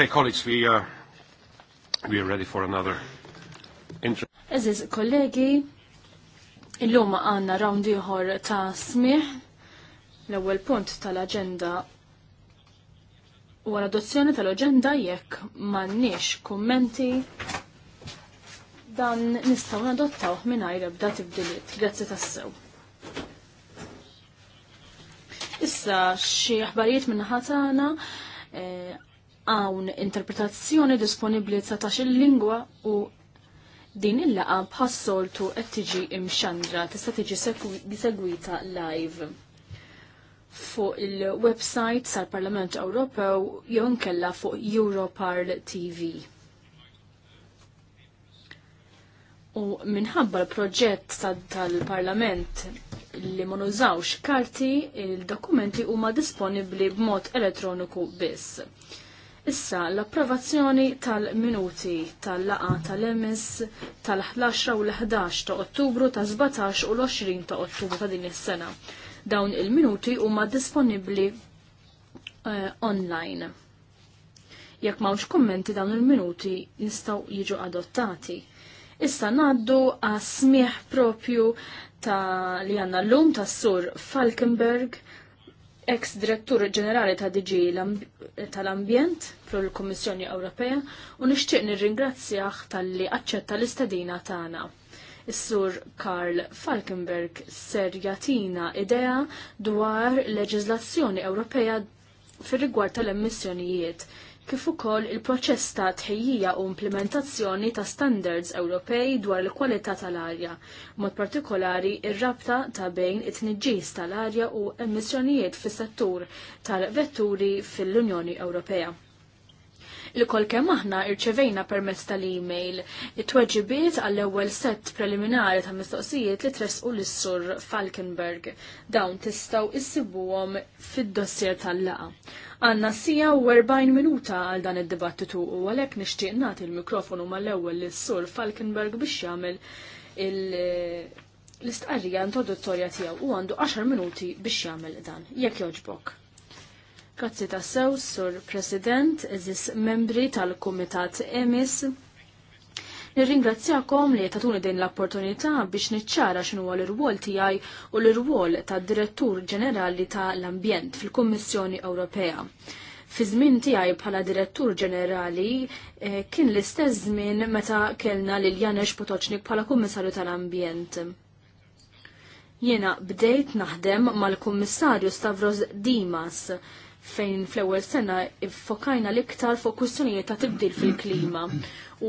Okay, colleagues, we are, uh, we are ready for another Eżiz, kollegi, illum għanna round ieħor ta' smih l-ewwel punt tal-aġenda u l-adozzjoni tal-aġenda jekk m'għandniex kommenti dan nistgħu nadottaw mingħajr ebda tibdiliet. Grazzi tassew. Issa xi aħbarijiet minn ħatana eh, hawn interpretazzjoni disponibbli satax il-lingwa u din il-laqa bħassoltu qed tiġi imxandra tista' tiġi segwita live fuq il-website sal-Parlament Ewropew jew nkella fuq Europarl TV. U minħabba l-proġett tal-Parlament li ma nużawx karti, il-dokumenti huma disponibbli b'mod elettroniku biss. Issa l-approvazzjoni tal-minuti tal-laqa tal-emis tal-11 u l-11 ta' ottubru ta' 17 u l-20 ta' ottubru ta' din is-sena. Dawn il-minuti huma disponibbli uh, eh, online. Jekk m'hawnx kummenti dawn il-minuti jistgħu jiġu adottati. Issa ngħaddu għas smieħ propju ta' li għanna l-lum ta' sur Falkenberg ex direttur ġenerali ta' DG tal-Ambjent l kummissjoni Ewropea u nixtieq nirringrazzjah tal-li aċċetta l-istedina tagħna. Is-sur Karl Falkenberg ser jatina idea dwar leġiżlazzjoni Ewropea fir rigward tal-emissjonijiet kif ukoll il-proċess ta' tħejjija u implementazzjoni ta' standards Ewropej dwar il-kwalità tal-arja, mod partikolari ir-rabta ta' bejn it-tniġġis tal-arja u emissjonijiet fis-settur tal-vetturi fil-Unjoni Ewropea li kol kem aħna irċevejna permezz tal-email it-tweġibiet għall-ewwel set preliminari ta' mistoqsijiet li tresqu lis-sur Falkenberg. Dawn tistgħu issibuhom fid-dossier tal-laqa. Għanna sija u 40 minuta għal dan id-dibattitu u għalhekk nixtieq nagħti l-mikrofonu mal-ewwel lis-sur Falkenberg biex jagħmel l-istqarrija introduttorja tiegħu u għandu 10 minuti biex jagħmel dan. Jekk jogħġbok. Grazzi ta' sew, sur President, eżis membri tal-Kumitat EMIS. Nirringrazzjakom li tatuni din l-opportunità biex niċċara għal l wol tiegħi u l-irwol tad-Direttur Ġenerali tal-Ambjent fil-Kummissjoni Ewropea. Fi żmien tiegħi bħala Direttur Ġenerali eh, kien l-istess żmien meta kellna lil Janex Potoċnik bħala Kummissarju tal-Ambjent. Jiena bdejt naħdem mal-Kummissarju Stavros Dimas fejn fl-ewwel sena iffokajna l-iktar fuq kwistjonijiet ta' tibdil fil-klima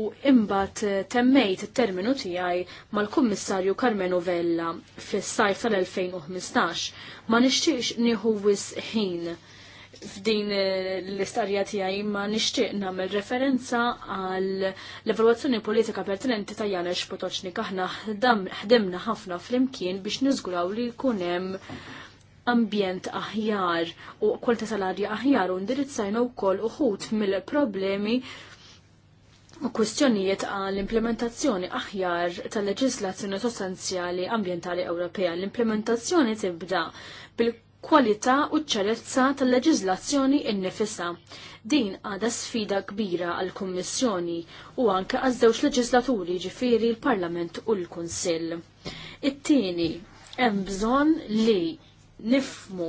u imbagħad eh, temmejt it-terminu tiegħi mal-Kummissarju Carmenu Vella fis-sajf tal-2015 ma nixtieqx nieħu wis ħin f'din eh, l-istarja tiegħi ma nixtieq nagħmel referenza għal l-evalwazzjoni politika pertinenti ta' Janex Potoċnik aħna ħdemna ħafna flimkien biex niżguraw li jkun hemm ambjent aħjar u ta' salarja aħjar u ndirizzajna wkoll uħut mill-problemi u kwistjonijiet għal implementazzjoni aħjar tal-leġislazzjoni sostanzjali ambjentali Ewropea. L-implementazzjoni tibda bil-kwalità u ċarezza tal-leġislazzjoni innifisa. Din għada sfida kbira għal kummissjoni u anke għaż-żewġ leġislaturi ġifiri l-Parlament u l-Kunsill. It-tieni hemm bżonn li nifmu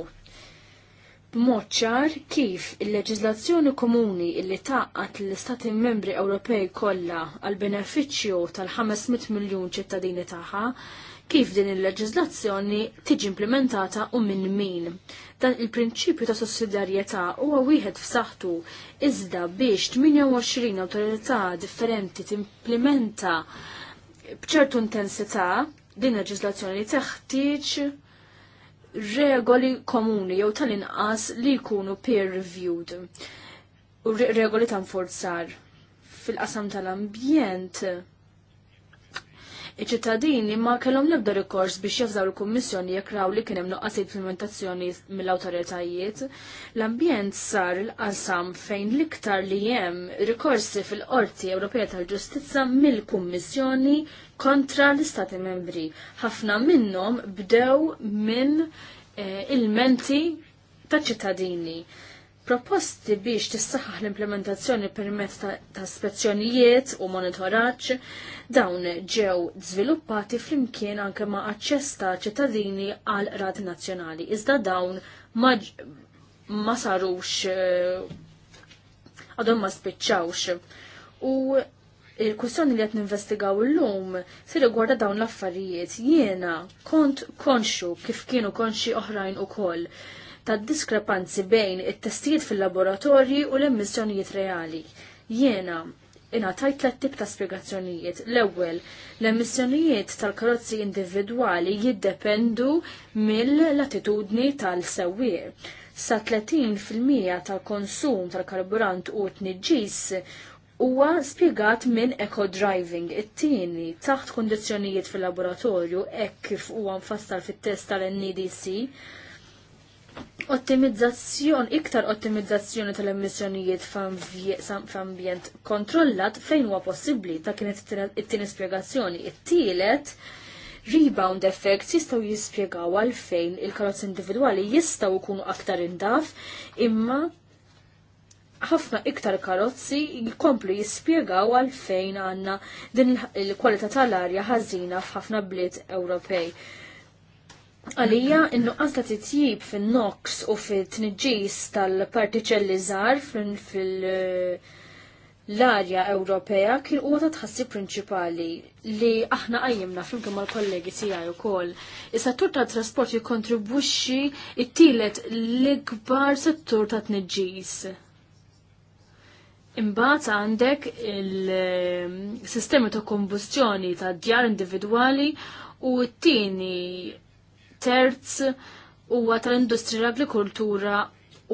b'mod ċar kif il-leġiżlazzjoni komuni illi taqqat l-Istati membri Ewropej kollha għal benefiċċju tal-500 miljun ċittadini tagħha, kif din il-leġiżlazzjoni tiġi implementata u minn min. Dan il-prinċipju ta' sussidjarjetà huwa wieħed f'saħħtu iżda biex 28 awtorità differenti timplementa b'ċertu intensità din il leġiżlazzjoni teħtieġ regoli komuni jew tal-inqas li jkunu peer reviewed u regoli ta' forzar fil-qasam tal-ambjent iċ-ċittadini ma kellhom l-ebda rikors biex jafżaw il-Kummissjoni jekk raw li kien hemm nuqqas implementazzjoni mill-awtoritajiet, l-ambjent sar il-qasam fejn l-iktar li hemm rikorsi fil-Qorti Ewropea tal ġustizza mill-Kummissjoni kontra l-Istati membri. Ħafna minnhom bdew minn eh, il-menti ta' ċittadini. Proposti biex tissaħħaħ l-implementazzjoni permezz ta', spezzjonijiet u monitoraġġ dawn ġew żviluppati flimkien anke ma' aċċess ta' ċittadini għal Rad nazzjonali. Iżda dawn ma, ma sarux eh, għadhom ma spiċċawx. U il-kwistjoni li qed ninvestigaw l-lum se rigwarda dawn l-affarijiet jiena kont konxu kif kienu konxi oħrajn ukoll ta' diskrepanzi bejn it-testijiet fil-laboratorji u l-emissjonijiet reali. Jiena tajt tlet tip ta' spjegazzjonijiet. L-ewwel, l-emissjonijiet tal-karozzi individwali jiddependu mill-latitudni tal-sewwieq sa 30% tal-konsum tal-karburant u t-nġis huwa spjegat minn eco driving. It-tieni taħt kondizjonijiet fil-laboratorju hekk kif huwa mfassal fit-test tal-NDC e ottimizzazzjon, iktar ottimizzazzjoni tal-emissjonijiet f'ambjent kontrollat fejn huwa possibbli ta' kienet it-tieni spjegazzjoni. It-tielet rebound effects jistaw jispjegaw għalfejn il-karozz individwali jistaw ikunu aktar indaf imma ħafna iktar karozzi jkomplu jispjegaw għalfejn għanna din il-kwalità tal-arja ħażina f'ħafna bliet Ewropej. Għalija, innuqqas ta' titjib fin-nox u fit-tniġġis tal-partiċelli żgħar fil-arja Ewropea kien huwa ta' tħassib prinċipali li aħna qajjimna flimkien mal-kollegi tiegħi wkoll. Is-settur tat-trasport jikkontribwixxi it-tielet l-ikbar settur ta' tniġġis. Imbagħad għandek il-sistemi ta' kombustjoni ta' djar individwali u t-tieni terz huwa tal industri l-agrikoltura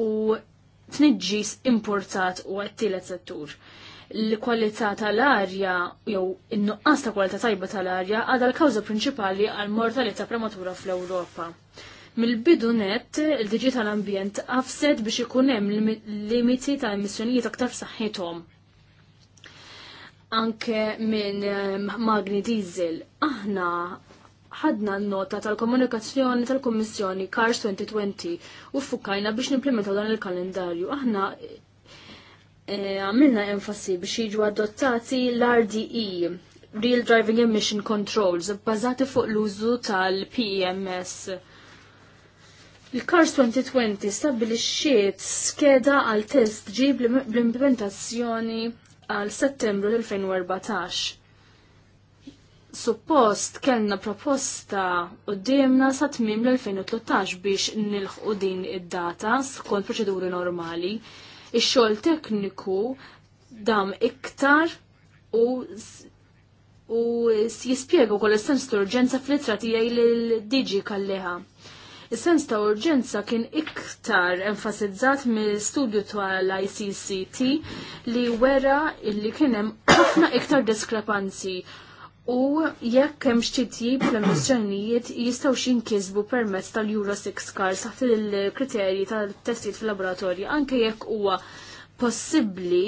u tniġġis importat u għattilet settur. L-kwalità tal-arja jew in-nuqqas ta' kwalità tajba tal-arja għadha l-kawża prinċipali għal mortalità prematura fl-Ewropa. Mill-bidu net, il-Digital Ambient għafsed biex ikun hemm limiti ta' emissjonijiet aktar saħħithom. Anke minn eh, magni diesel. Aħna ħadna n-nota tal-komunikazzjoni tal-Kommissjoni Cars 2020 u fukkajna biex nimplementaw dan il-kalendarju. Aħna eh, għamilna e, enfasi biex jiġu adottati l-RDE, Real Driving Emission Controls, bbażati fuq l-użu tal-PEMS Il-Cars 2020 stabbilixxiet skeda għal test ġib l-implementazzjoni għal settembru 2014. Suppost kellna proposta u dimna sa tmim l-2013 biex nilħu din id-data skont proċeduri normali. Ix-xogħol tekniku dam iktar u u jispjegu kol sens urġenza fl-ittra tiegħi lil diġi kalliha. Is-sens ta' urġenza kien iktar enfasizzat mill-studju tal-ICCT li wera li kien hemm ħafna iktar diskrepanzi u jekk hemm xi tip l-emissjonijiet jistgħu xinkisbu permezz tal-Euro 6 car saħt il-kriterji tal-testijiet fil laboratorji anke jekk huwa possibbli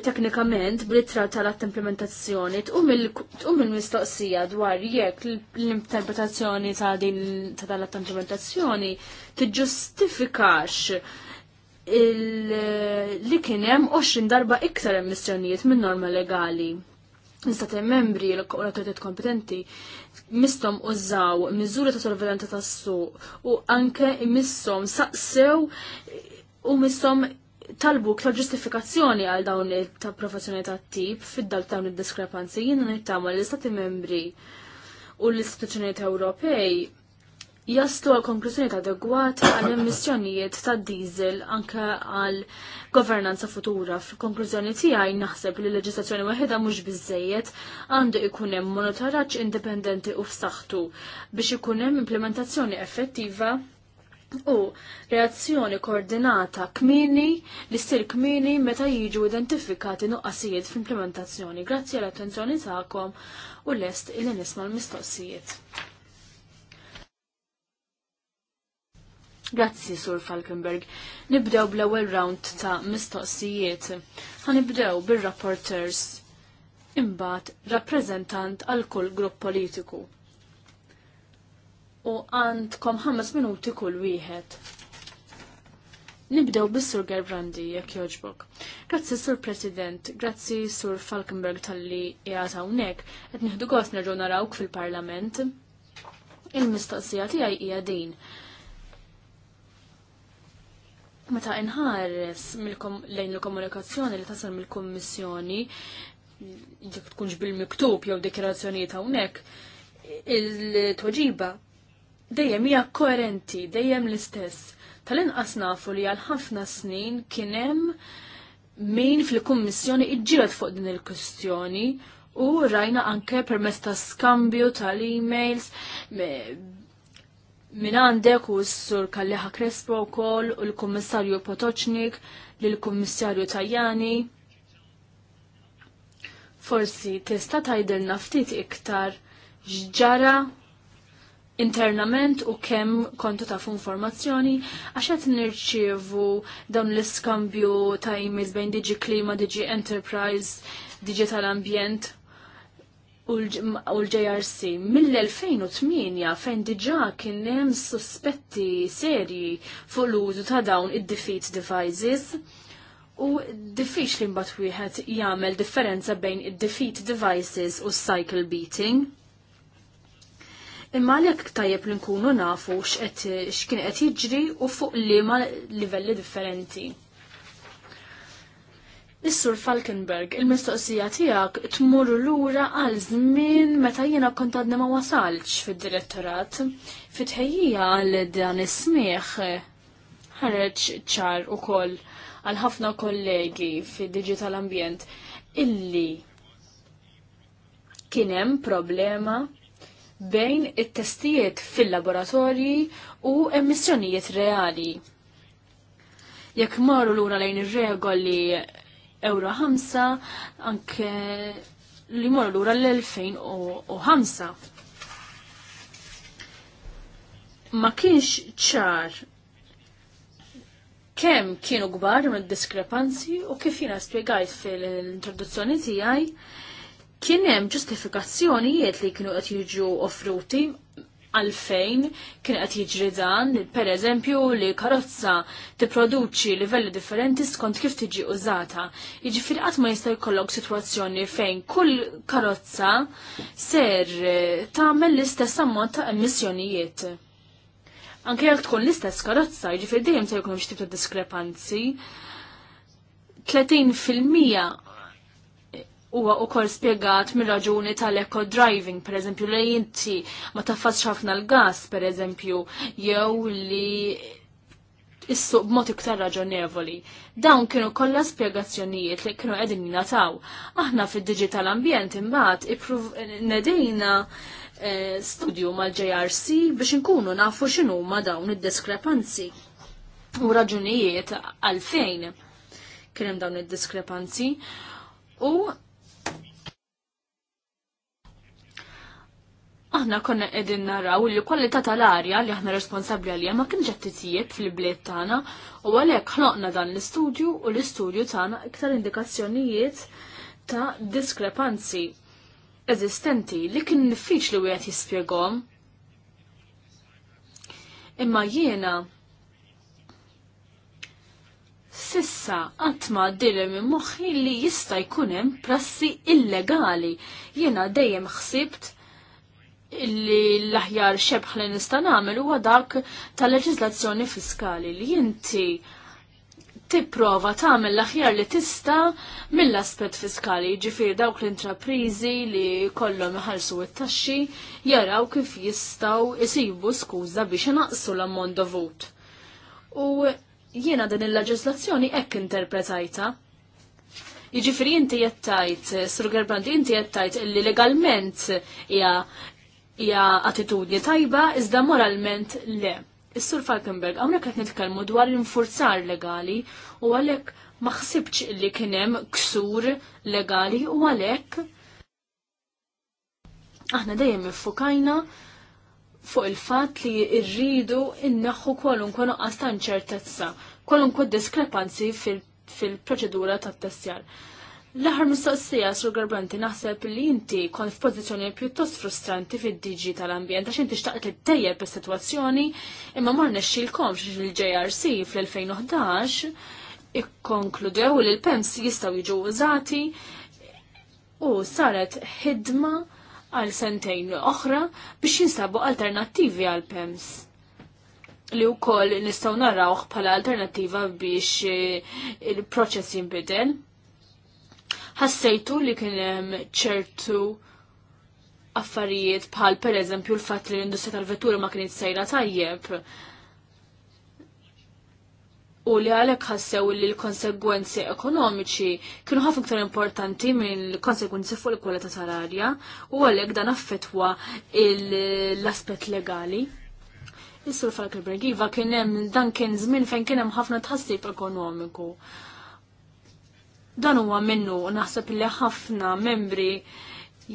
teknikament bl-ittra tal attemplementazzjoni implementazzjoni il-mistoqsija dwar jekk l-interpretazzjoni ta' din ta' tal attemplementazzjoni implementazzjoni tiġġustifikax li kien hemm 20 darba iktar emissjonijiet minn norma legali. Nistati membri l-autoritet kompetenti mistom użaw miżuri ta' sorveljanza tas-suq u anke missom saqsew u mistom talbu ktar ġustifikazzjoni għal dawn ta' professjoni ta' tip fid-dal dawn id-diskrepanzi jiena nittama l-Istati membri u l-istituzzjonijiet Ewropej jaslu għal konklużjoni adegwata għal emissjonijiet ta' diesel anke għal governanza futura. F'konklużjoni tiegħi naħseb li l-leġislazzjoni waħedha mhux biżejjed għandu ikun hemm monitoraġġ indipendenti u f'saħħtu biex ikun hemm implementazzjoni effettiva u reazzjoni koordinata kmini li stil kmini meta jiġu identifikati nuqqasijiet fl-implementazzjoni. Grazzi għal attenzjoni tagħkom u lest il nisma' l-mistoqsijiet. Grazzi, Sur Falkenberg. Nibdew bl-ewwel round ta' mistoqsijiet. nibdew bir-rapporters imbagħad rappreżentant għal kull grupp politiku u għandkom ħames minuti kull wieħed. Nibdew bis-Sur Gerbrandi jekk joġbok. Grazzi Sur President, grazzi Sur Falkenberg tal-li jgħata hawnhekk qed nieħdu għos nerġgħu narawk fil-Parlament. Il-mistoqsija tiegħi hija din. Meta inħares lejn il-komunikazzjoni li tasal mill-Kummissjoni jekk tkunx bil-miktub jew dikjarazzjonijiet hawnhekk, il-tweġiba dejjem hija koerenti, dejjem l-istess. Tal-inqas nafu li għal ħafna snin kien hemm min fil-kummissjoni iġġieled fuq din il-kwestjoni u rajna anke permezz ta' skambju tal-emails minn għandek u s-sur Kalliħa Crespo kol u l kummissarju Potoċnik li l Tajani. Forsi tista tgħidilna ftit iktar ġġara internament u kemm kontu tafu informazzjoni għax qed nirċievu dawn l-iskambju ta' emails bejn Digi Klima, Digi Enterprise, Digi tal-Ambjent u l-JRC. Mill-2008 fejn diġà kien hemm sospetti serji fuq l-użu ta' dawn id-defeat devices u diffiċ li mbagħad wieħed jagħmel differenza bejn id-defeat devices u cycle beating Imma għalhekk tajjeb li nkunu nafu x'qed x'kien qed jiġri u fuq liema livelli differenti. Is-Sur Falkenberg, il-mistoqsija tiegħek tmur lura għal żmien meta jiena kont għadna ma wasalx fid-direttorat. Fitħejjija għal dan is-smieħ ħareġ ċar ukoll għal ħafna kollegi fid-digital ambjent illi kien hemm problema bejn it-testijiet fil-laboratorji u emissjonijiet reali. Jekk marru lura lejn ir-regoli Euro 5 anke li marru lura l-2005. Ma kienx ċar kemm kienu gbar mid diskrepanzi u kif jiena spjegajt fil-introduzzjoni tiegħi kien hemm ġustifikazzjonijiet li kienu qed jiġu offruti għalfejn kien qed jiġri dan, pereżempju li karozza tipproduċi livelli differenti skont kif tiġi użata. Jiġifieri qatt ma jista' jkollok sitwazzjoni fejn kull karozza ser eh, tagħmel l-istess ammont ta' emissjonijiet. Anke jekk tkun l-istess karozza, jiġifieri dejjem se jkun hemm xi tip ta' diskrepanzi. 30% huwa ukoll spjegat mir-raġuni tal-eco driving, per eżempju li inti ma taffax ħafna l-gas, per eżempju, jew li issu b'mod iktar raġonevoli. Dawn kienu kollha spjegazzjonijiet li kienu qegħdin nataw. Aħna fid-digital ambjent imbagħad ipruv nedejna eh, studju mal-JRC biex inkunu nafu x'inhuma dawn id-diskrepanzi u raġunijiet għalfejn kien hemm dawn id-diskrepanzi u Aħna konna qegħdin naraw li kwalità tal-arja li aħna responsabbli għalija ma kienx qed fil-bliet tagħna u għalhekk ħloqna dan l-istudju u l-istudju tagħna iktar indikazzjonijiet ta' diskrepanzi eżistenti li kien diffiċli wieħed jispjegahom. Imma jiena sissa għatma dilem minn moħħi li jista' jkun hemm prassi illegali. Jiena dejjem ħsibt illi l-aħjar xebħ li nista' nagħmel huwa dak tal-leġiżlazzjoni fiskali li inti tipprova tagħmel l-aħjar li tista' mill-aspett fiskali, ġifieri dawk l-intraprizi li kollhom iħallsu it-taxxi jaraw kif jistgħu isibu skuża biex inaqsu l-ammont dovut. U jiena din il-leġiżlazzjoni hekk interpretajta. Jiġifieri inti jettajt, Sur Gerbrandi, inti jettajt illi legalment hija hija attitudni tajba iżda moralment le. Is-Sur Falkenberg hawnhekk qed nitkellmu dwar l-infurzar legali u għalhekk ma ħsibx li kien hemm ksur legali u għalhekk aħna dejjem iffukajna fuq il-fatt li rridu inneħħu kwalunkwe nuqqas ta' inċertezza, kwalunkwe diskrepanzi fil-proċedura tat-testjar. L-aħħar mistoqsija sur Garbanti naħseb li inti kon f'pożizzjoni pjuttost frustranti fid-diġi tal-ambjent għax inti xtaqt li tejjeb is-sitwazzjoni imma mar nexxilkomx il-JRC fl-2011 ikkonkludew li l-PEMS jistgħu jiġu użati u saret ħidma għal sentejn oħra biex jinsabu alternattivi għal PEMS li u koll nistaw narrawħ alternattiva alternativa biex il-proċess jinbidel ħassejtu li kien hemm ċertu affarijiet bħal pereżempju l-fatt li l-industrija tal-vettura ma kienet sejra tajjeb. U li għalhekk ħassew li l-konsegwenzi ekonomiċi kienu ħafna iktar importanti minn l-konsegwenzi fuq il-kwalità tal-arja u għalhekk dan affettwa l-aspett legali. Is-sur Falkenberg Bergiva kien hemm dan kien żmien fejn kien hemm ħafna tħassib ekonomiku. Dan huwa minnu naħseb li ħafna membri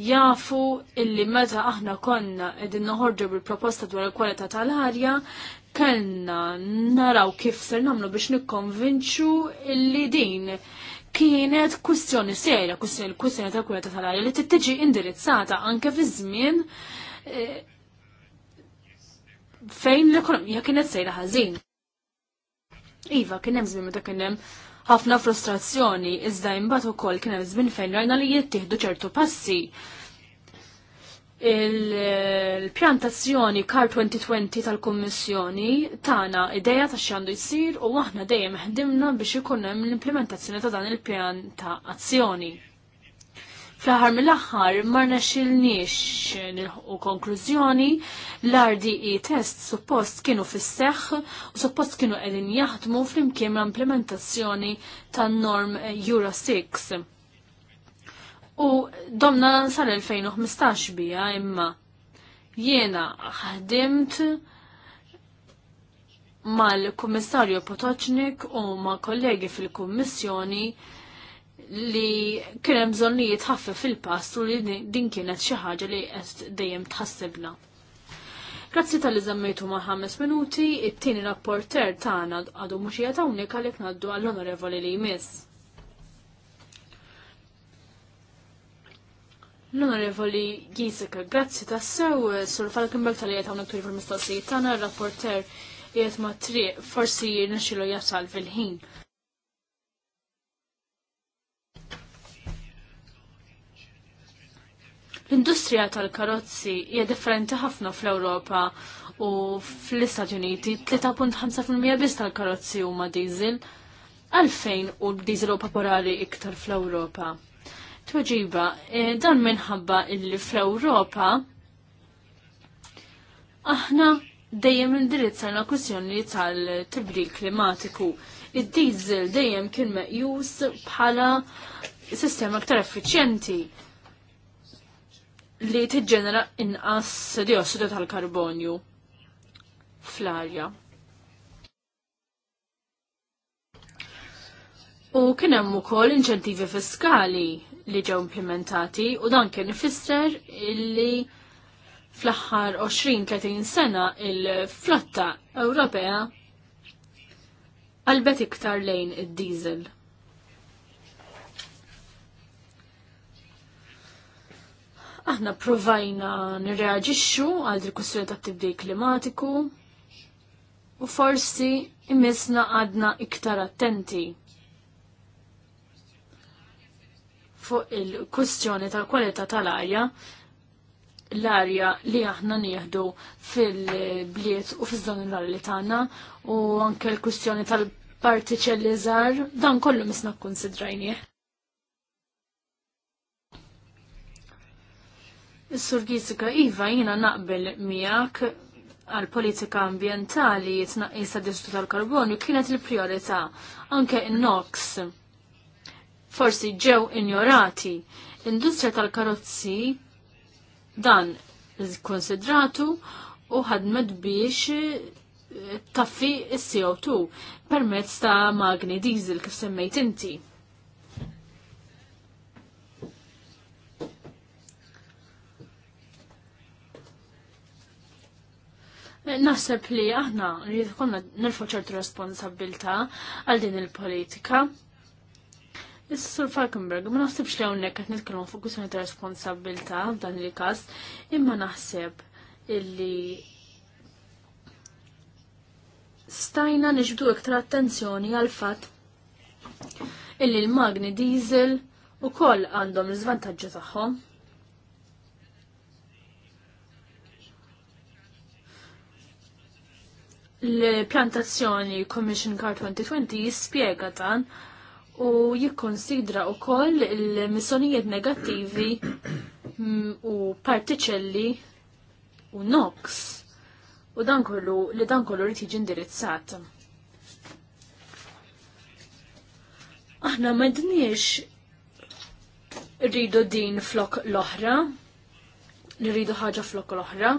jafu illi meta aħna konna qegħdin noħorġu bil-proposta dwar il-kwalità tal-arja, kellna naraw kif ser nagħmlu biex nikkonvinċu illi din kienet kwistjoni serja, kwistjoni kwistjoni tal kwalità tal-arja li tittiġi indirizzata anke fi żmien eh, fejn l-ekonomija kienet sejra ħażin. Iva, kien hemm żmien meta kien hemm ħafna frustrazzjoni iżda imbagħad ukoll kien hemm żmien fejn rajna li jittieħdu ċertu passi. Il-pjantazzjoni Kar 2020 tal-Kummissjoni tana ideja ta' x'għandu jsir u aħna dejjem ħdimna biex ikun hemm l-implementazzjoni ta' dan il-pjan ta' azzjoni. Fl-aħħar mill-aħħar marna xilnix nilħu konklużjoni l-RDE test suppost kienu fis-seħħ u suppost kienu qegħdin jaħdmu flimkien l-implementazzjoni tan-norm Euro 6. U domna sal-2015 bija imma jiena ħdimt mal-Kummissarju Potocnik u ma' kollegi fil-Kummissjoni li kien hemm bżonn li jitħaffef fil-past u li din kienet xi ħaġa li qed dejjem tħassibna. Grazzi tal-li żammejtu ma' ħames minuti, it-tieni rapporter tagħna għadu mhux qiegħed hawnhekk għalhekk ngħaddu għall-onorevoli li jmiss. L-onorevoli Giseka, grazzi tassew, sur Falkenberg tal-li għet għonek turi fil-mistoqsijiet tagħna, rapporter jiet ma' triq forsi naxilu jasal fil-ħin. L-industrija tal-karozzi hija differenti ħafna fl-Ewropa u fl-Istati Uniti 3.5% biss tal-karozzi huma diesel. Għalfejn u diesel u popolari iktar fl-Ewropa? Tweġiba, e, dan minħabba illi fl-Ewropa aħna dejjem indirizzajna kwistjoni tal-tibdil klimatiku. Id-diesel dejjem kien meqjus bħala sistema aktar effiċjenti li tiġġenera inqas diossidu tal-karbonju fl-arja. U kien hemm ukoll inċentivi fiskali li ġew implementati u dan kien ifisser illi fl-aħħar 20-30 sena il-flotta Ewropea qalbet iktar lejn id-diesel. Aħna provajna nirreagixxu għal il-kwistjoni ta' tibdil klimatiku u forsi imisna għadna iktar attenti fuq il-kwistjoni tal-kwalità tal-arja l-arja li aħna nieħdu fil-bliet u fiż-żoni rurali tagħna u anke l-kwistjoni tal-partiċelli żgħar dan kollu misna kkunsidrajnieh. Is-Sur Iva jina naqbel miegħek għal-politika ambientali jitnaqqis tad-diġitu tal-karbonju kienet il-priorità anke in-NOx. Forsi ġew injorati. L-industrija tal-karozzi dan konsidratu u ħadmet biex eh, taffi s CO2 permezz ta' magni diesel kif semmejt inti. Naħseb li aħna li konna nilfu ċertu responsabilta għal din il-politika. Is-Sur Falkenberg, ma naħsibx li hawnhekk qed nitkellmu fuq kwistjoni ta' responsabilità f'dan il-każ, imma naħseb illi stajna niġbdu iktar attenzjoni għal fatt illi l-magni diesel u koll għandhom l-żvantaġġi tagħhom. l-pjantazzjoni Commission Car 2020 jispjega dan u jikkonsidra u koll il-missonijiet negattivi mm, u partiċelli u NOx u dan kollu li dan kollu rrid jiġi indirizzat. Aħna dniex rridu din flok l-oħra, rridu ħaġa flok l-oħra,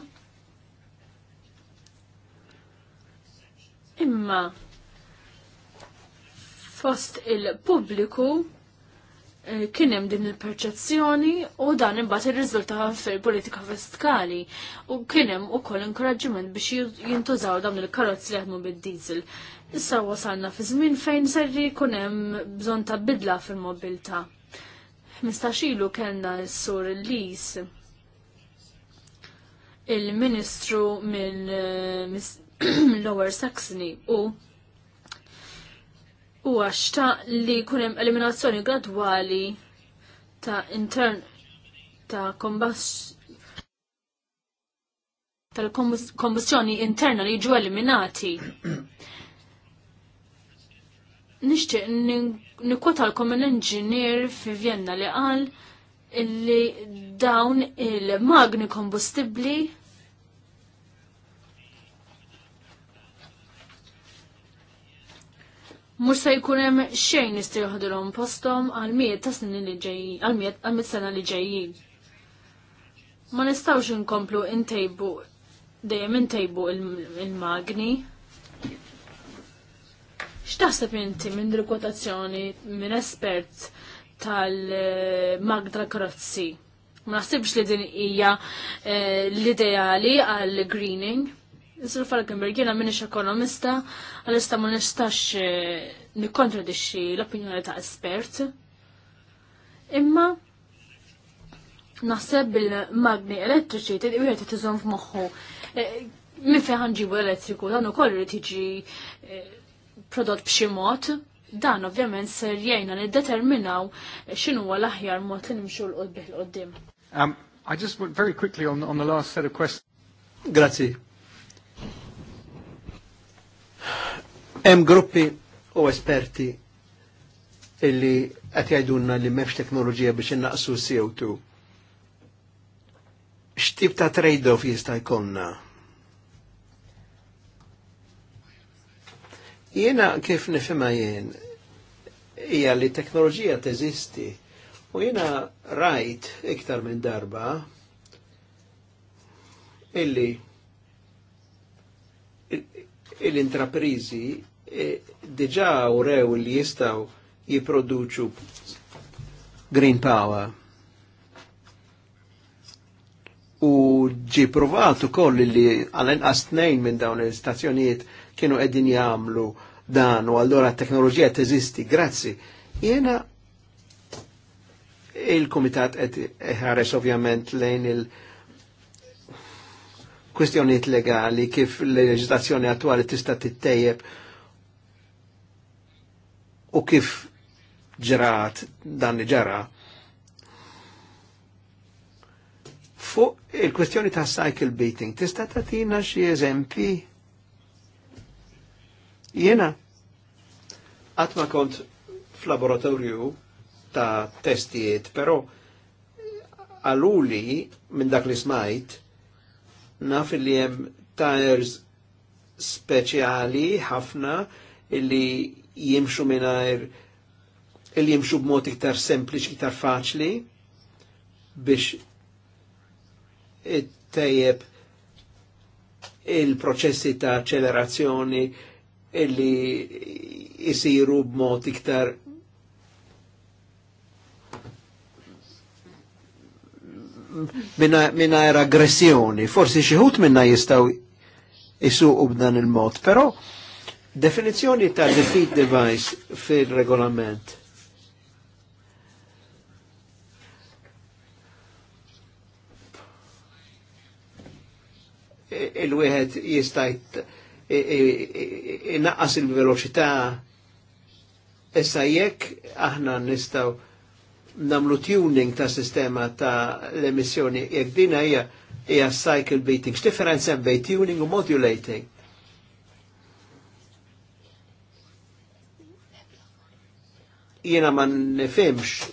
imma fost il-pubbliku eh, kien hemm din il-perċezzjoni u dan imbagħad irriżulta fil-politika fiskali u kien hemm ukoll inkoraġġiment biex jintużaw dawn il-karozzi li jaħdmu bid dizel Issa wasalna fi żmien fejn serri jkun hemm bżonn ta' bidla fil-mobilità. Mistax ilu kellna s-sur Lis il-Ministru mill eh, Lower Saxony u u għaxta li kunem eliminazzjoni gradwali ta' intern ta' kombass tal-kombustjoni interna li ġu eliminati. Nishtiq nikwotalkom l-inġinier fi Vienna li qal illi dawn il-magni kombustibli mux se jkun hemm xejn jista' joħdulhom posthom għal miet ta' snin li ġejjin, għal miet għal miet sena li ġejjin. Ma nistgħux inkomplu intejbu dejjem intejbu il-magni. X'taħseb inti minn rikwotazzjoni minn espert tal-Magda Krozzi? Ma naħsibx li din hija eh, l-ideali għal greening. Zil Falkenberg, jena minix ekonomista, għalista ma nistax eh, nikontradixxi l-opinjoni ta' espert. Imma naħseb il magni elettriċi t-wieħed t-tizom f'moħħu. Eh, min fejn ħanġibu elettriku, dan ukoll li tiġi eh, prodott b'xi mod. Dan ovvjament ser jgħinna niddeterminaw x'inhu l-aħjar mod li nimxu l-qodbih l-qoddim. Um, I just went very quickly on, on the last set of questions. Grazie. Hemm gruppi u esperti illi qed jgħidulna li m'hemmx teknoloġija biex innaqsu CO2. X'tib ta' trade-off jista' jkollna? Jiena kif nifhimha jien hija li teknoloġija teżisti u jiena rajt iktar minn darba illi l-intraprizi e diġa u rew li jistaw jiproduċu green power. U ġi provatu koll li għalen astnejn minn dawn l-istazzjonijiet kienu edin jamlu dan u għallora teknoloġija teżisti, grazzi. Jena il-komitat ħares ovvjament lejn il- kwestjonijiet legali kif l-leġislazzjoni attwali tista' tittejjeb u kif ġrat dan li ġara. Fuq il-kwestjoni ta' cycle beating, tista' tatina xi eżempi? Jena, għatma kont f'laboratorju ta' testijiet, pero għaluli minn dak li smajt naf li jem tires speċjali ħafna illi jimxu minnajr illi jimxu b'mod iktar sempliċi iktar faċli biex it-tejjeb il-proċessi ta' ċelerazzjoni illi jisiru b'mod iktar minna aggressjoni. Forsi xieħut minna jistaw jisuqu b'dan il-mod, pero definizjoni ta' defeat device fil-regolament. E, il-wieħed jistajt inaqqas e, e, il-veloċità issa jekk aħna nistaw namlu tuning ta' sistema ta' l-emissjoni jekk dina hija hija cycle beating. X'differenza hemm bejn tuning u modulating? Jiena ma nifhimx,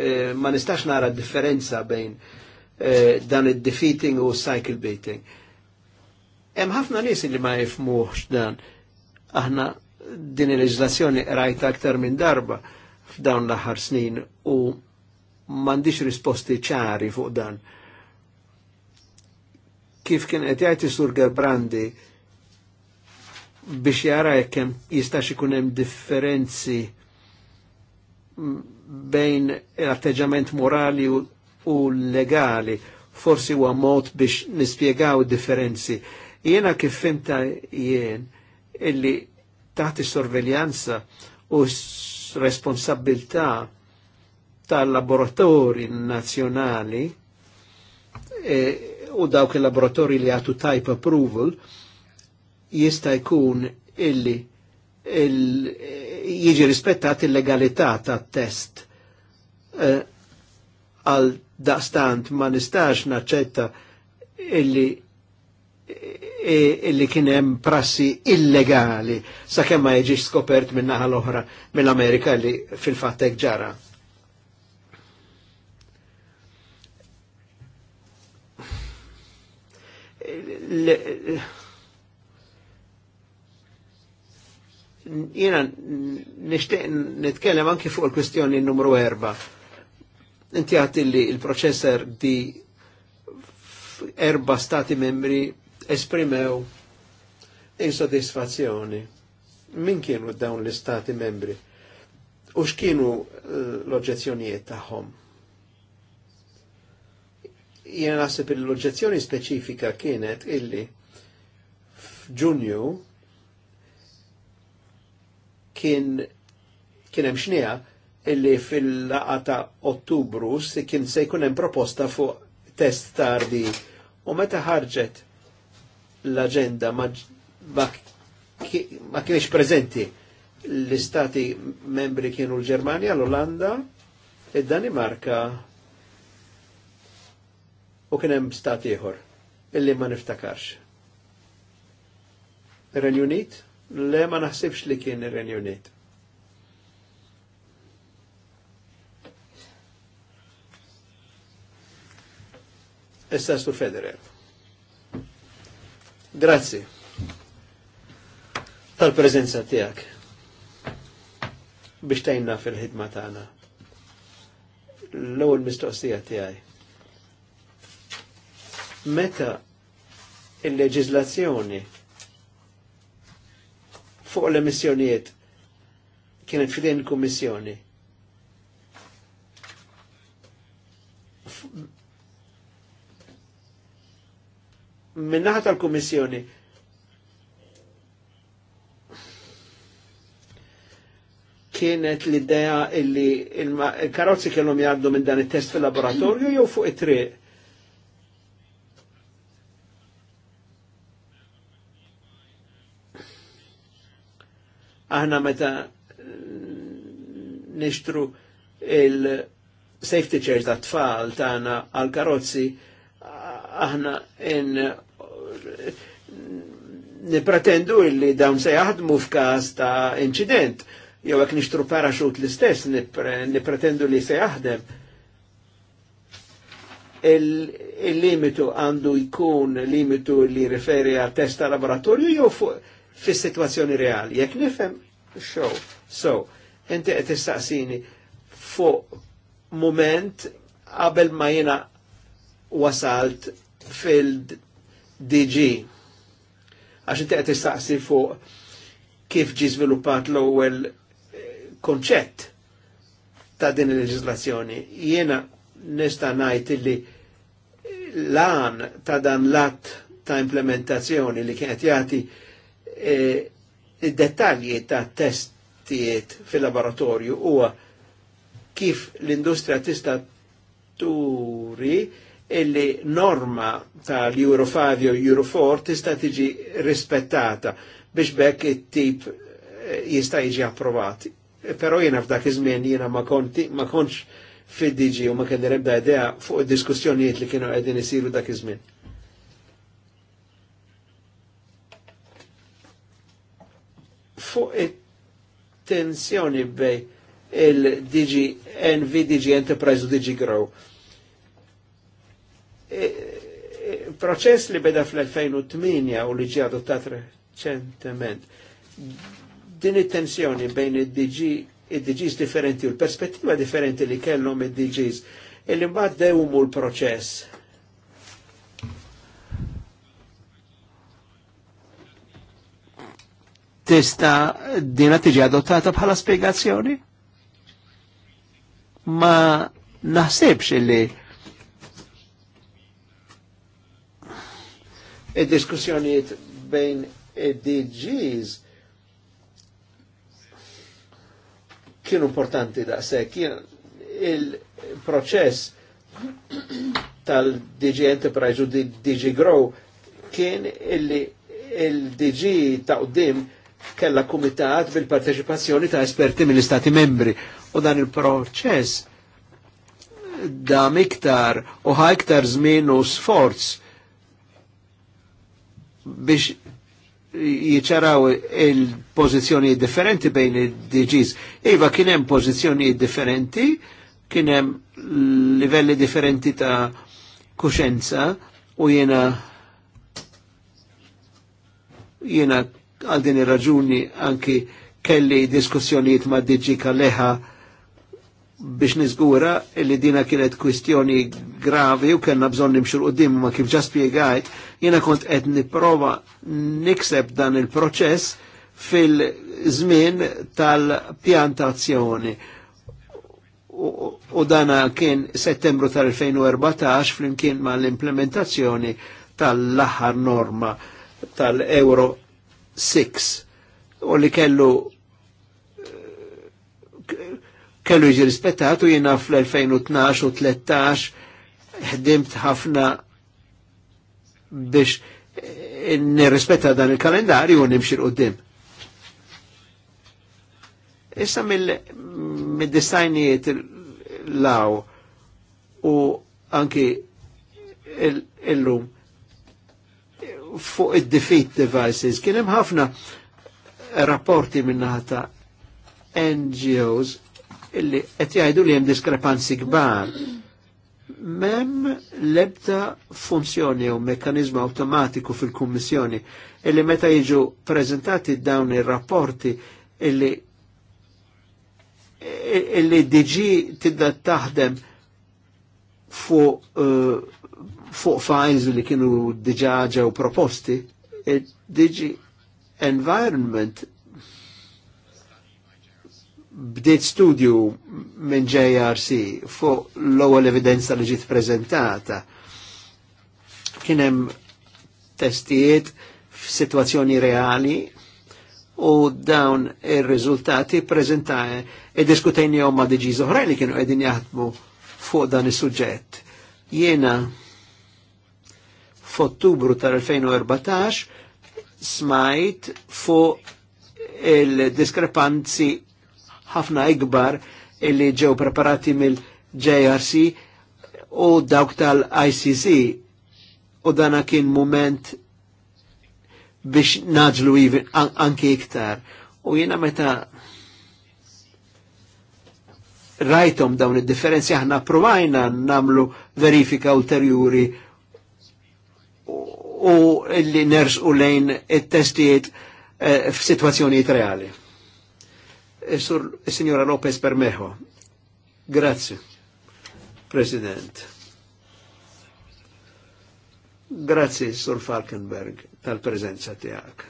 eh, ma nistax nara differenza bejn eh, dan id-defeating u cycle beating. Hemm ħafna nies li ma jifmuhx dan. Aħna din il-leġislazzjoni rajta aktar minn darba f'dawn l-aħħar snin u mandiċ risposti ċari fuq dan. Kif kien qed jgħid Sur Gerbrandi biex jara jekk hemm jistax ikun hemm differenzi bejn l-atteġġament morali u legali, forsi huwa mod biex nispjegaw differenzi. Jena kif finta jien illi taħti sorveljanza u responsabilta' tal-laboratori nazjonali e, u dawk il-laboratori li għatu type approval jista' jkun illi il jiġi rispettat il-legalità tat test e, għal e, daqstant ma nistax naċċetta illi e, illi kien hemm prassi illegali sakemm ma jiġix skopert minn naħa l-oħra mill-Amerika li fil-fatt ġara. Jena nishtiq nitkellem anki fuq il-kwistjoni numru erba. Inti għati li il-proċessor di erba stati membri esprimew insoddisfazzjoni. Min kienu dawn l stati membri? U x'kienu eh, l-oġezzjonijiet tagħhom? Jena naħseb l-oġġezzjoni speċifika kienet illi f'Ġunju kien kien hemm xnija illi fil-laqa ta' Ottubru kien se jkun hemm proposta fuq test tardi u meta ħarġet l-aġenda ma, ma, ma kienx preżenti l-istati membri kienu l-Ġermanja, l-Olanda, id-Danimarka, u kien hemm stat ieħor illi ma niftakarx. Renju Unit? Le ma naħsibx li kien ir-Renju Unit. Issa su Federer. Grazzi tal preżenza tiegħek biex tajna fil-ħidma tagħna. L-ewwel mistoqsija tiegħi meta il-leġizlazzjoni fuq l-emissjonijiet kienet fidejn kummissjoni. Minnaħat tal-kummissjoni kienet l-idea illi il-karozzi kellhom jgħaddu minn dan it-test fil-laboratorju jew fuq it-triq Aħna meta eh, nishtru il-safety chairs ta' tfal għana għal karozzi aħna in nipretendu illi dawn se jaħdmu f'każ ta' incident jew hekk parachut l-istess nipretendu li se jaħdem il-limitu għandu jkun limitu li riferi għal testa laboratorju jew fuq fis situazzjoni reali. Jekk nifhem show, so, inti qed tistaqsini fuq moment qabel ma jiena wasalt fil-DG. Għax inti qed tistaqsi fuq kif ġi żviluppat l-ewwel eh, konċett ta' din il-leġislazzjoni. Jiena nista' najt illi l-an ta' dan l-att ta' implementazzjoni li kienet jagħti E, il dettalji ta' testijiet fil-laboratorju huwa kif l-industrija tista' turi illi norma tal-Euro 5 u Euro 4 tista' tiġi rispettata biex bekk it-tip e, jista' jiġi approvati. E, però jiena f'dak iż-żmien jiena ma konti ma kontx fid-DG u ma kelli ebda idea fuq id-diskussjonijiet li kienu qegħdin isiru dak iż-żmien. fuq it-tensjoni bej il-DG NV, DG Enterprise u DG Grow. E, e, proċess li beda fl-2008 u li ġi adottat reċentement, din it-tensjoni bejn id-DG id-DGs differenti u l-perspettiva differenti li kellhom id-DGs il-li e mbagħad dewmu l-proċess tista' dina tiġi adottata bħala spiegazzjoni? Ma naħsebx illi id diskussjoniet bejn id-DGs kienu importanti da' se kien il-proċess tal-DG Enterprise u DG Grow kien illi il-DG ta' u qdim kella kumitat bil-parteċipazzjoni ta' esperti mill-Istati membri u dan il-proċess da miktar u ħajktar żmien u sforz biex jiċaraw il-pozizjoni differenti bejn il-DGs. Iva kienem pozizjoni differenti, kienem livelli differenti ta' kuxenza u jena jena għal din ir-raġuni anki kelli diskussjonijiet ma' Diġi Kaleħa biex nizgura illi dina kienet kwistjoni gravi u kellna bżonn nimxur qudiem ma kif ġa spjegajt, jiena kont qed nipprova nikseb dan il-proċess fil-żmien tal-pjantazzjoni. U, dana kien settembru tal-2014 flimkien ma l-implementazzjoni tal-aħħar norma tal-Euro 6 u li kellu eh, kellu jiġi rispettatu jiena fl-2012 u 13 ħdimt ħafna biex eh, nirrispetta dan il-kalendarju u nimxi l-qoddim. Issa mill disajnijiet law u anki il fuq id-defeat devices. Kien hemm ħafna rapporti minnaħa ta' NGOs illi qed jgħidu li hemm diskrepanzi kbar. Mem lebda funzjoni u mekkanizmu automatiku fil-Kummissjoni illi meta jiġu prezentati dawn ir-rapporti illi illi diġi tidda taħdem fuq uh, fuq fines li kienu diġaġa u proposti, e diġi environment bdiet studju minn JRC fuq l-ewwel evidenza li ġiet prezentata Kien hemm testijiet f'sitwazzjoni reali u dawn ir-riżultati preżentaj e diskutejnihom ma' diġi oħrajn li kienu qegħdin jaħdmu fuq dan is-suġġett. Jiena f'Ottubru tal-2014 smajt fuq il-diskrepanzi ħafna ikbar illi ġew preparati mill-JRC u dawk tal-ICC u dana kien moment biex naġlu anki iktar. U jena meta rajtom dawn id-differenzi aħna provajna namlu verifika ulterjuri u li ners u lejn il testijiet eh, f-situazzjoniet reali. Eh, sur eh, signora Lopez Permejo. Grazie, President. Grazie, Sur Falkenberg, tal-prezenza tijak.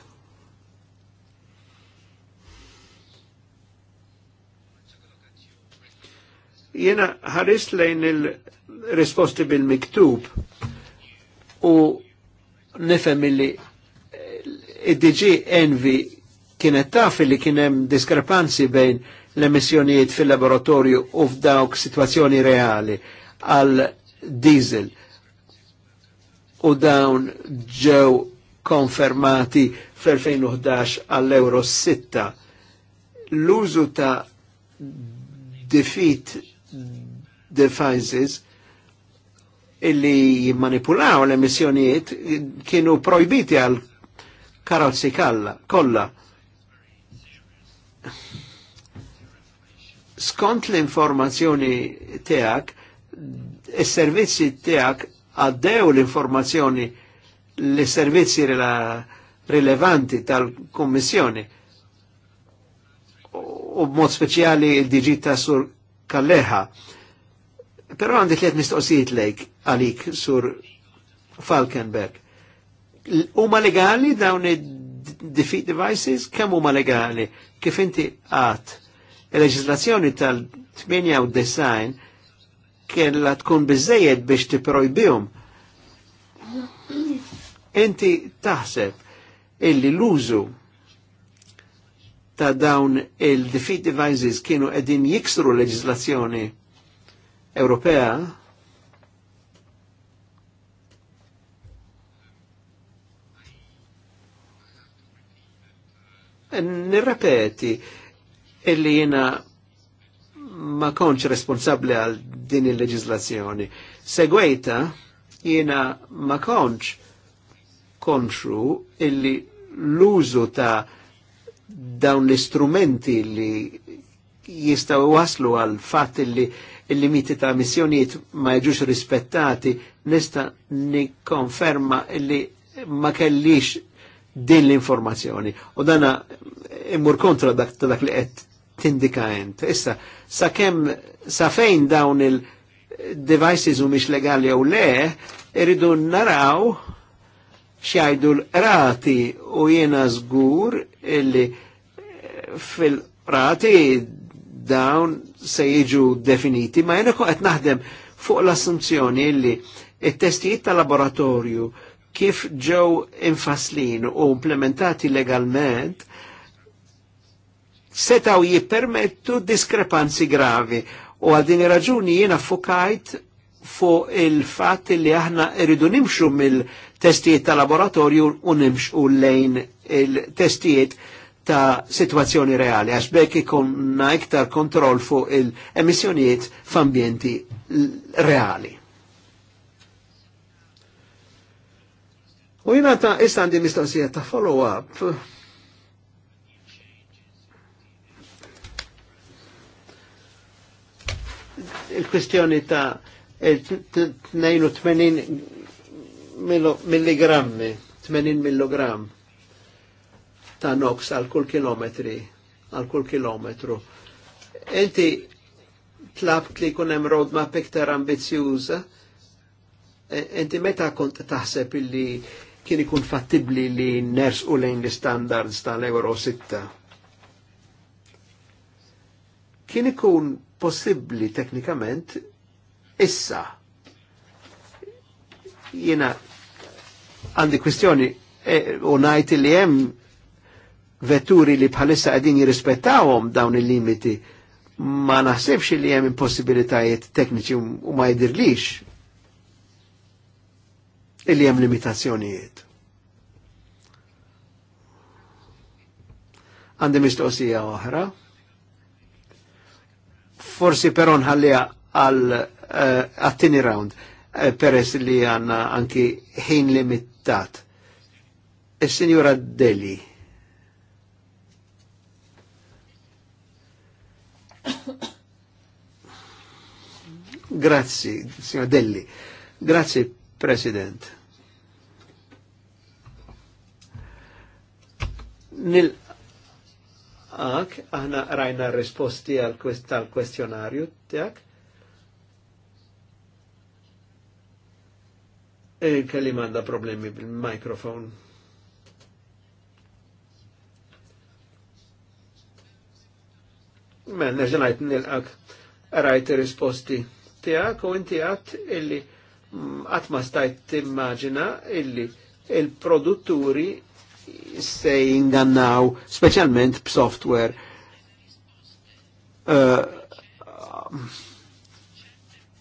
jena ħarist lejn il-risposti bil-miktub u nifem illi eh, id-DG Envi kienet taf li kien hemm diskrepanzi bejn l-emissjonijiet fil-laboratorju u f'dawk situazzjoni reali għal diesel u dawn ġew konfermati fl-2011 għall-Euro 6. L-użu ta' defeat devices illi jimmanipulaw l emissjoniet kienu projbiti għal karozzi kalla, kolla. Skont l-informazzjoni teak, il-servizzi teak għaddew l-informazzjoni li servizzi rilevanti tal-Kommissjoni u mod speċjali il-digita sur kalleħa Però għandi tliet mistoqsijiet lejk għalik sur Falkenberg. Huma legali dawn defeat devices kemm huma legali? Kif inti għat? Il-leġislazzjoni tal-98 kella tkun biżejjed biex tipprojbihom. Inti taħseb illi l-użu ta' dawn il-defeat devices kienu edin jiksru leġislazzjoni Ewropea nirrepeti illi jena ma konċ responsabli għal din il-leġizlazzjoni. Segwejta jena ma konċ konċu illi l-użu ta' dawn l-istrumenti li jistaw waslu għal fat illi il-limiti ta' missjoniet ma jġux rispettati, nista nikkonferma li ma kellix din l-informazzjoni. U dana immur kontra dak, dak li qed tindika ent. Issa, sa kem, sa fejn dawn il-devices u mix legali jew le, irridu naraw xajdu l-rati u jena zgur illi fil-rati dawn se jiġu definiti, ma jenna qed naħdem fuq l-assunzjoni li it-testijiet tal-laboratorju kif ġew infaslin u implementati legalment setaw jippermettu diskrepanzi gravi u għal din raġuni jiena fukajt fuq il-fat li aħna rridu nimxu mill-testijiet tal-laboratorju u nimxu lejn il-testijiet ta' situazzjoni reali, għax bekk ikonna iktar kontroll fuq il-emissjonijiet f'ambjenti reali. U jina ta' istandi mistoqsija ta' follow-up. il kwistjoni ta' 82 milligrammi, 80 milligram ta' NOx għal kull kilometri, għal kull kilometru. Enti tlabt li kun hemm roadmap iktar ambizjuża, enti meta kont taħseb illi kien ikun fattibli li ners u lejn l-standards tal-Euro 6. Kien ikun possibbli teknikament issa. jiena għandi kwistjoni e, u e, najti li hemm vetturi li bħalissa għedin jirrispettawhom dawn il-limiti ma naħsibx li hemm impossibilitajiet tekniċi u ma jidirlix illi hemm limitazzjonijiet. Għandi mistoqsija oħra. Forsi però nħallija għal eh, għattini round eh, peress li għanna anki ħin limitat. il e sinjura Deli. Grazie, signor Delli. Grazie, President. Nel Ak, aħna rajna risposti tal questionario. tijak. E li manda problemi il microfono. Mel, nil-għak, rajt risposti tijak u inti għat illi mm, għatma stajt timmaġina illi il-produtturi se jingannaw specialment b-software.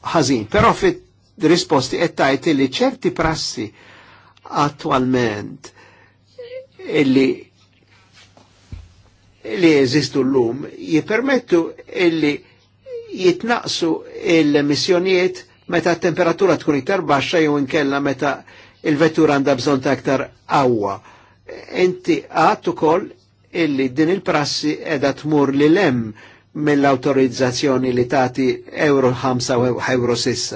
Għazin, eh, Uh, pero fit risposti għettajt illi ċerti prassi attualment illi li jeżistu l-lum jipermettu illi jitnaqsu l-emissjonijiet meta temperatura tkun iktar baxxa jew inkella meta il-vettura għandha bżonn ta' aktar qawwa. Inti għadt ukoll illi din il-prassi qiegħda tmur li lem mill-autorizzazzjoni li tagħti euro 5 u euro 6.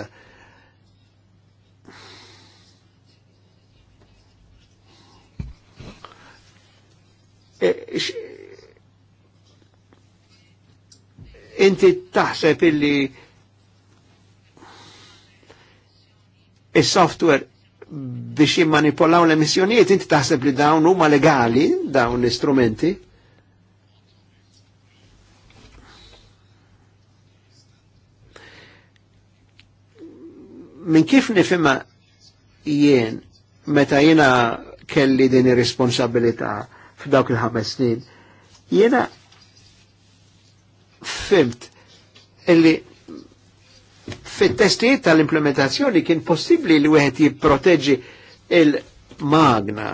Inti taħseb illi il-software biex jimmanipolaw l emissionijiet inti taħseb li dawn huma legali, dawn l-istrumenti? Min kif nifima jien, meta jiena kelli din ir-responsabilità f'dawk il-ħames snin, jiena fimt illi fit-testijiet tal-implementazzjoni kien possibbli li wieħed jipproteġġi il-magna.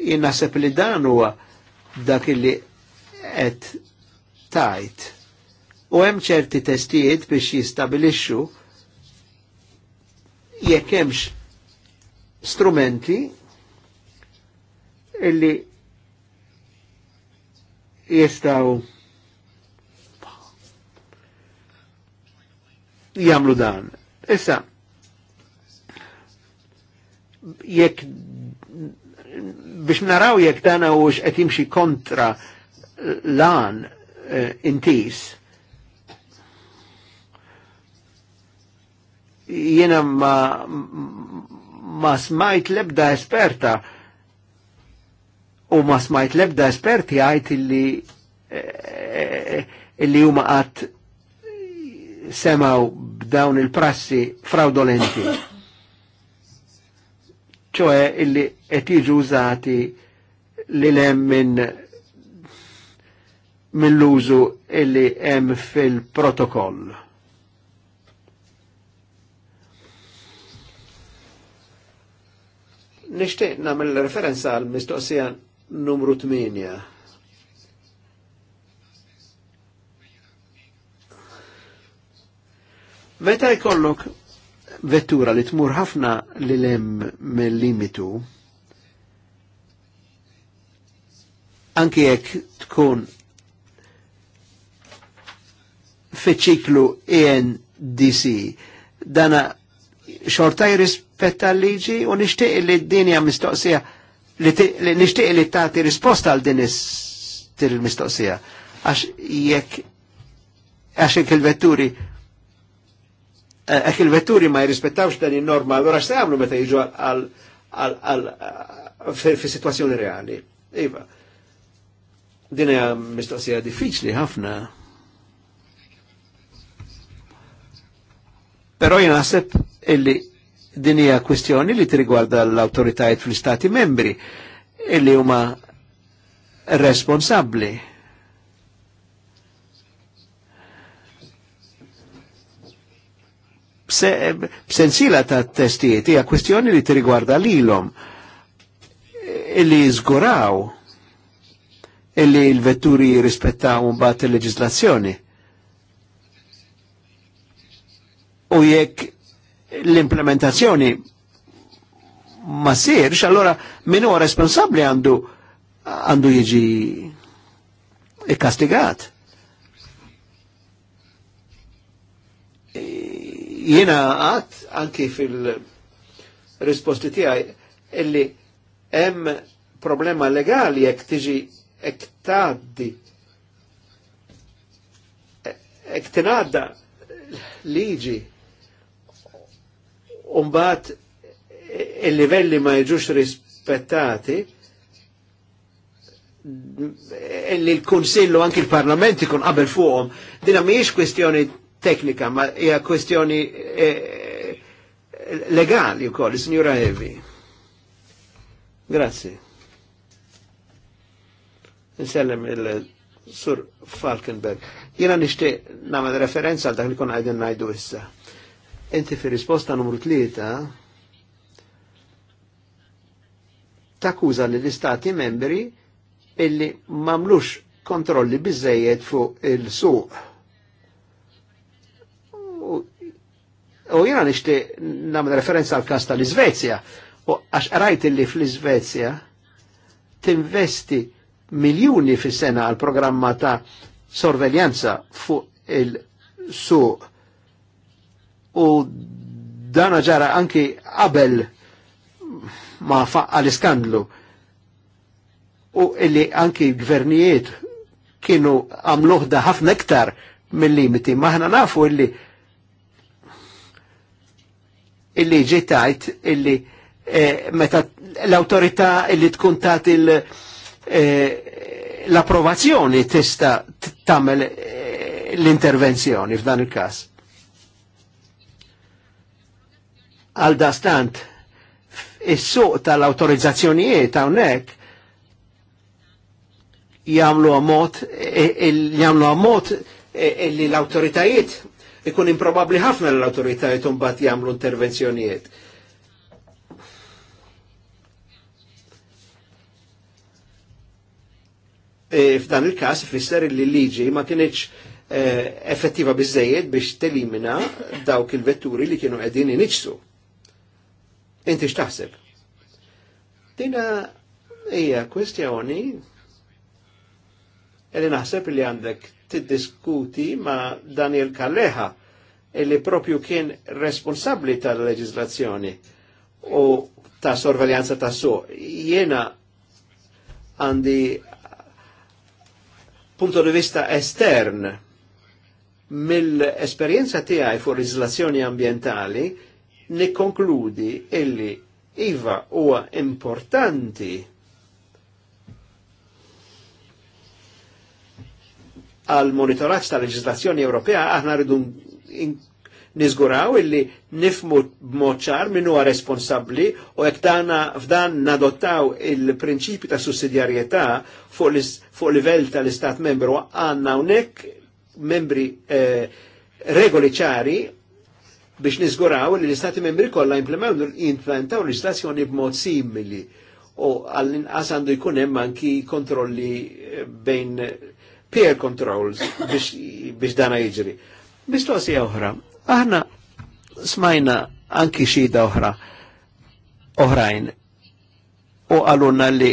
Jien naħseb li dan huwa dak li qed tajt. U hemm ċerti testijiet biex jistabilixxu jekk hemmx strumenti illi jistaw jamlu dan. Issa, jekk biex naraw jekk dan u qed jimxi kontra lan uh, eh, intis, jena ma, ma smajt lebda esperta u ma smajt lebda esperti għajt illi eh, eh, illi huma għat semaw b'dawn il-prassi fraudolenti. ċoħe illi etiġu użati li lem minn min l-użu illi hemm fil-protokoll. Nishtiq namel referenza għal mistoqsija numru 8 Meta jkollok vettura li tmur ħafna li lem mill-limitu, anki jekk tkun fiċiklu ENDC, dana xorta jirrispetta l-liġi u nishtiq li d-dinja mistoqsija li nishtiq li tati risposta għal din il-mistoqsija. Għax jekk għax il-vetturi Ek il-vetturi ma jirrispettawx dan il-norma, allora se għamlu meta jiġu għal fi situazzjoni reali. Iva, din hija mistoqsija diffiċli ħafna. Però jien naħseb illi din hija kwistjoni li t-rigwarda l-awtoritajiet fl-Stati membri illi huma responsabli b'sensila ta' testijiet hija kwestjoni li tirigwarda lilhom illi e, żguraw illi e l-vetturi jirrispettaw mbagħad il-leġislazzjoni. U jekk l-implementazzjoni ma sirx, allora min huwa responsabbli għandu għandu jiġi ikkastigat. Jena għat anki fil-risposti tijaj illi hemm problema legali jek tiġi jek taddi jek tinadda liġi umbat il-livelli ma jġux rispettati li l-Konsillu anki l-Parlament ikun qabel fuqom Dina mhijiex kwestjoni teknika, ma hija kwestjoni eh, legali wkoll, signora Evi. Grazzi. Insellem il-Sur Falkenberg. Jena nishti nagħmel referenza għal dak li kon għajdin najdu issa. Inti fi risposta numru tlieta takkuża li l-istati membri illi mamlux kontrolli bizzejiet fuq il-suq U jena nishti namel referenza għal kasta tal-Izvezja, u għax rajt li fl-Izvezja tinvesti miljoni fis sena għal programma ta' sorveljanza fuq il-suq. U dana ġara anki qabel ma faqqa l-iskandlu. U illi anki gvernijiet kienu għamluħda ħafna iktar mill-limiti. Maħna nafu illi illi ġitajt illi eh, meta l-autorità illi tkun tat eh, l-approvazzjoni tista tamel eh, l-intervenzjoni f'dan il-kas. Għal dastant, is-suq tal-autorizzazzjonijiet hawnhekk jagħmlu mod jagħmlu mod li l-awtoritajiet ikun improbabli ħafna l-autoritajiet mbagħad jagħmlu intervenzjonijiet. E, F'dan il-każ ifisser li liġi ma e, effettiva biżejjed biex telimina dawk il-vetturi li kienu qegħdin iniċsu. Inti x'taħseb? Dina hija kwestjoni li naħseb li għandek tiddiskuti ma' Daniel Kalleha, illi propju kien responsabli tal-leġizlazzjoni u ta' sorveljanza ta' su. Jena għandi punto di vista estern mill-esperienza tiegħi fuq leġizlazzjoni ambientali nikkonkludi illi iva huwa importanti għal monitoraċ ta' leġislazzjoni Ewropea aħna rridu nizguraw illi nifmu b'moċar min huwa responsabbli u hekk f'dan nadottaw il prinċipi ta' sussidjarjetà fuq, livell tal-Istat membru għandna hawnhekk membri eh, regoli ċari biex nizguraw li l-Istati membri kollha implementaw l-leġislazzjoni b'mod simili u għall-inqas għandu jkun kontrolli eh, bejn peer controls biex, biex dana jġri. Biex tosi oħra, aħna smajna anki xida oħra oħrajn u għalunna li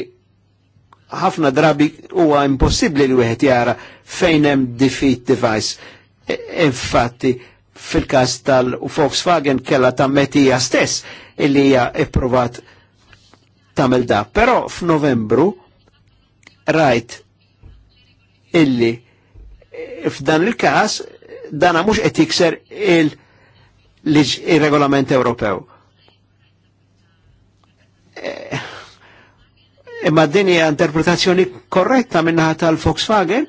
ħafna drabi huwa impossibbli li wieħed jara fejn hemm defeat device. E, infatti, fil-każ tal-Volkswagen kella ta' metija stess illi hija ipprovat tamel da. Però f'Novembru rajt illi eh, f'dan il-każ dana mhux qed tikser il-regolament Ewropew. Eh, imma e din hija interpretazzjoni korretta minnaħa tal-Volkswagen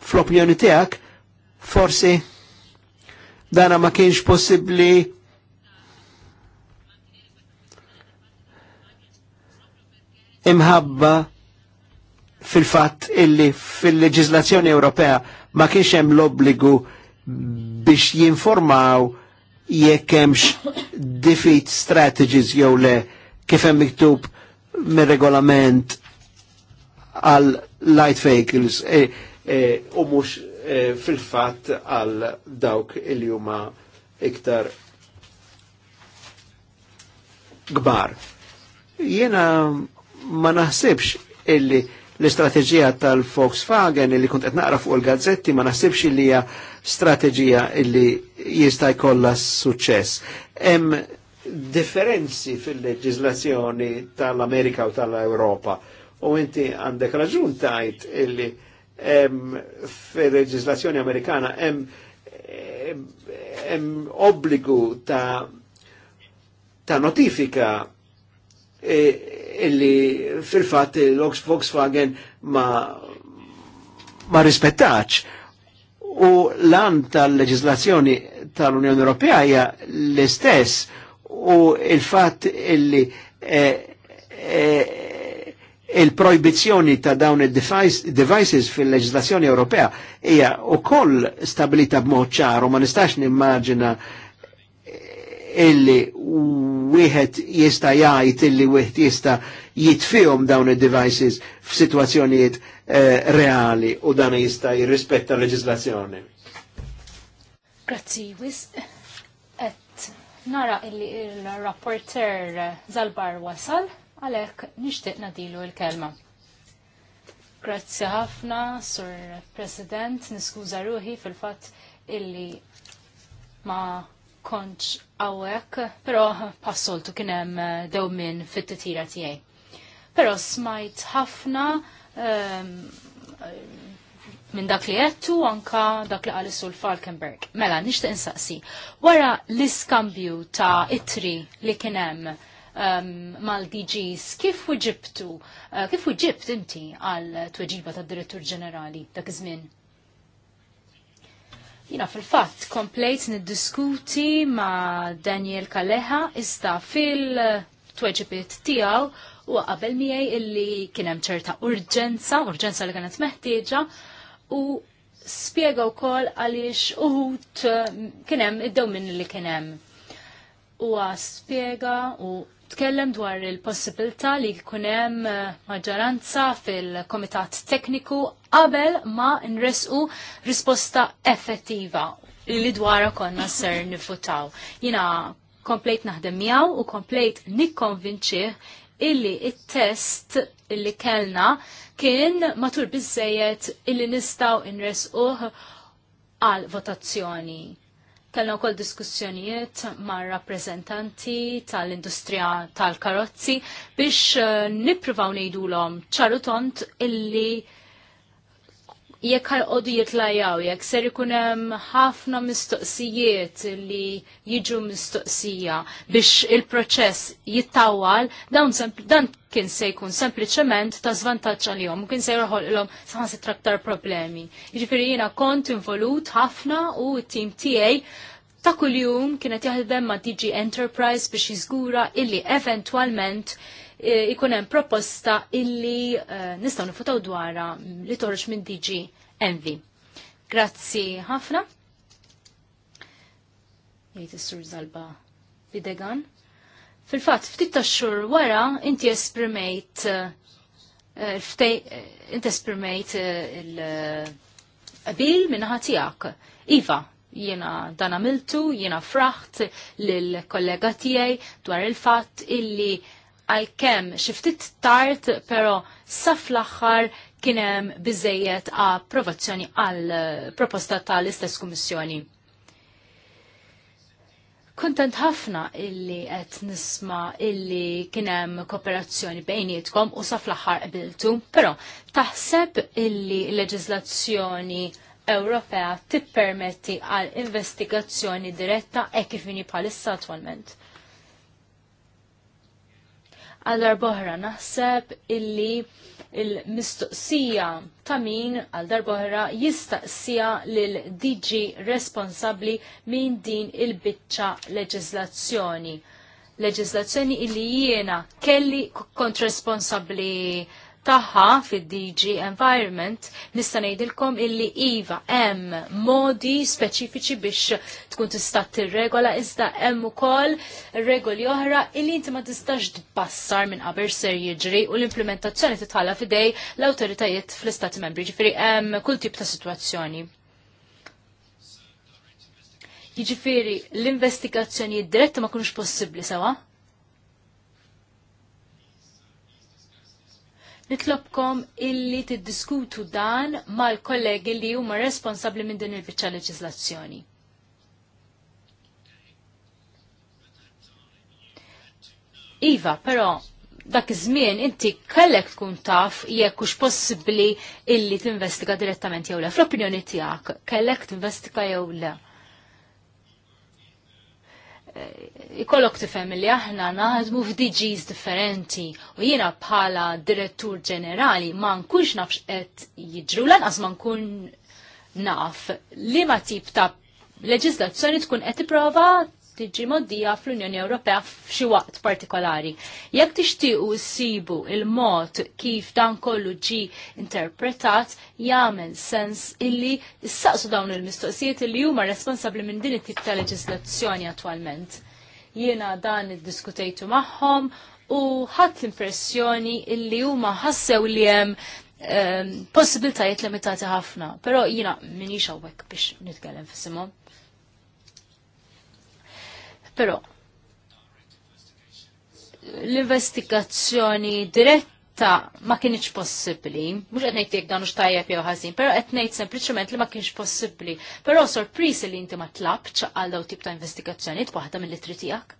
fl-opinjoni tiegħek forsi dana ma kienx possibbli imħabba fil-fatt illi fil-leġislazzjoni Ewropea ma kienx hemm l-obbligu biex jinformaw jekk hemmx defeat strategies jew le kif hemm miktub mir-regolament għal light vehicles e, e, u e, mhux e, fil-fatt għal dawk illi huma iktar gbar. Jena ma naħsibx illi l-istrateġija tal-Volkswagen li kunt qed naqra fuq il-gazzetti ma naħsibx li hija strateġija li jista' jkollha suċċess. Hemm differenzi fil-leġiżlazzjoni tal-Amerika u tal-Ewropa u inti għandek raġun tajt illi fil-leġiżlazzjoni Amerikana hemm obbligu ta' ta' notifika e, illi fil-fat l-Volkswagen ma, ma rispettax. U l-an tal-leġislazzjoni tal-Unjoni Ewropea hija l-istess u il-fat illi eh, eh, il proibizjoni ta' dawn il-devices fil-leġislazzjoni Ewropea hija u koll stabilita b'mod ċar u ma nistax nimmaġina illi wieħed jista' jgħid illi wieħed jista' jitfihom dawn id-devices f'sitwazzjonijiet eh, reali u dan jista' jirrispetta l-leġislazzjoni. Grazzi, wis nara illi il-rapporter Zalbar wasal għalhekk nixtieq nadilu l-kelma. Grazzi ħafna, Sur President, niskuża ruħi fil-fatt illi ma konċ għawek, pero passoltu kienem eh, dew minn fit-titira tijaj. Pero smajt ħafna um, minn dak li jettu anka dak li għalissu sul Falkenberg. Mela, nishtiq insaqsi. Wara l-iskambju ta' itri li kienem um, ehm, mal-DGs, kif uġibtu, uh, eh, kif uġibt inti għal tweġiba ta' direttur ġenerali dak iż-żmien? Jina fil-fatt komplejt niddiskuti ma' Daniel Kaleha ista fil-tweġibiet tiegħu u qabel miej illi kien hemm ċerta urġenza, urġenza li kienet meħtieġa u spjega wkoll għaliex uħut eh, kien hemm id dawmin li kien hemm u għaspiega u tkellem dwar il-possibilità li jkun hemm eh, maġġoranza fil-Komitat Tekniku qabel ma nresqu risposta effettiva li dwara konna ser nifutaw. Jina komplejt naħdem u komplejt nikkonvinċih illi il test illi kellna kien matur bizzejet illi nistaw nresquh għal votazzjoni. Kellna wkoll diskussjonijiet ma' rappreżentanti tal-industrija tal-karozzi biex eh, nippruvaw ngħidulhom ċarutont tont illi jekk ħalqodu jitlajaw, jekk ser ikun hemm ħafna mistoqsijiet li jiġu mistoqsija biex il-proċess jittawal, dan kien se jkun sempliċement ta' għal-jom, kien se saħan saħansitra aktar problemi. Jiġifieri jiena kont involut ħafna u t-tim tiegħi ta' kuljum kienet jaħdem ma' DG Enterprise biex jiżgura illi eventwalment E, ikun hemm proposta illi e, nistgħu nifutaw dwarha li torx minn DG Envi. Grazzi ħafna. Jgħid is-sur Zalba Bidegan. Fil-fatt, ftit ta' xhur wara inti esprimejt e, inti esprimejt il-qabil minnaħa tiegħek. Iva, jiena dan għamiltu, jiena fraħt lill kollega tiegħi dwar il-fatt illi għal-kem xiftit tart, pero saf l-axħar kienem bizzejiet approvazzjoni għal-proposta eh, tal-istess kummissjoni. Kontent ħafna illi qed nisma illi kienem kooperazzjoni bejnietkom u saf l-axħar qabiltu, pero taħseb illi leġizlazzjoni Ewropea tippermetti għal investigazzjoni diretta e kif inhi bħalissa attwalment għal darbohra naħseb illi il-mistoqsija ta' min għal darbohra jistaqsija lil DG responsabli minn din il-bicċa leġizlazzjoni. Leġizlazzjoni illi jiena kelli kont responsabli tagħha fid-DG Environment nista' ngħidilkom illi iva hemm modi speċifiċi biex tkun tista' tirregola iżda hemm ukoll regoli oħra illi inti ma tistax tbassar minn qabel ser jiġri u l-implementazzjoni titħalla fidej l-awtoritajiet fl-Istati Membri, ġifieri hemm kull tip ta' sitwazzjoni. Jiġifieri l-investigazzjonijiet diretti ma kunux possibbli sewa? Nitlobkom illi tiddiskutu dan mal-kollegi li huma responsabbli minn din il-biċċa leġislazzjoni. Iva, però dak iż-żmien inti kellek tkun taf jekk hux possibbli illi tinvestiga direttament jew le. Fl-opinjoni tiegħek kellek tinvestiga jew le ikollok tifhem li aħna naħdmu f'DGs differenti u jiena bħala direttur ġenerali ma nkunx nafx qed jiġru lanqas ma nkun naf li ma tip ta' leġislazzjoni tkun qed tipprova tiġi moddija fl-Unjoni Ewropea f'xi waqt partikolari. Jekk tixtiequ sibu il-mod kif dan kollu ġi interpretat, jagħmel sens illi issaqsu dawn il-mistoqsijiet illi huma responsabbli minn din it-tip ta' leġislazzjoni attwalment. Jiena dan iddiskutejtu magħhom u ħadd l-impressjoni illi huma ħassew li hemm ehm, possibiltajiet limitati ħafna, però jiena minix hawnhekk biex nitkellem fissimhom. Però l-investigazzjoni diretta ma kienx possibbli, mhux qed ngħid jekk dan hux tajjeb jew ħażin, però qed ngħid sempliċement li ma kienx possibbli. Però sorpriż li inti ma tlabx għal daw tip ta' investigazzjonijiet waħda mill-litri tiegħek.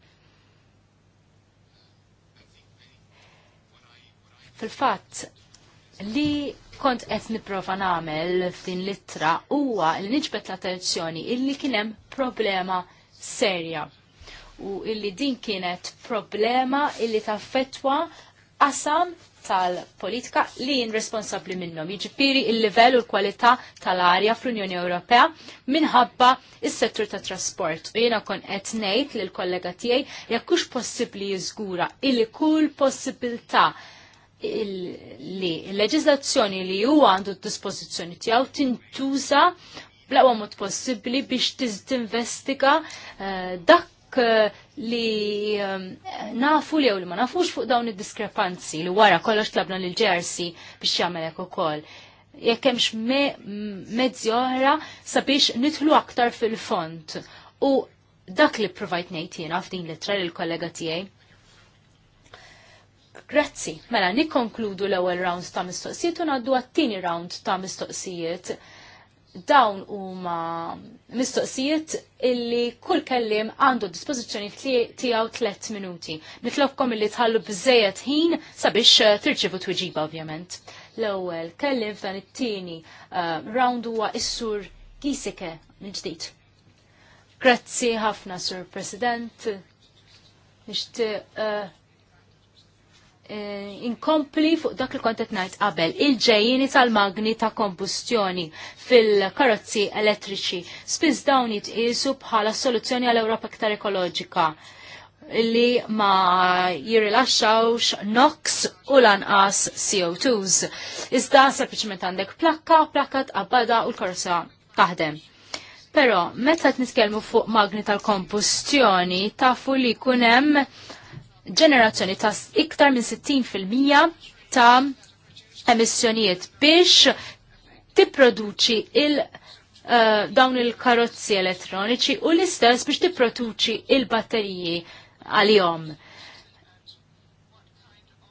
Fil-fatt, li kont qed nipprova nagħmel f'din littra huwa li niġbet l-attenzjoni illi kien hemm problema serja u illi din kienet problema illi taffetwa qasam tal-politika li jien responsabli minnom. Jġipiri il-livell u l-kwalità tal-arja fl-Unjoni Ewropea minħabba is-settur tat trasport. U jiena kon qed ngħid lill kollega tiegħi jekk hux possibbli jiżgura illi kull possibilità li l leġizlazzjoni li huwa għandu d dispozizjoni tiegħu tintuża bla' mod possibbli biex tinvestiga eh, dak Eh, li ehm, nafu li li ma nafux fuq dawn id-diskrepanzi li wara kollox tlabna l ġersi biex jamelek u ukoll. Jekk hemmx me, mezzi oħra sabiex nidħlu aktar fil-font. U dak li provajt ngħid jiena f'din tra l kollega tiegħi. Grazzi, mela nikkonkludu l-ewwel round ta' mistoqsijiet u ngħaddu għat-tieni round ta' mistoqsijiet dawn huma mistoqsijiet illi kull kellim għandu dispożizzjoni tiegħu tlet minuti. Nitlobkom illi tħallu bżejjed ħin sabiex eh, tirċivu tweġiba ovvjament. L-ewwel kellim f'dan it-tieni eh, round huwa is-sur Gisike mill-ġdid. Grazzi ħafna, Sur President. Nixtieq eh, Eh, inkompli fuq dak li kontet najt qabel il-ġejjini tal-magni ta' kombustjoni fil-karozzi elettriċi spiss dawn jitqisu bħala soluzzjoni għal Ewropa iktar ekoloġika li ma jirilaxxawx NOx u lanqas CO2s. Iżda sempliċement għandek plakka, plakka tqabbada u l karozza taħdem. Pero, meta t fuq magni tal-kombustjoni, tafu li kunem hemm ġenerazzjoni ta' iktar minn 60% ta' emissjonijiet biex tipproduċi il- uh, dawn il-karozzi elettroniċi u l-istess biex tipproduċi il-batteriji għal-jom.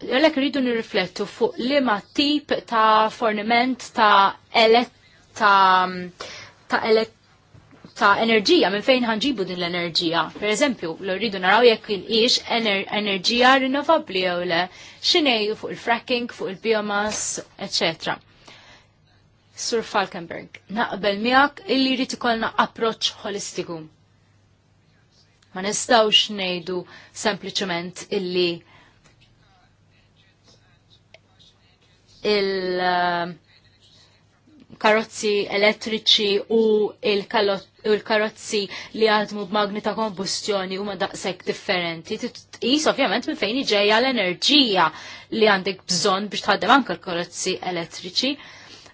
Għalek rridu nirriflettu fuq li ma tip ta' forniment ta' elet ta' elet ta' enerġija, minn fejn ħanġibu din l-enerġija. Per eżempju, l ridu naraw jekk il-ix enerġija rinnovabli jew le, xinej fuq il-fracking, fuq il-biomass, etc. Sur Falkenberg, naqbel miegħek illi jrid ikollna approċċ holistiku. Ma nistgħux ngħidu sempliċement illi il- uh, karozzi elettriċi u il-karozzi li għadmu b'magni ta' kombustjoni huma daqshekk differenti. Is ovvjament minn fejn iġejja l-enerġija li għandek bżonn biex tħaddem anke l-karozzi elettriċi.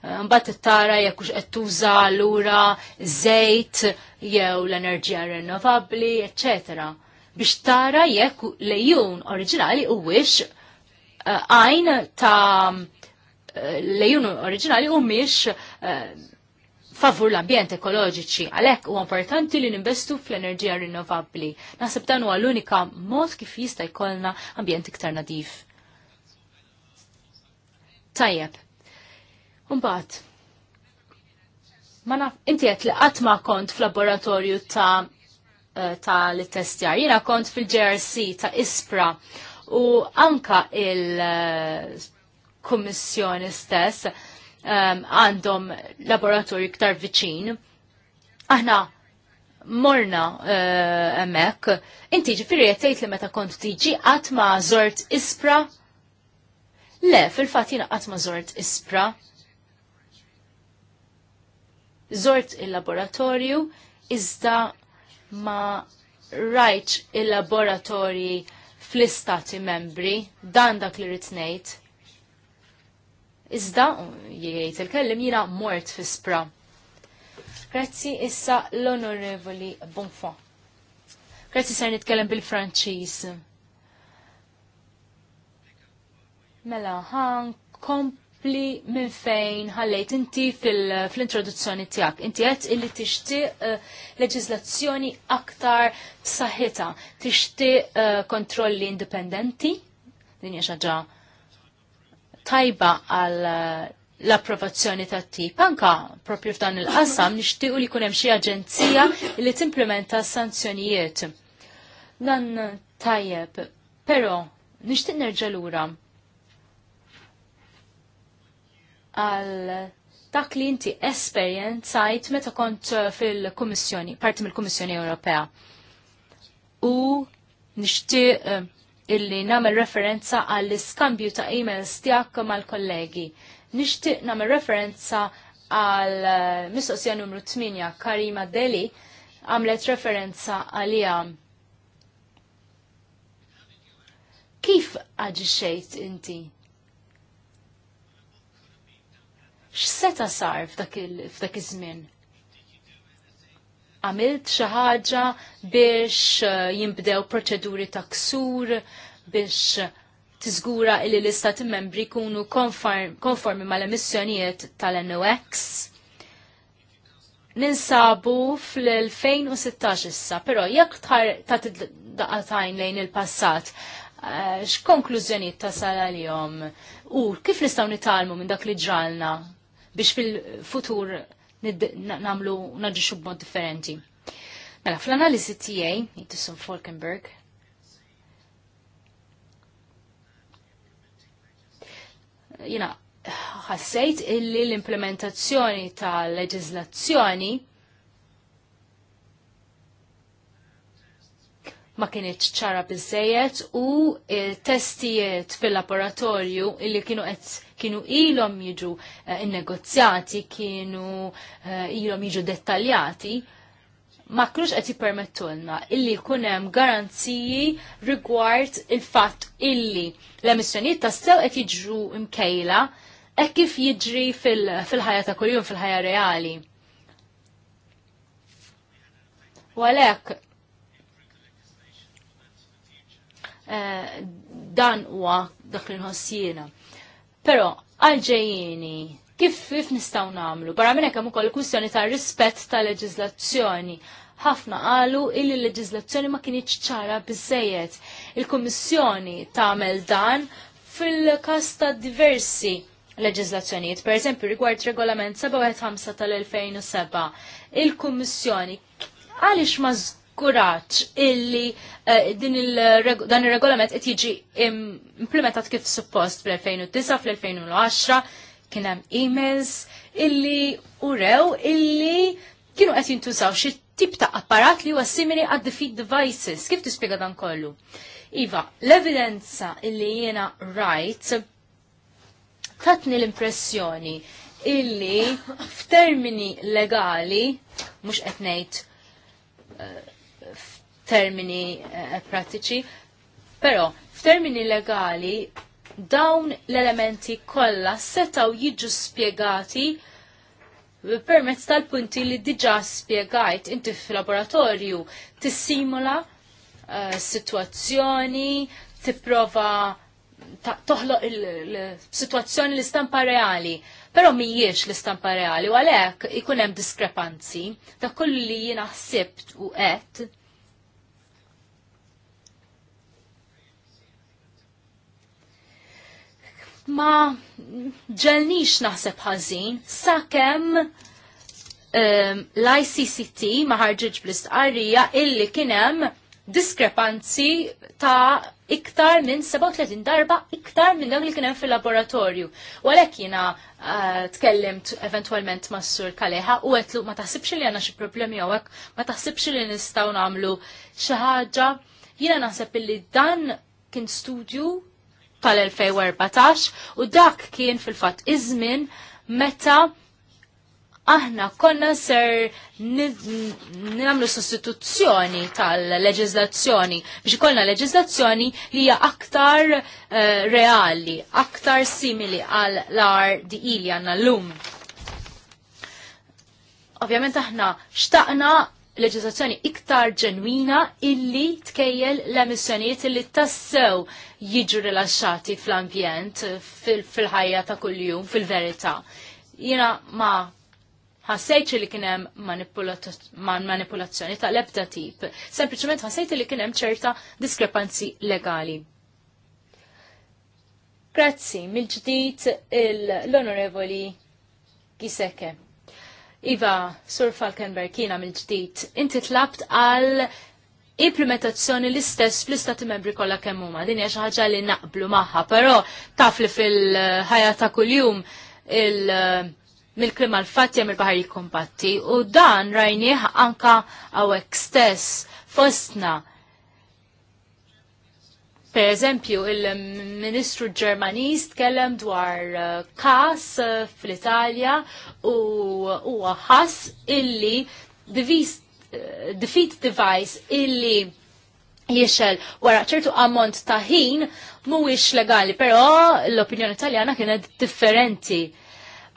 Eh, mbagħad tara jekk hux qed tuża lura żejt jew l-enerġija rinnovabbli, eċċetera. Biex tara jekk lejjun oriġinali huwiex eh, għajn ta' lejun oriġinali u miex eh, favur l-ambjent ekoloġiċi. Għalek u importanti li ninvestu fl-enerġija rinnovabli. Naħseb dan huwa l-unika mod kif jista' jkollna ambjent iktar nadif. Tajjeb. Mbagħad. Ma naf, inti qed li qatt ma kont fl-laboratorju ta' eh, ta' l-testjar. Jiena kont fil-GRC ta' ISPRA u anka il- eh, kummissjoni stess um, għandhom laboratorju iktar viċin. Aħna morna uh, emmek, inti ġifiri jettejt li meta kont tiġi għatma zort ispra? Le, fil-fatina għatma zort ispra. Zort il-laboratorju, iżda ma rajċ il-laboratorji fl-istati membri, dan dak li ritnejt, Iżda, jgħid il-kellim jina mort fi spra. Grazzi issa l-onorevoli Bonfon. Grazzi ser nitkellem bil-Franċiż. Mela, ħan kompli minn fejn ħallejt inti fil-introduzzjoni tijak. Inti għet illi tixti uh, eh, leġizlazzjoni aktar saħita, tixti uh, eh, kontrolli indipendenti, din xaġa tajba għal eh, l-approvazzjoni ta' tip. Anka propju f'dan il-qasam nixtiequ li jkun hemm xi aġenzija li timplementa sanzjonijiet. Dan tajjeb, però nixtieq nerġa' lura għal dak li inti esperjenzajt meta kont eh, fil-Kummissjoni, parti mill-Kummissjoni Ewropea. U nixtieq eh, illi namel referenza għall-iskambju ta' emails tijak mal-kollegi. Nishtiq namel referenza għal eh, mistoqsija numru 8 Karima Deli għamlet referenza għalija. Kif xejt inti? X'seta sar f'dak iż-żmien? għamilt xi ħaġa biex uh, jinbdew proċeduri ta' ksur biex tiżgura li l-istati membri jkunu konformi mal-emissjonijiet tal-NOx. Ninsabu fl-2016 issa, però jekk ta' daqatajn lejn il-passat, eh, x'konklużjonijiet ta' sal-għalihom u kif nistgħu nitalmu minn dak li ġralna biex fil-futur namlu naġiġu b'mod differenti. Mela, fl analisi tijaj, jittisum Falkenberg, jina, ħassejt illi l-implementazzjoni tal leġizlazzjoni ma kienieċ ċara bizzejet u testijiet fil-laboratorju illi kienu qed kienu ilhom jiġu eh, innegozjati, kienu eh, ilhom jiġu dettaljati, ma kienux qed jippermettulna illi jkun hemm garanziji rigward il-fatt illi l-emissjonijiet tas-sew qed jiġu mkejla hekk kif jiġri fil-ħajja ta' kuljum fil-ħajja reali. U għalhekk Eh, dan huwa dak li nħossjina. Però għalġejjini kif kif nistgħu nagħmlu? Barra minn hekk hemm ukoll kwistjoni ta' rispett ta' leġiżlazzjoni. Ħafna qalu illi l-leġiżlazzjoni ma kienx ċara biżejjed. Il-Kummissjoni tagħmel dan fil-każ ta' diversi leġiżlazzjonijiet, per eżempju rigward regolament 75 tal-2007, il-Kummissjoni għaliex ma kuraċ illi eh, dan il-regolament qed jiġi implementat kif suppost fl-2009 fl-2010 kien hemm emails illi urew illi kienu qed jintużaw xi tip ta' apparat li huwa simili għad defeat devices. Kif tispjega dan kollu? Iva, l-evidenza illi jiena rajt tatni l-impressjoni illi f'termini legali mhux qed ngħid eh, termini eh, pratiċi, però f'termini legali dawn l-elementi kollha setaw jiġu spjegati eh, permezz tal-punti li diġa spjegajt inti fil-laboratorju tissimula uh, situazzjoni, tipprova toħloq il-situazzjoni l-istampa reali. Pero mijiex l-istampa reali, u għalek ikun hemm diskrepanzi ta' kull li jina ħsibt u għet, ma ġelnix naħseb ħażin sakemm um, ehm, l-ICCT ma bl-istqarrija illi kienem diskrepanzi ta' iktar minn 37 darba iktar minn dawn li kienem fil-laboratorju. U għalhekk jiena uh, tkellimt eventualment ma' sur Kaleħa u għetlu ma taħsibx li għandna xi problemi għawek, ma taħsibx li nistgħu nagħmlu xi ħaġa. Jiena naħseb illi dan kien studju tal-2014 u dak kien fil-fatt iż-żmien meta aħna konna ser nagħmlu sostituzzjoni tal-leġizlazzjoni biex ikollna leġizlazzjoni li hija aktar uh, reali, aktar simili għal lar di ilja għandna llum. Ovvjament aħna xtaqna leġizazzjoni iktar ġenwina illi tkejjel l-emissjonijiet illi tassew jiġu rilaxxati fl-ambjent fil-ħajja ta' kuljum fil-verità. Jiena ma ħassejt li kien hemm manipulazzjoni ta' lebda tip, sempliċement ħassejt li kien hemm ċerta diskrepanzi legali. Grazzi, mill-ġdid l-Onorevoli Giseke. Iva, Sur Falkenberg, kina mill-ġdid, inti tlabt għal implementazzjoni l-istess fl-istati membri kollha kemm huma. Din hija xi ħaġa li naqblu magħha, però taf li fil-ħajja ta' kuljum il- eh, mill-klima l-fatt jem il-bahar jikompatti u dan rajnieħ anka għawek stess fostna Per eżempju, il-Ministru Ġermaniż tkellem dwar uh, kas uh, fl-Italja u huwa ħass illi uh, defeat device illi jiexel wara ċertu ammont ta' ħin mhuwiex legali, però l-opinjoni Taljana kienet differenti.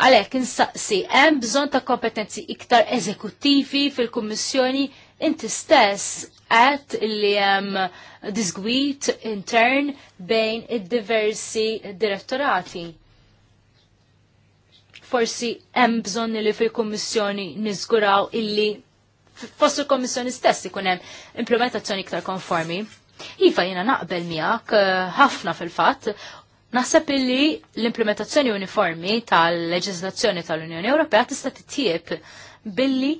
Għalhekk insaqsi hemm bżonn ta' kompetenzi iktar eżekuttivi fil-Kummissjoni inti stess għat li jem disgwit intern bejn id-diversi direttorati. Forsi hemm bżonn li fil-Kummissjoni niżguraw illi fost il-Kommissjoni stess ikun hemm implementazzjoni iktar konformi. Iva jiena naqbel miegħek eh, ħafna fil-fatt Naħseb illi l-implementazzjoni uniformi tal-leġislazzjoni tal-Unjoni Ewropea tista' titjieb billi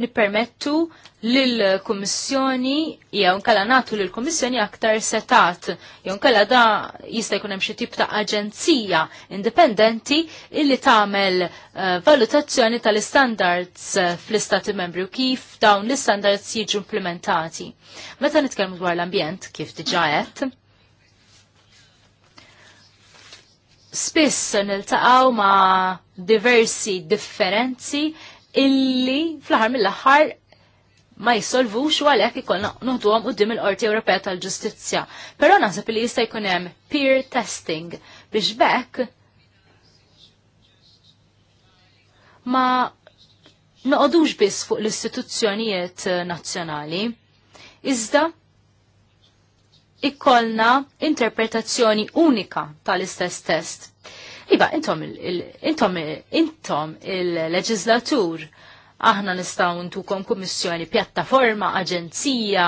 nippermettu lill-Kummissjoni jew nkella nagħtu lill-Kummissjoni aktar setat jew nkella da jista' jkun hemm xi tip ta' aġenzija indipendenti illi tagħmel eh, valutazzjoni tal-istandards eh, fl-istati membri u kif dawn l-istandards jiġu implementati. Meta nitkellmu dwar l-ambjent kif diġà qed, spiss niltaqgħu ma' diversi differenzi illi fl-aħħar mill-aħħar ma jissolvux u għalhekk ikollna noħduhom quddiem il-Qorti Ewropea tal-Ġustizzja. Però naħseb li jista' jkun hemm peer testing biex bekk ma noqodux biss fuq l-istituzzjonijiet nazzjonali, iżda ikkolna interpretazzjoni unika tal-istess test. Iba, intom il-leġislatur, aħna nistaw ntukom kummissjoni, pjattaforma, aġenzija,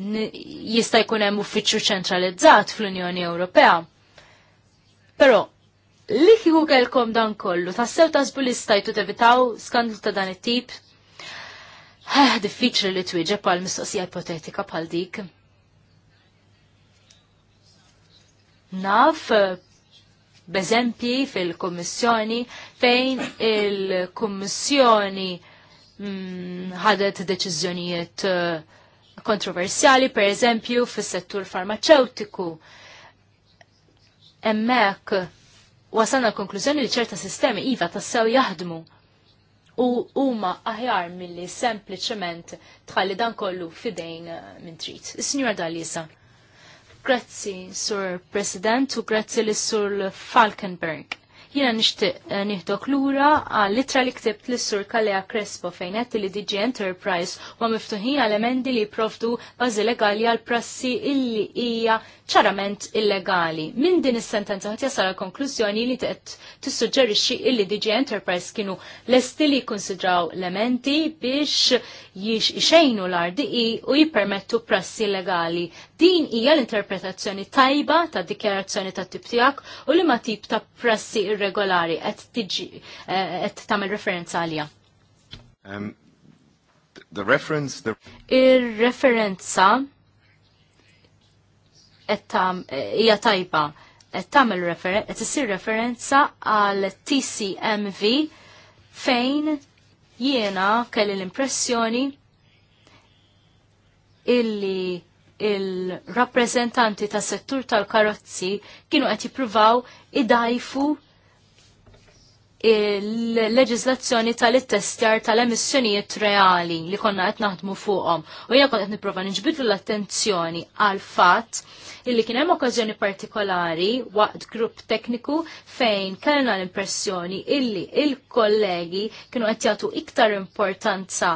jista' jkun hemm uffiċċju ċentralizzat fl-Unjoni Ewropea. Però li kieku kellkom dan kollu, tassew tasbu li stajtu tevitaw skandlu ta' dan it-tip? Eh, diffiċli li twieġeb għal mistoqsija ipotetika bħal dik. Naf eh, b'eżempji fil-Kummissjoni fejn il-Kummissjoni mm, ħadet deċiżjonijiet eh, kontroversjali, per eżempju, fis-settur farmaceutiku. Emmek wasalna konklużjoni li ċerta sistemi iva tassew jaħdmu u huma aħjar milli sempliċement tħalli dan kollu fidejn eh, minn trid. Is-Sinjura Dalisa. Grazzi, Sur President, u grazzi l sur Falkenberg. Jina nishtiq eh, nieħdok lura għall-litra li ktibt l sur Kalea Crespo fejnet li DG Enterprise u miftuħin għal emendi li profdu bażi legali għal prassi illi hija ċarament illegali. Min din is-sentenza ħadd jasal konklużjoni li qed tissuġġerixxi illi DG Enterprise kienu lesti li jkunsidraw elementi biex jixejnu l-RDI u jippermettu prassi illegali. Din hija l-interpretazzjoni tajba ta' dikjarazzjoni ta' tip tiegħek u li ma tip ta' prassi irregolari qed tiġi eh, qed tagħmel referenza għalija. Um, the reference the... Ir-referenza hija tajba qed tagħmel qed referenza għal TCMV fejn jiena kelli l-impressjoni illi il-rappresentanti tas settur tal-karozzi kienu qed jippruvaw idajfu il-leġizlazzjoni tal-testjar tal-emissjonijiet reali li konna qed naħdmu fuqhom. U jiena kont qed nipprova nġbidlu l-attenzjoni għal fatt illi kien hemm okkażjoni partikolari waqt grupp tekniku fejn kellna l-impressjoni illi il-kollegi kienu qed jagħtu iktar importanza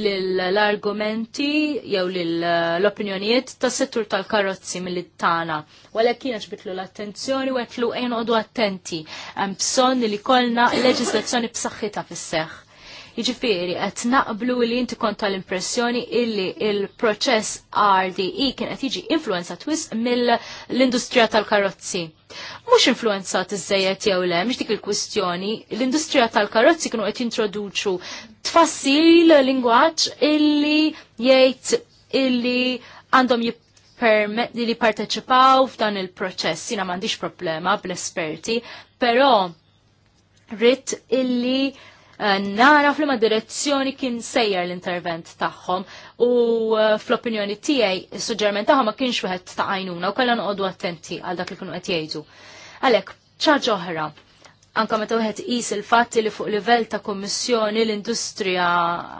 l-argumenti jew l-opinjonijiet tas settur tal-karozzi mill tana. Walek kienet bitlu l-attenzjoni u għetlu attenti. Hemm bżonn li kolna leġislazzjoni b'saħħitha fis-seħħ Jiġifieri qed naqblu li inti kont tal-impressjoni illi il-proċess RDE kien qed jiġi influenza twis mill-industrija tal-karozzi. Mhux influenza tiżejjed jew le, mhix dik il-kwistjoni, l-industrija tal-karozzi kienu qed jintroduċu tfassil lingwaġġ illi jgħid illi għandhom jip li parteċipaw f'dan il-proċess, jina mandiġ problema bl-esperti, pero rrit illi Eh, nara fl direzzjoni kien sejjer l-intervent tagħhom u eh, fl-opinjoni tiegħi is-suġġerment tagħhom ma kienx wieħed ta' għajnuna u kellha noqogħdu attenti għal dak li kienu qed jgħidu. Għalhekk ċaġa oħra anka meta wieħed qis il-fatt li fuq livell ta' kummissjoni l-industrija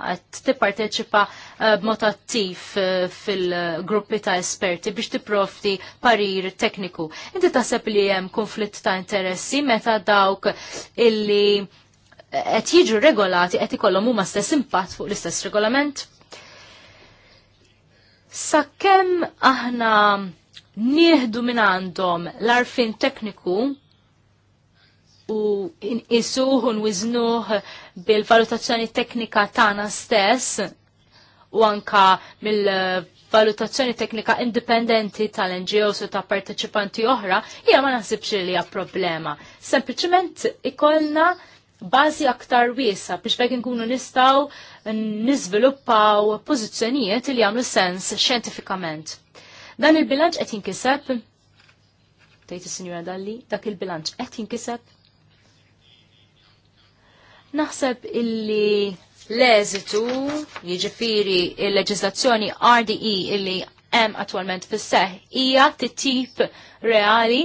qed tipparteċipa eh, b'mod attiv fil-gruppi ta' esperti biex tipprovdi parir tekniku. Inti taħseb li hemm konflitt ta' interessi meta dawk illi qed jiġu regolati qed ikollhom huma stess impatt fuq l-istess regolament. Sakemm aħna nieħdu minn għandhom l-arfin tekniku u nqisuh u nwiżnuh bil-valutazzjoni teknika tagħna stess u anka mill-valutazzjoni teknika indipendenti tal-NGOs u ta' parteċipanti oħra, hija ma naħsibx li hija problema. Sempliċement ikollna bażi aktar wiesa biex bekk nkunu nistaw niżviluppaw pożizzjonijiet li jagħmlu sens xjentifikament. Dan il-bilanċ qed jinkiseb tgħid is-Sinjura Dalli, dak il-bilanċ qed jinkiseb. Naħseb illi l-eżitu, jiġifieri il-leġiżlazzjoni RDE illi hemm attwalment fis-seħ hija titjib reali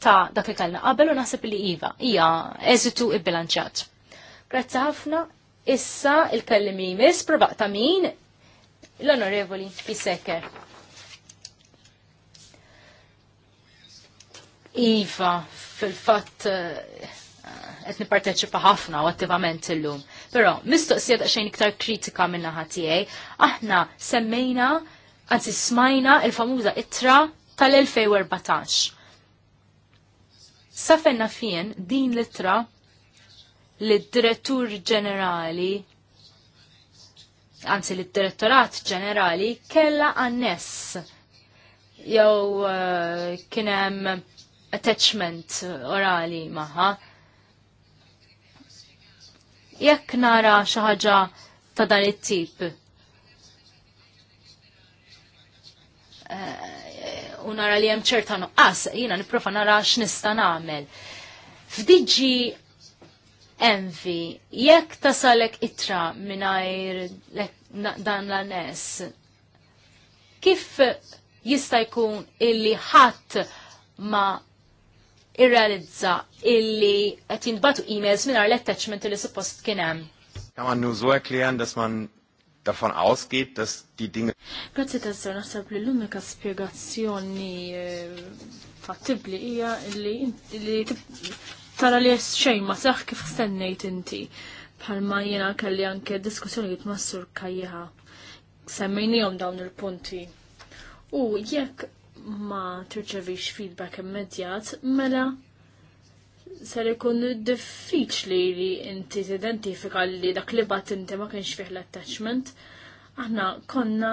ta' dak li kellna qabel u naħseb li iva, hija eżitu ibbilanċat. Grazzi ħafna, issa il-kellim li jmiss, provaq ta' min, l-onorevoli Biseker. Iva, fil-fatt eh, qed nipparteċipa ħafna u attivament illum. Però mistoqsija xejn iktar kritika minna naħa tiegħi, aħna semmejna anzi smajna il-famuża itra tal-2014 Safenna fien din litra li direttur ġenerali anzi li direttorat ġenerali kella anness jew uh, kienem attachment orali maħa. Jekk nara xi ħaġa ta' dan it-tip. Uh, u nara li hemm ċerta nuqqas, jiena niprofa nara x'nista' nagħmel. F'diġi envi, jekk tasalek itra mingħajr dan l nes, kif jista' jkun illi ħadd ma irrealizza illi qed jinbatu emails mingħajr l-attachment li suppost kien hemm. Kann man nur man davon ausgeht, dass die Dinge. Grazie tassew naħseb li l-unika spiegazzjoni eh, fattibli hija li tara li xejn ma saħ kif stennejt inti. Palma jena kelli anke diskussjonijiet ma' sur kajja. Semmejnijom dawn il-punti. U jekk ma tirċevix feedback immedjat, mela ser ikun diffiċli li inti tidentifika li dak li bat inti ma kienx fih l-attachment. Aħna konna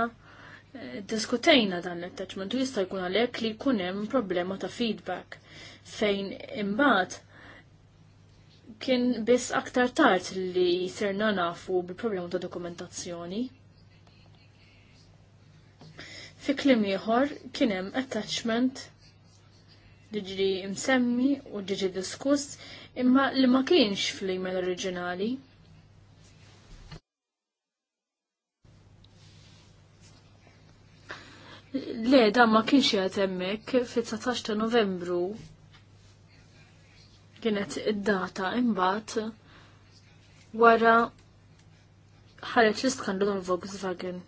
eh, diskutejna dan l-attachment u jista' jkun għalhekk li jkun hemm problema ta' feedback fejn imbagħad kien biss aktar tard li serna nafu bil-problema ta' dokumentazzjoni. Fi klim ieħor kien hemm attachment ġiġi msemmi u ġiġi diskuss imma li ma kienx fl-email oriġinali. Le, da ma kienx jgħat fi fit-19 ta' novembru kienet id-data imbagħad wara ħareċ l-iskandlu tal-Volkswagen.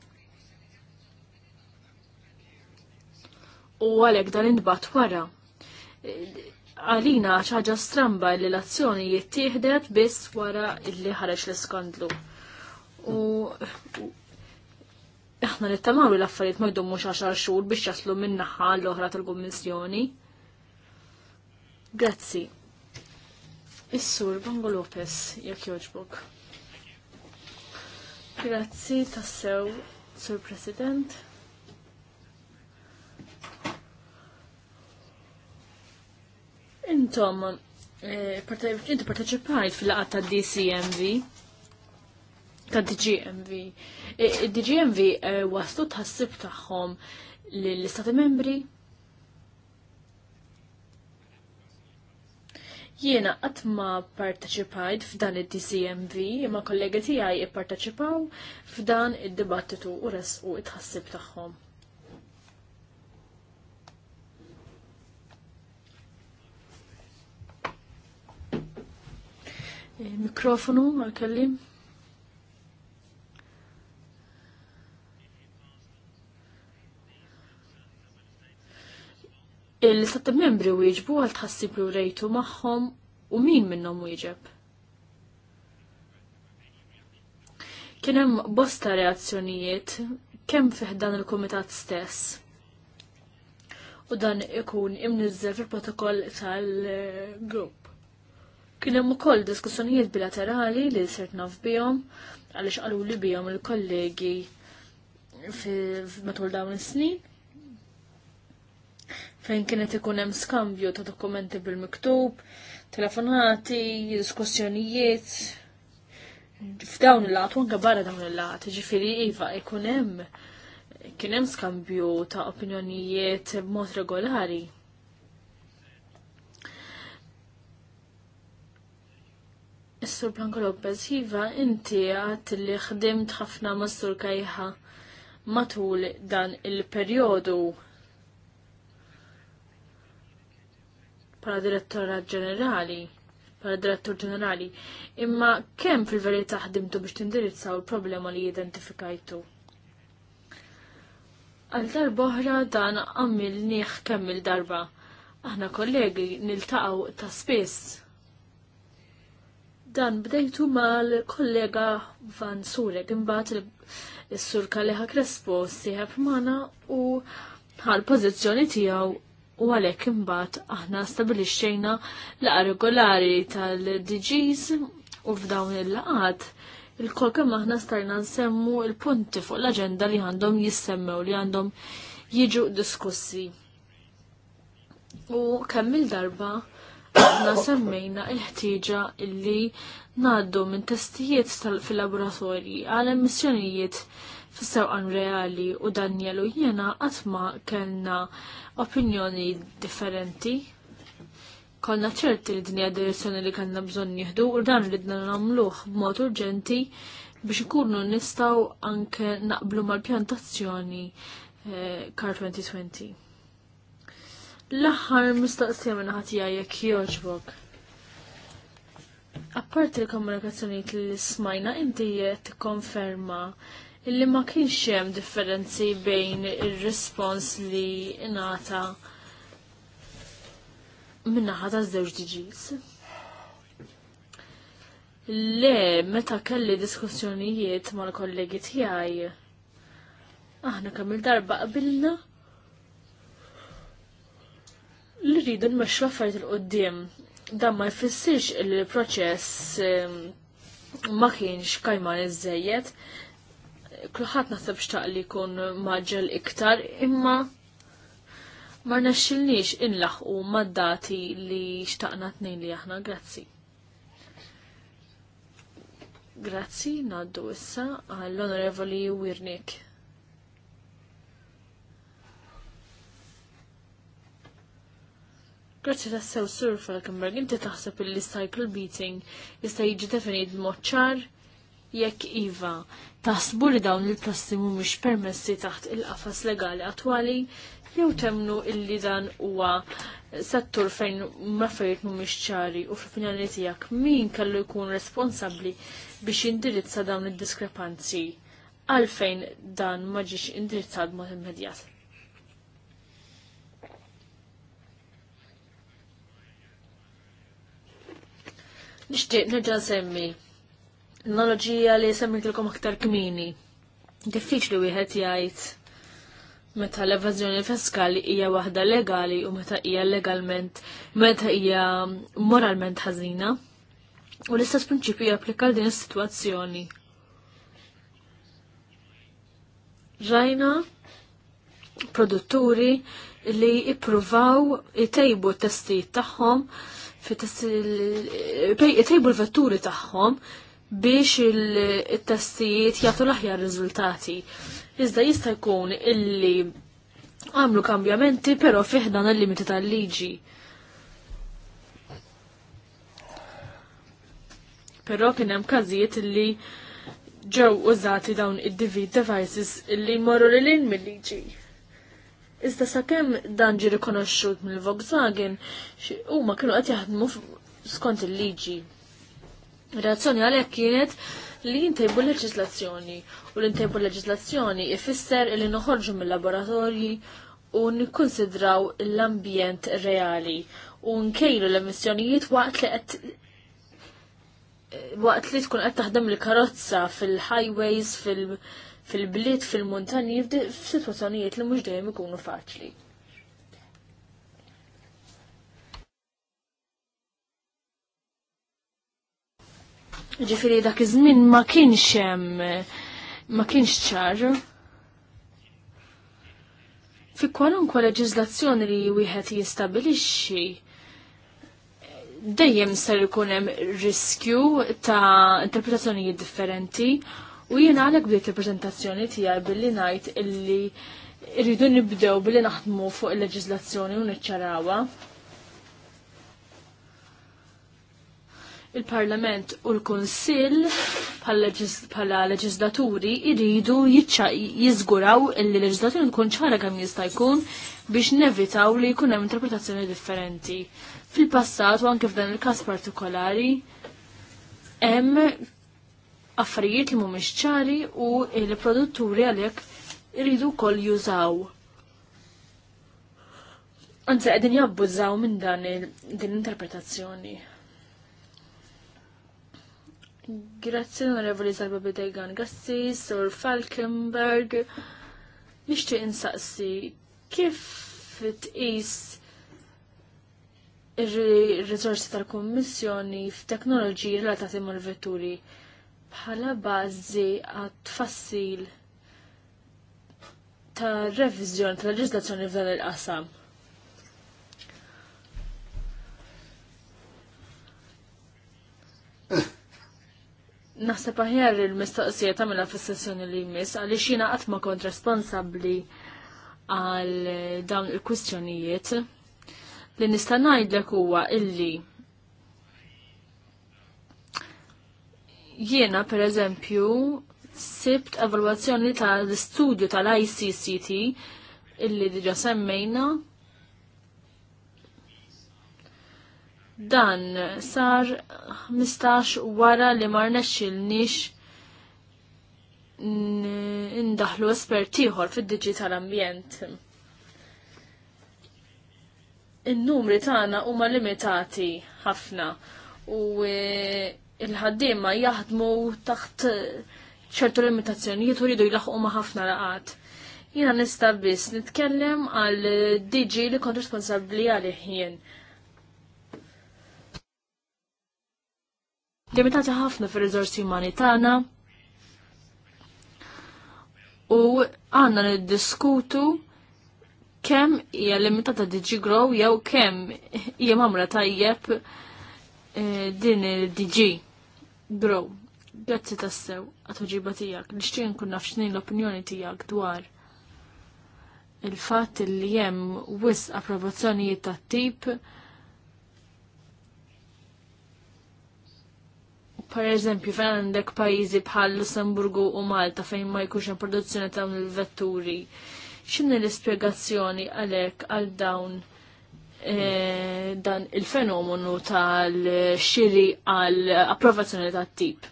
U għalek dan indbat wara għalina ħaġa stramba li l-azzjoni jittieħdet biss wara illi ħareġ l skandlu U aħna nittamaw li l-affarijiet ma jdummux xaxar xhur biex jaslu min-naħa l-oħra tal-Kummissjoni. Grazzi. Is-sur Bongo Lopez, jekk joġbok. Grazzi tassew, Sur President. Intom, eh, inti parteċipajt fil-laqat ta' DCMV, ta' DGMV. Eh, eh, DGMV waslu tħassib tagħhom l-Istati membri? Jiena qatt ma parteċipajt f'dan id-DCMV, imma kollegi tiegħi parteċipaw f'dan id-dibattitu u resqu it ħassib tagħhom. Mikrofonu għal-kellim. Il-sat membri wieġbu għal tħassib li rejtu maħħom u min minnom wieġeb. Kienem bosta reazzjonijiet kemm fih dan il-komitat stess u dan ikun imnizzel fil-protokoll tal-grupp. Kien hemm ukoll diskussjonijiet bilaterali li sirt naf bihom għaliex qalu li bihom il-kollegi matul dawn is-snin fejn kienet ikun hemm skambju ta' dokumenti bil-miktub, telefonati, diskussjonijiet. F'dawn il-lat, anke barra dawn il-lat, ġifiri iva ikun hemm kien hemm skambju ta' opinjonijiet b'mod regolari. sur Blanco Lopez, jiva, inti għat li ħdimt ħafna ma' Sur Kajħa matul dan il-periodu pala direttora ġenerali, pala direttor ġenerali, imma kemm fil-verità ħdimtu biex tindirizzaw il-problema li identifikajtu? Għal darboħra dan għammilniħ kemm il-darba. Aħna kollegi niltaqaw ta' spiss dan bdejtu mal-kollega Van Surek imbagħad is-sur Kaleħa Crespo sieħeb mana u ħal pożizzjoni tiegħu u għalhekk imbagħad aħna stabilixxejna laqa regolari tal-DGs u f'dawn il-laqat il-kol kemm aħna stajna nsemmu il-punti fuq l-aġenda li għandhom jissemmew li għandhom jiġu diskussi. U kemm il-darba aħna semmejna il-ħtieġa illi ngħaddu minn testijiet fil-laboratorji għal emissjonijiet fis-sewqan reali u Danielu jena jiena qatt ma kellna opinjoni differenti. Konna ċerti li dinja direzzjoni li kellna bżonn nieħdu u dan ridna nagħmluh b'mod urġenti biex ikunu nistgħu anke naqblu mal-pjantazzjoni kar eh, 2020. L-aħħar mistaqsija minn ħatija jekk joġbok. Apparti l-komunikazzjonijiet li l-ismajna, inti tikkonferma illi ma kienx hemm differenzi bejn ir-rispons li ingħata minnaħa ta' żewġ diġis. Le, meta kelli diskussjonijiet mal-kollegi tiegħi, aħna kemm il-darba qabilna li rridu nmexxu affarijiet il-qoddim. Dan ma jfissirx li proċess ehm, ma kienx kajman iżejjed. Kulħadd naħseb xtaq li jkun maġġel iktar, imma ma rnexxilniex inlaħqu mad-dati li xtaqna tnejn li aħna grazzi. Grazzi, naddu issa għall-Onorevoli Wirnik. Grazzi ta' sew sur Falkenberg, inti taħseb il-cycle beating jista' jiġi definit b'mod ċar jekk iva taħsbu li dawn il-prassi mhumiex permessi taħt il-qafas legali attwali jew temnu illi dan huwa settur fejn maffariet mhumiex ċari u fil-finali tiegħek min kellu jkun responsabbli biex jindirizza dawn id-diskrepanzi għalfejn dan ma ġiex indirizzat mod immedjat. Nixtieq nerġa' semmi Nologija li semmi tilkom aktar kmini. Diffiċli wieħed jgħid meta l-evażjoni fiskali hija waħda legali u meta hija legalment meta hija moralment ħażina. U l-istess prinċipju japplika din is-sitwazzjoni. Rajna produtturi li ippruvaw itejbu t testijiet tagħhom jtejbu l-vetturi tagħhom biex il-testijiet jagħtu l-aħjar riżultati. Iżda jista' jkun illi għamlu kambjamenti però fiħdan il-limiti tal-liġi. Però kien hemm każijiet illi ġew użati dawn id-divid devices illi morru lil mill-liġi. Iżda sakemm dan ġi rikonoxxut mill-Volkswagen, huma kienu qed jaħdmu skont il-liġi. Reazzjoni għalhekk kienet li jintejbu l-leġislazzjoni u li ntejbu l-leġislazzjoni ifisser li noħorġu mill-laboratorji u nikkonsidraw l-ambjent reali u nkejlu l-emissjonijiet waqt li qed waqt li tkun qed taħdem il-karozza fil-highways, fil-, -highways, fil fil-bliet, fil-montani, f'sitwazzjonijiet li mhux dejjem ikunu faċli. Ġifiri dak iż-żmien ma kienx hemm ma kienx ċar. Fi kwalunkwe leġiżlazzjoni li wieħed jistabilixxi dejjem ser ikun hemm riskju ta' interpretazzjonijiet differenti U jiena għalek bdiet il prezentazzjoni tiegħi billi ngħid illi rridu nibdew billi naħdmu fuq il leġislazzjoni u niċċarawha. il-Parlament u l-Konsil bħala leġislaturi jridu jizguraw illi leġislaturi nkun ċara kemm jista' jkun biex nevitaw li jkun hemm interpretazzjoni differenti. Fil-passat u anke f'dan il-każ partikolari hemm affarijiet li mhumiex ċari u l-produtturi għalhekk iridu wkoll jużaw. Anzi qegħdin jabbużaw minn dan din interpretazzjoni. Grazzi l onorevoli Zalba Bidegan Gassi, Sor Falkenberg, nixtieq insaqsi kif tqis ir-riżorsi tal-Kummissjoni f'teknoloġiji relatati mal-vetturi bħala bażi għat tfassil ta' revizjon ta' leġislazzjoni f'dan il-qasam. Naħseb aħjar il-mistoqsija tagħmilha fis-sessjoni li jmiss għaliex jiena qatt ma kont responsabbli għal dawn il-kwistjonijiet li nista' ngħidlek huwa illi Jiena, per eżempju, sibt evalwazzjoni tal-studju tal-ICCT illi diġa semmejna. Dan sar 15 wara li il-nix indaħlu espertiħor fid-digital ambjent. In-numri tagħna huma limitati ħafna u eh, il-ħaddiema jaħdmu taħt ċertu limitazzjonijiet u jridu jilaħqu ma' ħafna laqat. Jiena nista' biss nitkellem għal DG li kont responsabbli għalih jien. limitati ħafna fir rizorsi umani tagħna. U għandna niddiskutu kemm hija limitata DG Grow jew kemm hija mamra tajjeb eh, din il-DG. Bro, grazzi tassew għatuġiba tijak, nixtien kun nafxnin l-opinjoni tijak dwar il-fat li jem wis approvazzjonijiet ta' tip per eżempju fejn għandek pajizi bħal Lussemburgu u Malta fejn ma jkunx hemm produzzjoni ta' il-vetturi. X'inhi l-ispjegazzjoni għalhekk għal dawn Eh, dan il-fenomenu tal-xiri għal approvazzjoni tat tip.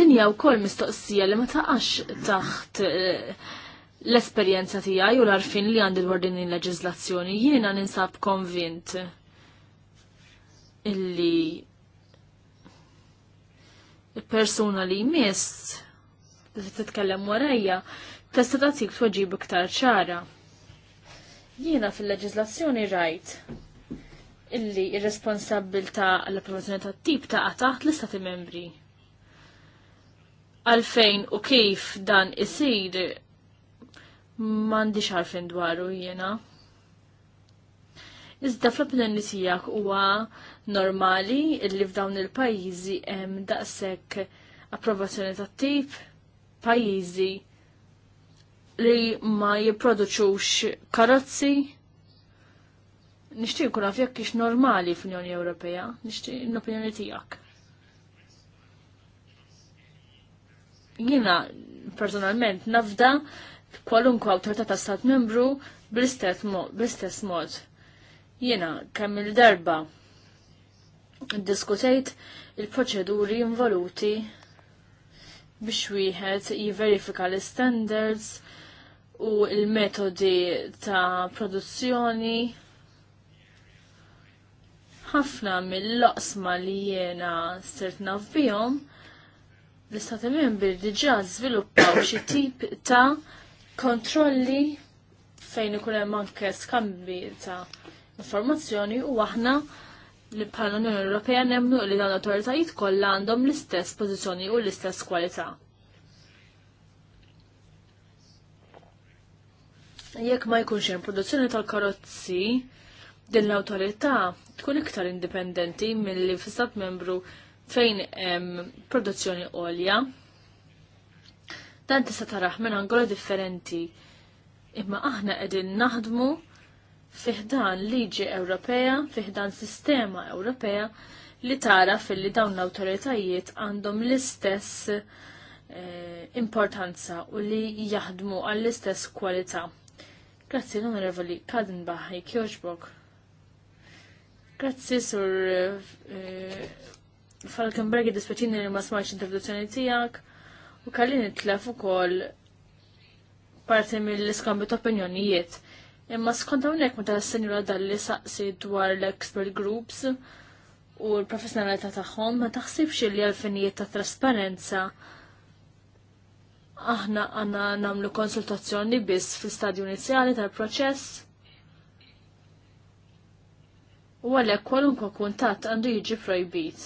Dinja u koll mistoqsija li ma taqax taħt eh, l-esperienza tijaj u l-arfin li għandi dwar din il leġizlazzjoni jiena ninsab konvint illi persuna li jmiss li t-tkellem warajja tista' tagħtik tweġib iktar ċara. Jiena fil-leġislazzjoni rajt illi ir-responsabilta l approvazzjoni ta' tip ta' taħt l-istati membri. Għalfejn u kif dan isir mandi xarfin dwaru jiena. Iżda fl-opinjoni tiegħek huwa normali illi f'dawn il-pajjiżi hemm daqshekk approvazzjoni ta' tip pajjiżi li ma jipproduċux karozzi. Nixtieq kuna għaf kix normali fl-Unjoni Ewropea, nixtieq l-opinjoni tiegħek. Jiena personalment nafda kwalunkwe awtorità ta' stat membru bl-istess mod. Jiena kemm il-darba diskutejt il-proċeduri involuti biex wieħed jiverifika l-standards u il-metodi ta' produzzjoni ħafna mill-loqsma li jena sirt nafbihom l-istati membri diġa' żviluppaw xi tip ta' kontrolli fejn ikun hemm anke skambi ta' informazzjoni u aħna li bħal Unjoni Ewropea nemmnu li dawn l-autoritajiet kollha għandhom l-istess pożizzjoni u l-istess kwalità. Jekk ma jkunx hemm produzzjoni tal-karozzi, din l-awtorità tkun iktar indipendenti milli f'istat membru fejn hemm produzzjoni għolja. Dan tista' taraħ minn angola differenti. Imma aħna qegħdin naħdmu fiħdan liġi Ewropea, fiħdan sistema Ewropea li tara fil-li dawn l-autoritajiet għandhom l-istess eh, importanza u li jaħdmu għall-istess kwalità. Grazzi l-onorevoli Kadenbach, jkjoġbok. Grazzi sur eh, Falkenberg dispeċini li ma smajx introduzzjoni tijak u kalli nitlef u kol parti mill-iskambju ta' opinjonijiet. Imma skont hawnhekk meta s-senjura dalli saqsi dwar l-expert groups u l-professionalità tagħhom ma taħsibx li għalfinijiet ta' trasparenza aħna għanna namlu konsultazzjoni biss fil-stadju inizjali tal-proċess. U għalek kwalunkwa kuntat għandu jiġi projbit.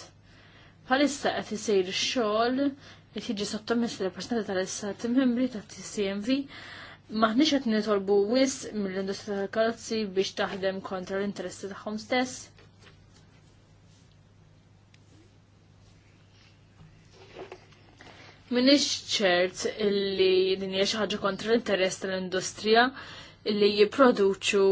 Palissa qed isir xogħol li tiġi sottomess l personali tal-istati membri tat-TCMV maħniex qed nitolbu wis mill industri tal-karozzi biex taħdem kontra l-interessi tagħhom stess. Minix ċert illi din hija xi ħaġa kontra l-interess tal-industrija illi jipproduċu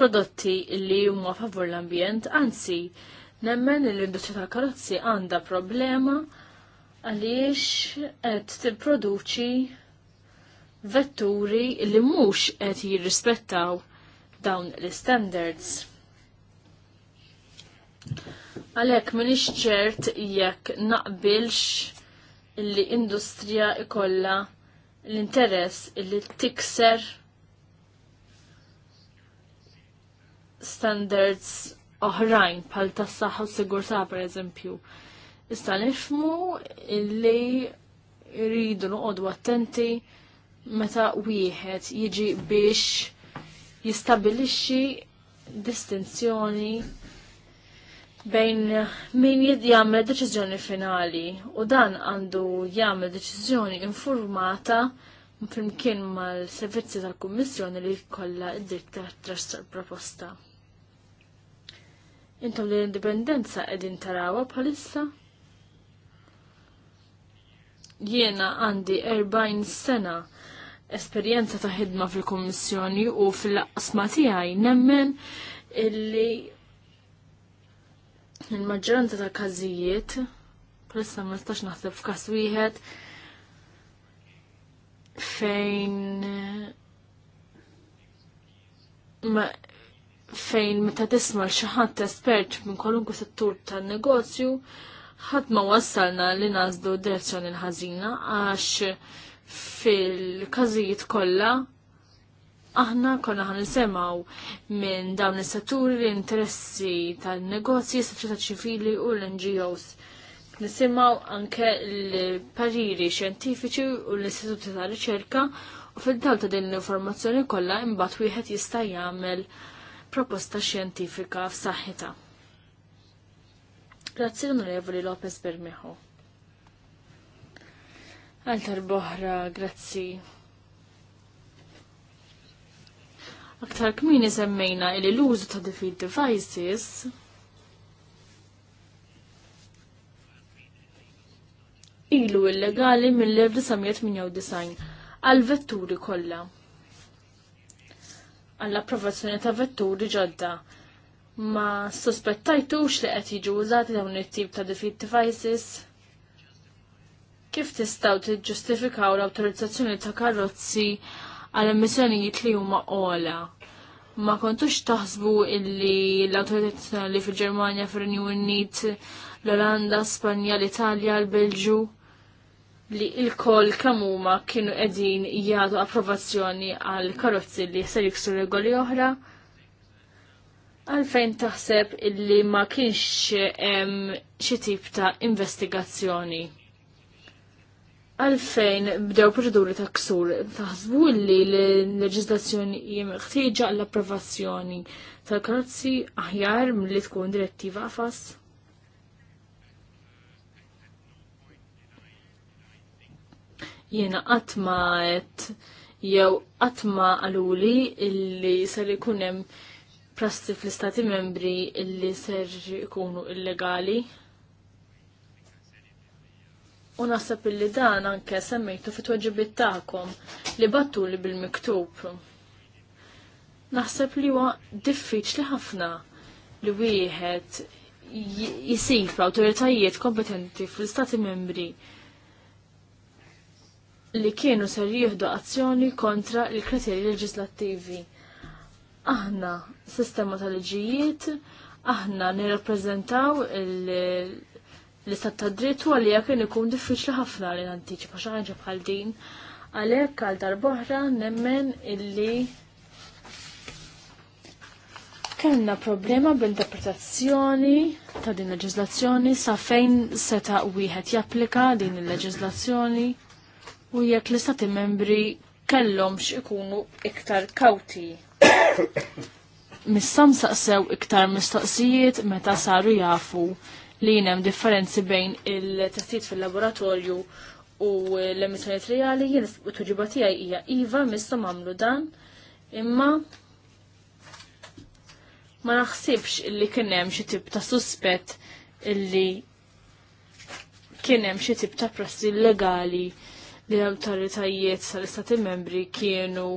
prodotti illi huma favur l-ambjent, anzi, nemmen l-industrija tal-karozzi għandha problema għaliex qed tipproduċi vetturi li mhux qed jirrispettaw dawn l-standards. Għalek, minix ċert jekk naqbilx li industrija ikolla l-interess li tikser standards oħrajn pal tas saħħa u sigurtà per eżempju. Issa nifmu li rridu noqogħdu attenti meta wieħed jiġi biex jistabilixxi distinzjoni bejn min jagħmel deċiżjoni finali u dan għandu jagħmel deċiżjoni informata flimkien mal-servizzi tal-Kummissjoni li jkollha id-dritt t trax proposta Intom li l-indipendenza qegħdin tarawha bħalissa? Jiena għandi 40 sena esperjenza ta' ħidma fil-Kummissjoni u fil-qasma tiegħi nemmen illi Il-maġġoranza ta' każijiet, bħalissa ma nistax naħseb f'każ wieħed fejn ma fejn meta tisma' xi ħadd espert minn kwalunkwe settur tan-negozju, ħadd ma wassalna li nażdu direzzjoni l-ħażina għax fil-każijiet kollha aħna konna ħan nisemaw minn dawn is-setturi l-interessi tal-negozji, s-soċjetà ċivili u l-NGOs. Nisimaw anke l-pariri xjentifiċi u l-istituti ta' riċerka u fil-dawl ta' din l-informazzjoni kollha imbagħad wieħed jista' jagħmel proposta xjentifika f'saħħitha. Grazzi l-Onorevoli Lopez Bermejo. Għaltar boħra, grazzi aktar kmini semmejna li l-użu ta' defeat devices ilu illegali mill-1998 għal vetturi kollha. Għall-approvazzjoni ta' vetturi ġodda ma sospettajtux li qed jiġu użati dawn it-tip ta' defeat devices kif tistaw tiġġustifikaw l-autorizzazzjoni ta' karozzi għal emissjonijiet li huma ola ma kontux taħsbu illi l-autoritet li fil-Germania, fil-Renju Unit, l-Olanda, Spanja, l-Italja, l-Belġu li il-kol kamuma kienu edin jgħadu approvazzjoni għal karozzi li ser jiksu regoli oħra. Għalfejn taħseb illi ma kienx xi tip ta' investigazzjoni għalfejn bdew proċeduri ta' ksur, taħsbu li l-leġizlazzjoni ħtieġa l-approvazzjoni tal-karozzi aħjar mill-li tkun direttiva għafas? Jena għatma għet jew għatma għaluli illi ser ikunem prassi fl-istati membri illi ser ikunu illegali. U naħseb illi dan anke semmejtu fit-tweġibiet tagħkom li battuli bil-miktub. Naħseb li huwa diffiċli ħafna li wieħed jisif l-awtoritajiet kompetenti fl-Istati membri li kienu ser jieħdu azzjoni kontra l kriterji leġislattivi. Aħna sistema tal-liġijiet, aħna nirrappreżentaw l-istat ta' dritt u għalija kien ikun diffiċli ħafna li nantiċipa xi ħaġa bħal din. Għalhekk għal darb'oħra nemmen illi kellna problema bl-interpretazzjoni ta' din leġizlazzjoni sa' fejn seta' wieħed japplika din il-leġiżlazzjoni u jekk l-istati membri kellhomx ikunu iktar kawti. Mis-sam saqsew iktar mistoqsijiet meta saru jafu li jinem differenzi bejn il-testit fil-laboratorju u l-emissjoniet reali jien tuġiba tiegħi hija iva mista mamlu dan imma ma naħsibx li kien hemm xi tip ta' suspett illi kien hemm xi tip ta' prassi legali li l-awtoritajiet sal-istati membri kienu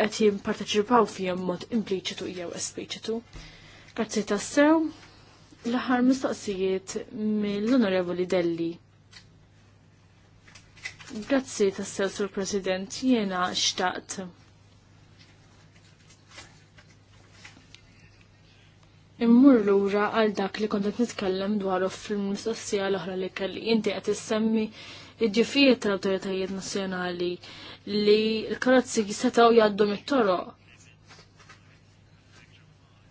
qed jimparteċipaw fihom mod impliċitu jew espliċitu. Grazzi tassew. L-ħar mistoqsijiet mill-Onorevoli Delli. Grazzi tassew sur President, jiena xtaqt. Immur lura għal dak li kontet nitkellem dwaru fil-mistoqsija l-oħra li kelli. Inti qed issemmi id-ġifijiet tal-awtoritajiet nazzjonali li l-karozzi setgħu jgħaddu mit-toroq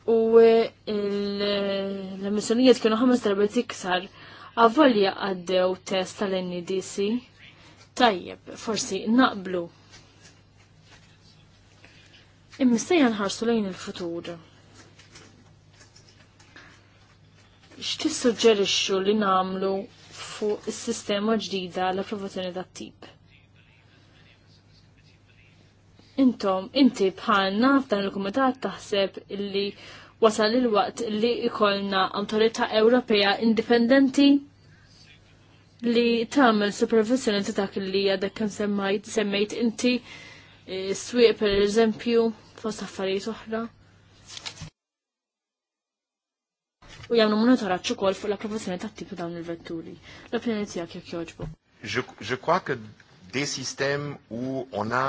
u eh, l-emissjonijiet kienu ħames darbet iktar għavolja għaddew test tal-NDC. E Tajjeb, forsi naqblu. Immistejja nħarsu lejn il-futur. X'tissuġġerixxu li namlu fuq is-sistema ġdida l-approvazzjoni tat-tip? intom, inti bħalna f'dan il-Kumitat taħseb illi wasal il-waqt li ikolna Awtorità Ewropea indipendenti li tagħmel supervisjoni ta' dak li għadek kemm semmajt semmejt inti e, swieq per eżempju fost affarijiet oħra. U jagħmlu monitoraġġ ukoll fuq l-approvazzjoni tat-tip dawn il-vetturi. L-opinjoni tiegħek jekk jogħġbu. Je crois que des systèmes où on a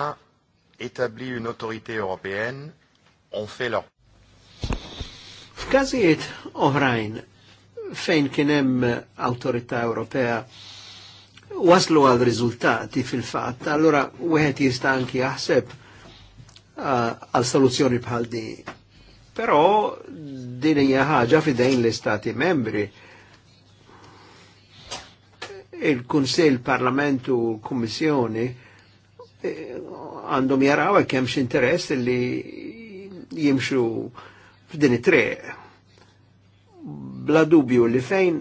établi une autorité européenne ont fait leur. F'każijiet oħrajn fejn kien hemm awtorità Ewropea waslu għal riżultati fil-fatt, allora wieħed jista' anki jaħseb għal soluzzjoni bħal din. Però din hija ħaġa fidejn l-Istati membri. Il-Kunsell, Parlamentu, Kummissjoni, għandhom jaraw għek jemx interess li jimxu f'din it-triq. Bla dubju li fejn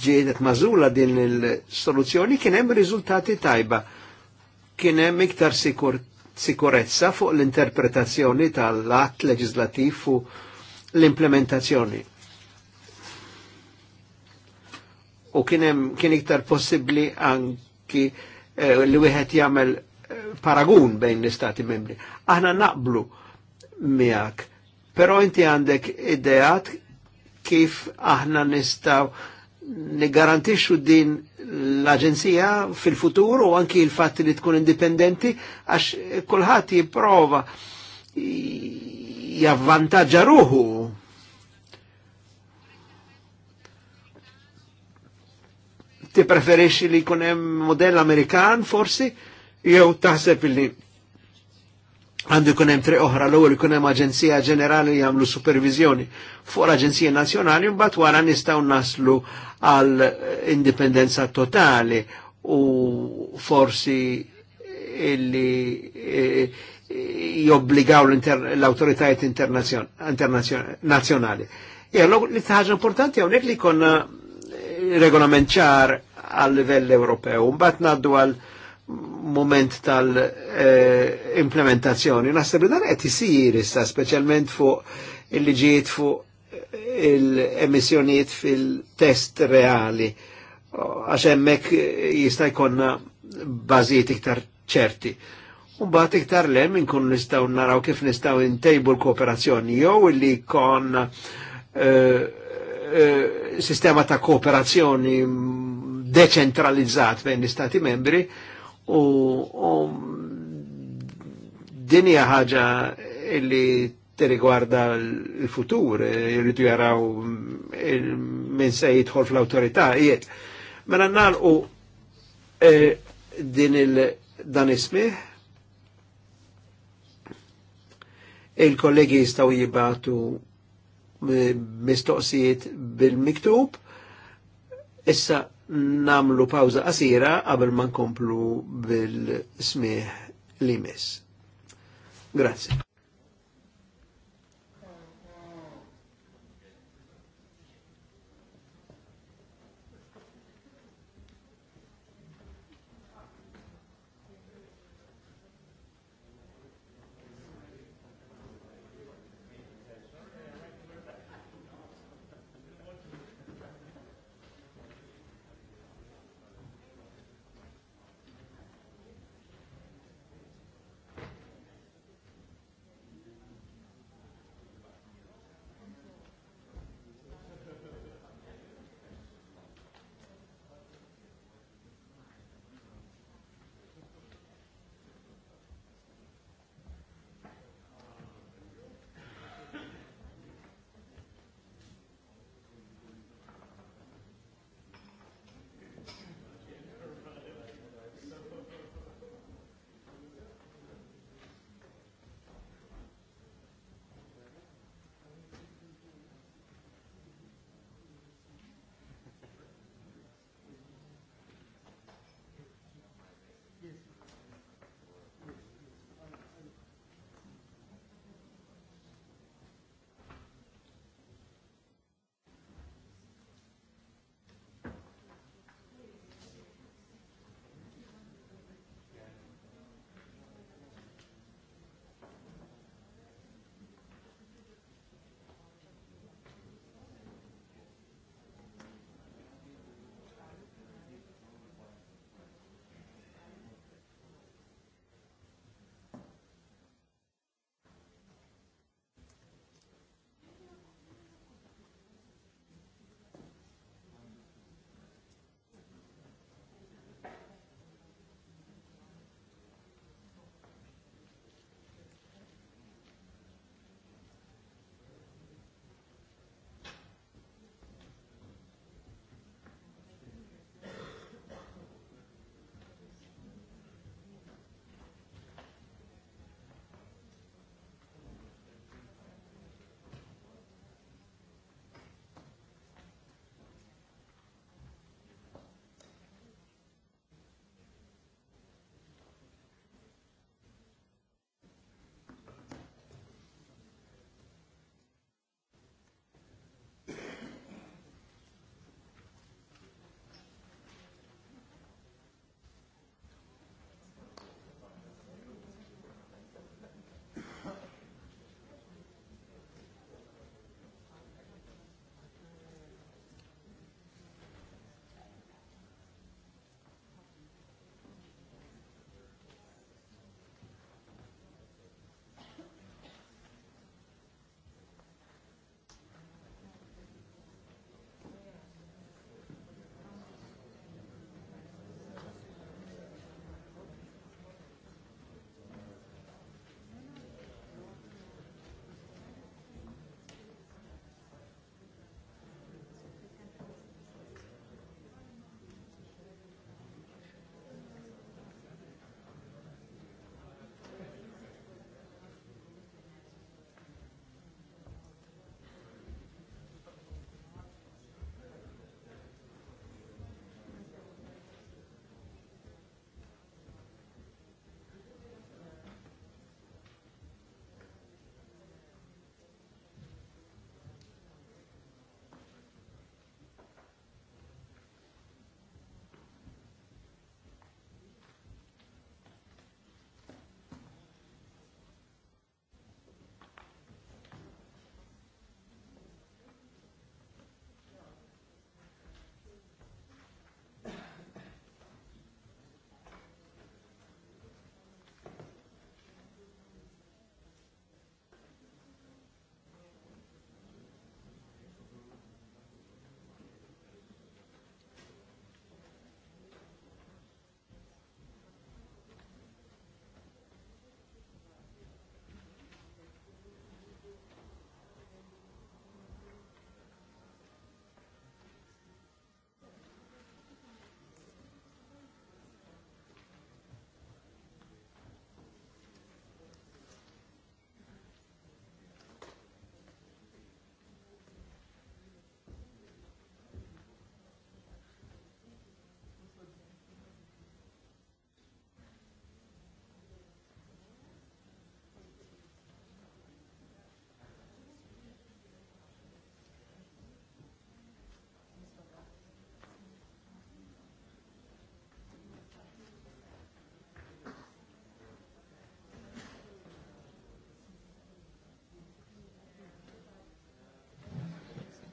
ġedet mażula din il-soluzzjoni kien hemm riżultati tajba. Kien hemm iktar sikurezza fuq l-interpretazzjoni tal-att Legislativ u l-implementazzjoni. U kien iktar possibbli anki eh, li wieħed jagħmel paragun bejn l-istati membri. Aħna naqblu miegħek, però inti għandek ideat kif aħna nistaw nigarantixxu din l-aġenzija fil-futur u anki il-fatt li tkun indipendenti għax kulħadd jipprova javvantaġġa ruħu ti preferisci li kunem modell Amerikan forsi jew taħseb illi għandu jkun tre oħra l-ewwel ikun aġenzija ġenerali jagħmlu supervizjoni fuq l-Aġenzija Nazzjonali mbagħad wara nistgħu naslu għal indipendenza totali u forsi illi e, e, jobbligaw l-autoritajiet internazjonali. Jello li ħaġa importanti hawnhekk li konna regolament ċar għal livell Ewropew. Mbagħad ngħaddu għal moment tal-implementazzjoni. Nasib li dan qed isir issa speċjalment fuq il-liġijiet fuq il-emissjonijiet fil-test reali għax hemmhekk jista' jkollna bażijiet iktar ċerti. Mbagħad iktar lem inkun nistgħu naraw kif nistgħu intejbu l-kooperazzjoni jew illi kon eh, eh, sistema ta' kooperazzjoni deċentralizzat bejn l-istati membri u, u dinja ħaġa illi riguarda l-futur, irridu jaraw minn se jitħol fl jiet. Mela nalqu e, din il-dan ismiħ, il-kollegi jistaw jibatu mistoqsijiet bil-miktub, issa namlu pawza qasira qabel ma nkomplu bil-smieħ li mis. Grazie.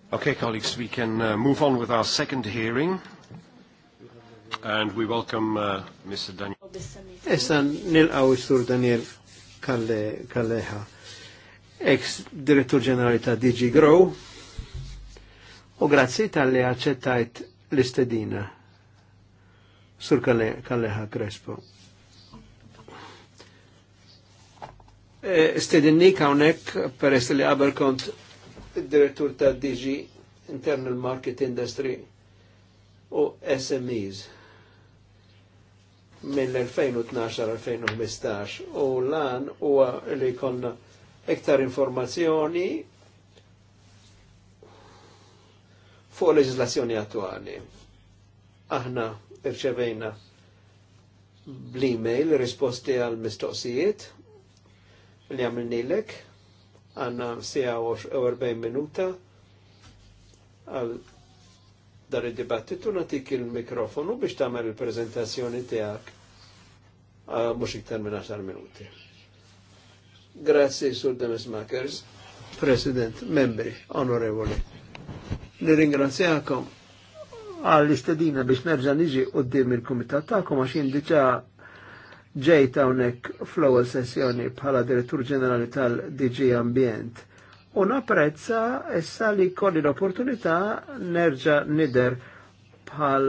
Okay, colleagues, we can uh, move on with our second hearing. And we welcome uh, Mr. Daniel. Issa uh, nilqaw is-sur Daniel Kalleha, ex-direttur ġenerali ta' DG Grow, u grazzi tal-li accettajt l-istedina. Sur Kalleha Crespo. Eh, istedinni kawnek peress li qabel kont il-direttur ta' DG Internal Market Industry u SMEs mill-2012-2015 u lan u li konna iktar informazzjoni fuq leġislazzjoni attuali. Aħna irċevejna bl-email risposti għal mistoqsijiet li l-ek għanna sija 40 minuta għal dar id-dibattitu natik il-mikrofonu biex tagħmel il-prezentazzjoni tiegħek ah, mhux iktar minn 10 minuti. Grazzi sur Demis Makers, President, membri, onorevoli. Nirringrazzjakom għall-istedina biex nerġa' niġi qudiem il-kumitat tagħkom għax diċa ġej hawnhekk fl-ewwel sessjoni bħala Direttur Ġenerali tal-DG Ambient. U napprezza issa li kolli l-opportunità nerġa' nider bħal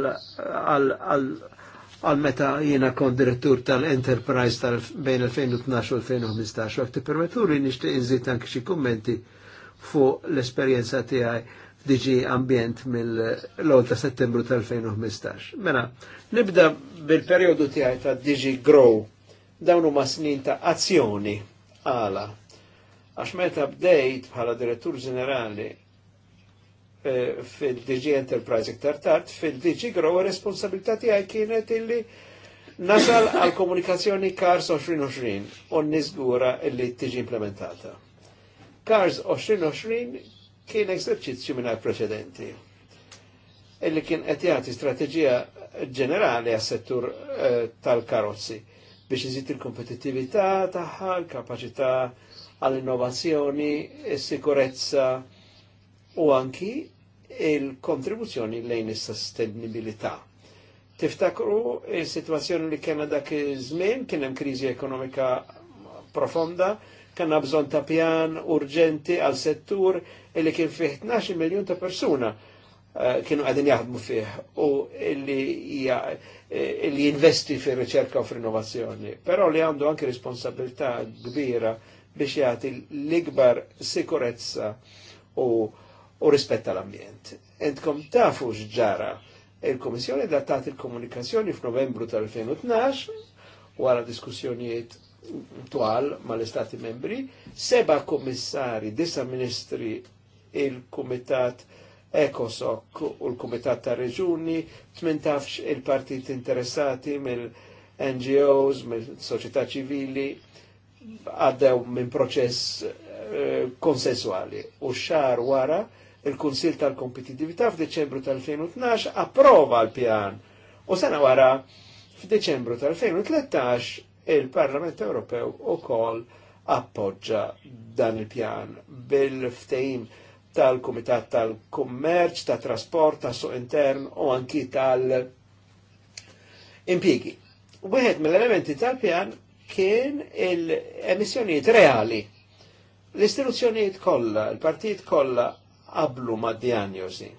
għal meta jiena kon direttur tal-Enterprise tal bejn 2012 u 2015 u għak ti nixtieq li inżit anki xi kummenti fuq l-esperjenza tiegħi diġi ambjent mill-1 ta' settembru tal-2015. Mela, nibda bil-periodu tiegħi ta' diġi grow dawn huma snin ta' azzjoni għala. Għax meta bdejt bħala direttur ġenerali eh, fil-DG Enterprise iktar tard, fil-DG Grow responsabilità tiegħi kienet illi nasal għal komunikazzjoni CARS 2020 u nizgura illi tiġi implementata. CARS 2020 kien eżerċizzju mingħajr preċedenti illi kien qed strategija ġenerali għas-settur eh, tal-karozzi biex iżid il kompetitività taħħa, l kapacità għall-innovazzjoni, il sikurezza u anki il-kontribuzzjoni lejn is-sostenibilità. Tiftakru il-situazzjoni li kena dak iż-żmien kien hemm kriżi ekonomika profonda, kanna bżon ta' pjan urġenti għal settur illi kien fih 12 miljon ta' persuna eh, kienu għadin jaħdmu fih u illi eh, jinvesti fi riċerka u fi innovazzjoni. Pero li għandu anke responsabilità kbira biex jgħati l-ikbar sikurezza u, u rispetta l-ambjent. Entkom tafu ġara il-Komissjoni datat il-komunikazzjoni f'Novembru tal-2012 wara diskussjonijiet twal mal-Istati membri, seba kommissari, disa ministri il-Kumitat Ekosok u l-Kumitat ta' Reġuni, tmentafx il-partit interessati mill-NGOs, mill-soċjetà ċivili, għaddew minn proċess eh, konsensuali. U xar wara il konsil tal-Kompetitività f'Deċembru tal-2012 approva l-pjan. U sena wara f'Deċembru tal-2013 il-Parlament Ewropew ukoll appoġġa dan il-pjan bil ftejim tal-Kumitat tal-Kummerċ, ta' trasport ta' suq intern u anki tal-impjigi. Wieħed mill-elementi tal-pjan kien il-emissjonijiet reali. L-istituzzjonijiet kollha, il-partijiet kollha qablu ma' diagnosi.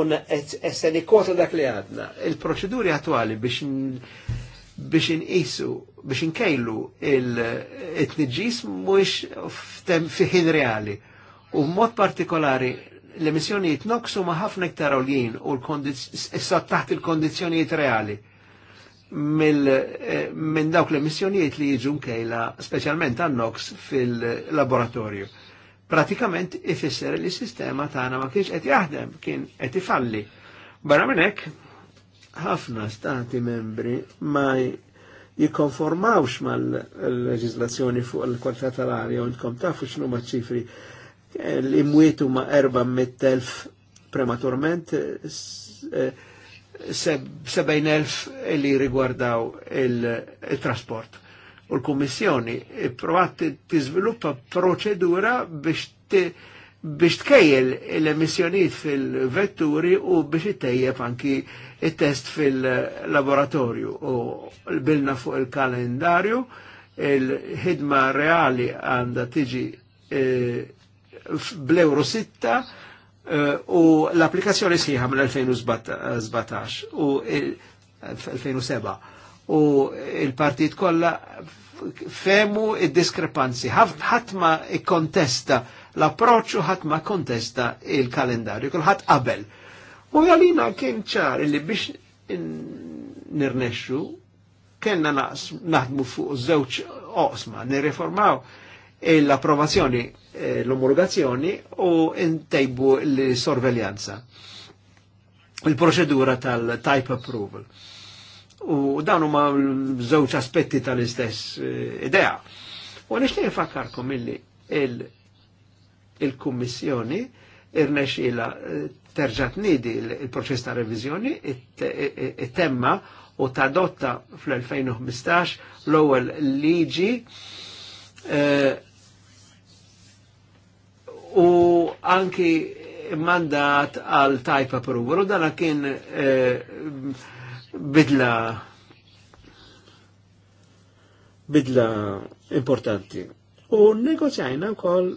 Un essen dak li għadna. Il-proċeduri attuali biex biex inqisu biex inkejlu il-tniġis mux fiħin reali. U mod partikolari l-emissjonijiet noksu ma ħafna iktar għoljien u taħt il-kondizjonijiet reali eh, minn dawk l-emissjonijiet li jiġu nkejla specialment għan-nox fil-laboratorju. Pratikament ifisser li s-sistema tagħna ma kienx qed jaħdem, kien qed ifalli. Barra minn hekk, ħafna stati membri ma jikonformawx mal-leġizlazzjoni fuq il-kwalità tal-arja u nkom tafu x'nu ma' ċifri l-imwietu ma' 400.000 prematurment 70.000 li rigwardaw il-trasport. U l-Kummissjoni provat tiżviluppa proċedura biex biex tkejjel l-emissjonijiet fil-vetturi u biex ittejjeb anki il-test fil-laboratorju u l-bilna fuq il-kalendarju, il-ħidma reali għanda tiġi eh, bl-euro 6 eh, u l-applikazzjoni siħa mill-2017 u il-2007 u il-partit kolla femu id-diskrepanzi, ħatma ikkontesta l-approċċu ħatma kontesta il-kalendarju, ħat qabel. U għalina kien ċar li biex nirnexxu kena naħdmu fuq żewġ oqsma, nirreformaw eh, l-approvazzjoni, eh, l-omologazzjoni u ntejbu l-sorveljanza. Il-proċedura tal-type approval. U dan huma żewġ aspetti tal-istess eh, idea. U nixtieq nfakkarkom illi il-Kummissjoni irnexxila terġa' tnidi il-proċess ta' revizjoni, it-temma u tadotta fl-2015 l-ewwel liġi eh, u anki mandat għal type approval u dana kien eh, bidla bidla importanti. U negozjajna kol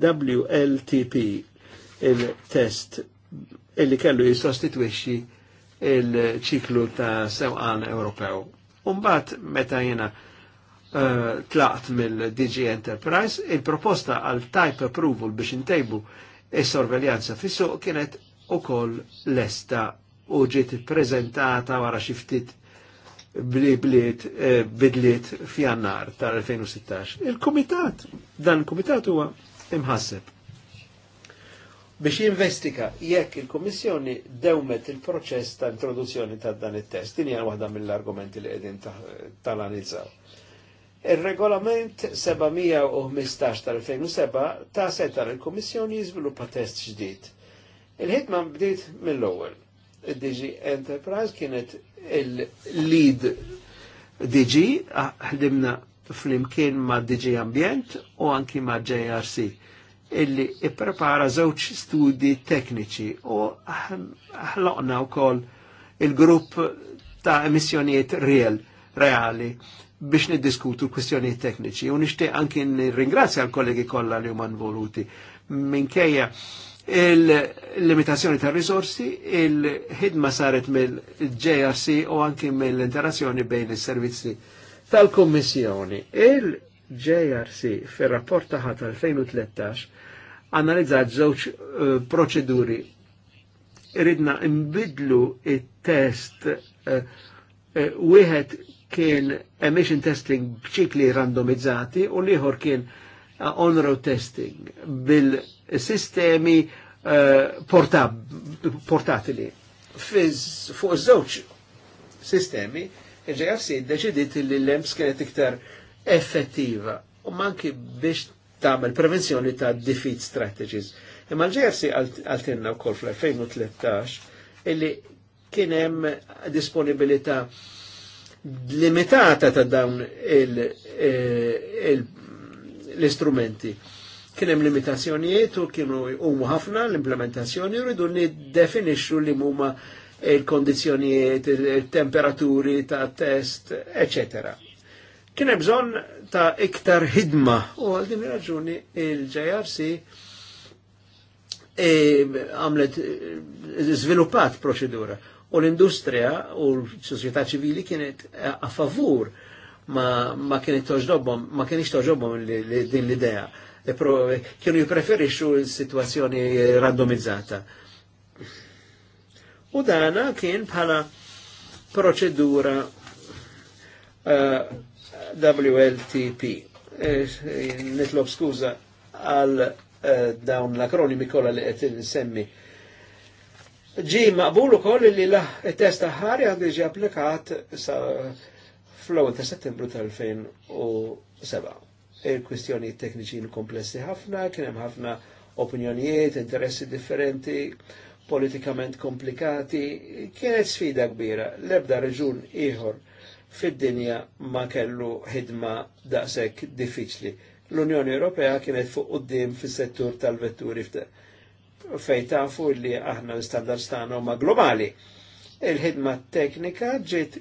WLTP il-test illi kellu jistostitwixxi il-ċiklu ta' sewqan Ewropew. Umbat meta jena uh, tlaqt mill-DG Enterprise, il-proposta għal type approval biex intejbu il sorveljanza fis-suq kienet ukoll lesta u ġiet prezentata wara xi ftit bli bliet eh, bidliet f'jannar tal-2016. Il-Kumitat, dan il-Kumitat huwa imħasseb biex jinvestika jekk il-Kommissjoni dewmet il-proċess ta' introduzzjoni ta' dan it-test. Din hija waħda mill-argumenti li qegħdin tal-anizzaw. Il-regolament 715 tal-2007 ta' setar il kommissjoni jiżviluppa test ġdid. Il-ħidma bdiet mill-ewwel. Il-DG Enterprise kienet il-lead DG, ħdimna fl-imkien ma' DG Ambient u anki ma' JRC illi i-prepara żewġ studi tekniċi u ħloqna kol il-grupp ta' emissjoniet real, reali biex niddiskutu kwestjoniet tekniċi u nixtieq anki nirringrazzja l-kollegi kollha li huma involuti minkeja il-limitazzjoni ta' risorsi, il-ħidma saret mill-JRC u anki mill-interazzjoni bejn is-servizzi tal-Kommissjoni. Il- JRC fil rapport taħħa tal-2013 analizzat żewġ eh, proċeduri. Ridna imbidlu it-test eh, eh, wieħed kien emission testing bċikli randomizzati u liħor kien on-road testing bil-sistemi portatili. Fuq żewġ sistemi, il-JRC deċidit li l-lems kienet iktar effettiva u manki biex tagħmel prevenzjoni ta' defeat strategies. Imma l-ġersi għaltinna wkoll fl-2013 illi kien hemm disponibilità limitata ta' dawn eh, l-istrumenti. Kien hemm limitazzjonijiet u kienu huma ħafna l-implementazzjoni u rridu niddefinixxu li huma il-kondizzjonijiet, il-temperaturi ta' test, eccetera. Kien bżon bżonn ta' iktar hidma u għal din raġuni il-JRC e, għamlet zviluppat e, sviluppat proċedura u l-industrija u l-soċjetà ċivili kienet a favur ma, ma kienet toġdobhom, ma kienx toġdobhom din l-idea. E kienu jipreferixxu l-sitwazzjoni randomizzata. U dana kien bħala proċedura uh, WLTP. E, nitlob skuza għal e, dawn l-akronimi kolla li qed nsemmi. Ġi maqbulu koll li la testa ħari għandi ġi applikat sa fl ta' settembru tal-2007. Il-kwistjoni tekniċi komplessi ħafna, kien hemm ħafna opinjonijiet, interessi differenti, politikament komplikati, kienet sfida kbira, l-ebda reġun ieħor fid-dinja ma kellu ħidma daqshekk diffiċli. L-Unjoni Ewropea kienet fuq qudiem fis-settur tal-vetturi fejn tafu li aħna l-standards tagħna huma globali. Il-ħidma teknika ġiet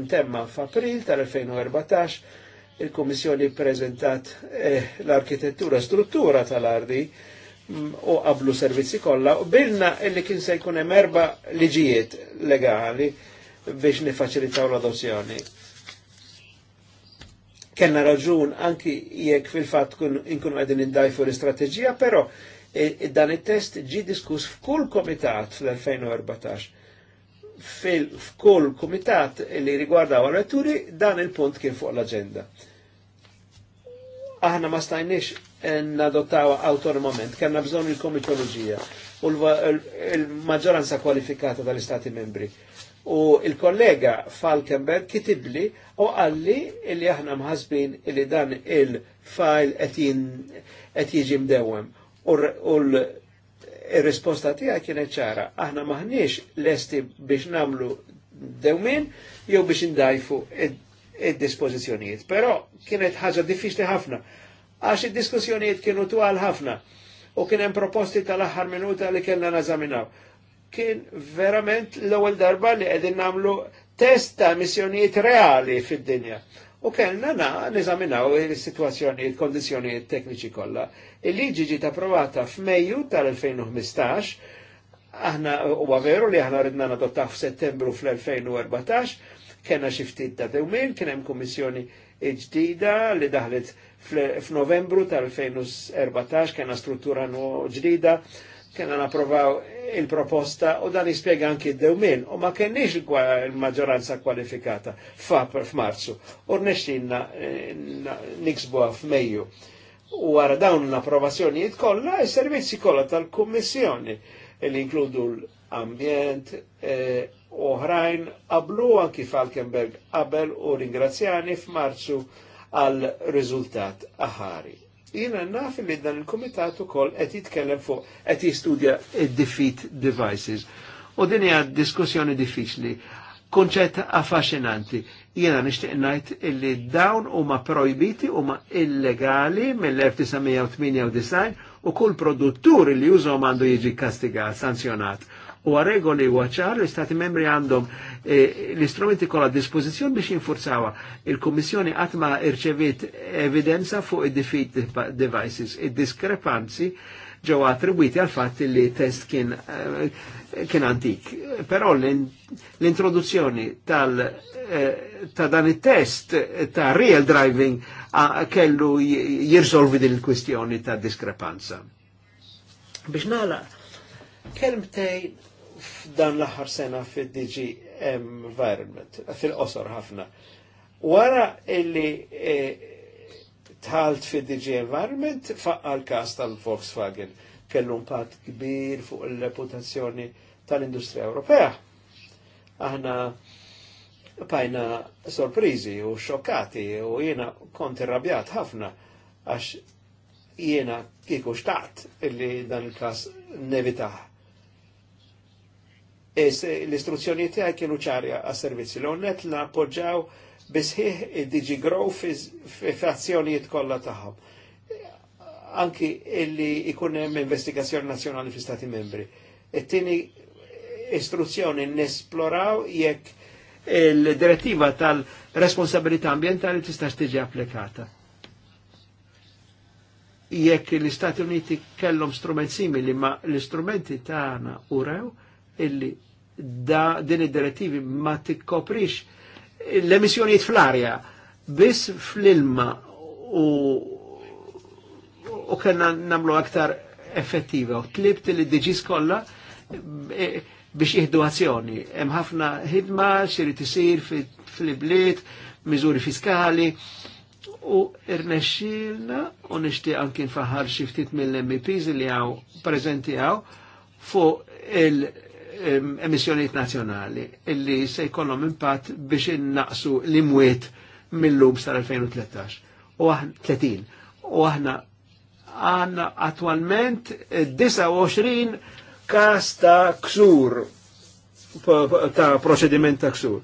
imtemma f'April tal-2014 il-Kummissjoni ppreżentat eh, l-arkitettura struttura tal-ardi mm, u qablu servizzi kollha u bilna illi kien se jkun hemm erba' liġijiet legali biex nifacilitaw l-adozzjoni. Kenna raġun anki jekk fil-fat inkunu għedin indajfu l istrategija pero e, e, dan il-test ġi diskus f'kull komitat fl-2014. F'kull komitat li rigwardaw għal-vetturi, dan il-punt kien fuq l-agenda. Aħna ma stajniex e, nadottaw autonomament, kanna bżon il-komitologija u l-maġġoranza kwalifikata tal-istati membri U il-kollega Falkenberg kitibli u għalli illi aħna mħasbin illi dan il-fajl qed jiġi mdewwem. U l-risposta tiegħek kienet ċara, aħna maħniex lesti biex namlu dewmin jew biex indajfu id-dispożizzjonijiet. Però kienet ħaġa diffiċli ħafna għax id-diskussjonijiet kienu twal ħafna u kien hemm proposti tal-aħħar minuta li kellna nażaminaw kien verament l-ewwel darba li qegħdin nagħmlu test ta' missjonijiet reali fid-dinja. U kellna na niżaminaw il-sitwazzjoni, il-kondizzjonijiet tekniċi kollha. Il-liġi ġiet approvata f'Mejju tal-2015, aħna huwa veru li aħna ridna nadottaw f'Settembru fl-2014, kena xiftit ta' dewmin, kien hemm kummissjoni ġdida li daħlet f'Novembru tal-2014, kena struttura ġdida kena napprovaw il-proposta u dan jispiega anki d-dewmin u ma kenniex il-maġġoranza kwalifikata f'Marzu u rnexxinna eh, niksbuha f'Mejju. U wara dawn l-approvazzjonijiet kollha is-servizzi kollha tal-Kummissjoni e li inkludu l-ambjent eh, oħrajn qablu anki Falkenberg qabel u ringrazzjani f'Marzu għal riżultat aħari jina naf li dan il-komitat ukoll qed jitkellem fuq et jistudja defeat devices. U din hija diskussjoni diffiċli, konċett affaxxinanti. Jiena nixtieq ngħid illi dawn huma projbiti huma illegali mill-1998 u kull produttur li jużhom għandu jiġi kastigat, sanzjonat u regoli u għacħar l-Stati membri għandhom e, l-istrumenti kolla dispozizjon biex jinfurzawa. il komissjoni għatma irċevit evidenza fuq id-defeat devices, id-diskrepanzi ġew attribwiti għal fatt li test kien, eh, kien antik. Però l-introduzzjoni tal eh, ta' dan il test ta' real driving kellu jirsolvi din il-kwistjoni ta' diskrepanza. Biex nala, kelmtejn f'dan l-aħħar sena fid-DG Environment, fil-qosor ħafna. Wara illi e, tħalt fid-DG Environment, faqqa l-kas tal-Volkswagen kellu pat kbir fuq il-reputazzjoni tal-industrija Ewropea. Aħna pajna sorprizi u xokkati u jiena kont irrabjat ħafna għax jiena kieku xtaqt illi dan il-kas nevitaħ L-istruzzjoni tiegħi kienu ċarja għas-servizzi. L-onnet appoġġaw bisħiħ id-Digi Grow f'azzjonijiet kollha tagħhom. Anki illi ikun hemm investigazzjoni nazzjonali fl-Stati membri. It-tieni istruzzjoni nesploraw jekk il-direttiva tal-responsabilità ambientali tista' tiġi applikata. Jekk l-Istati Uniti kellhom strument simili ma l-istrumenti tagħna urew illi da din id-direttivi ma tikkoprix l-emissjonijiet fl-arja biss fl-ilma u u kena namlu aktar effettiva u tlibt li d-deġis kolla e, biex jihdu azzjoni. Hemm ħafna ħidma xiri tisir fil-bliet, miżuri fiskali u irnexilna u nishti anki nfaħar xiftit mill-MPs li għaw prezenti għaw fuq il- emissjonijiet nazzjonali illi se jkollhom impatt biex innaqsu l-imwiet mill-lum sal-2013 u 30. U aħna għanna attualment 29 kas ta' ksur ta' proċediment ta' ksur.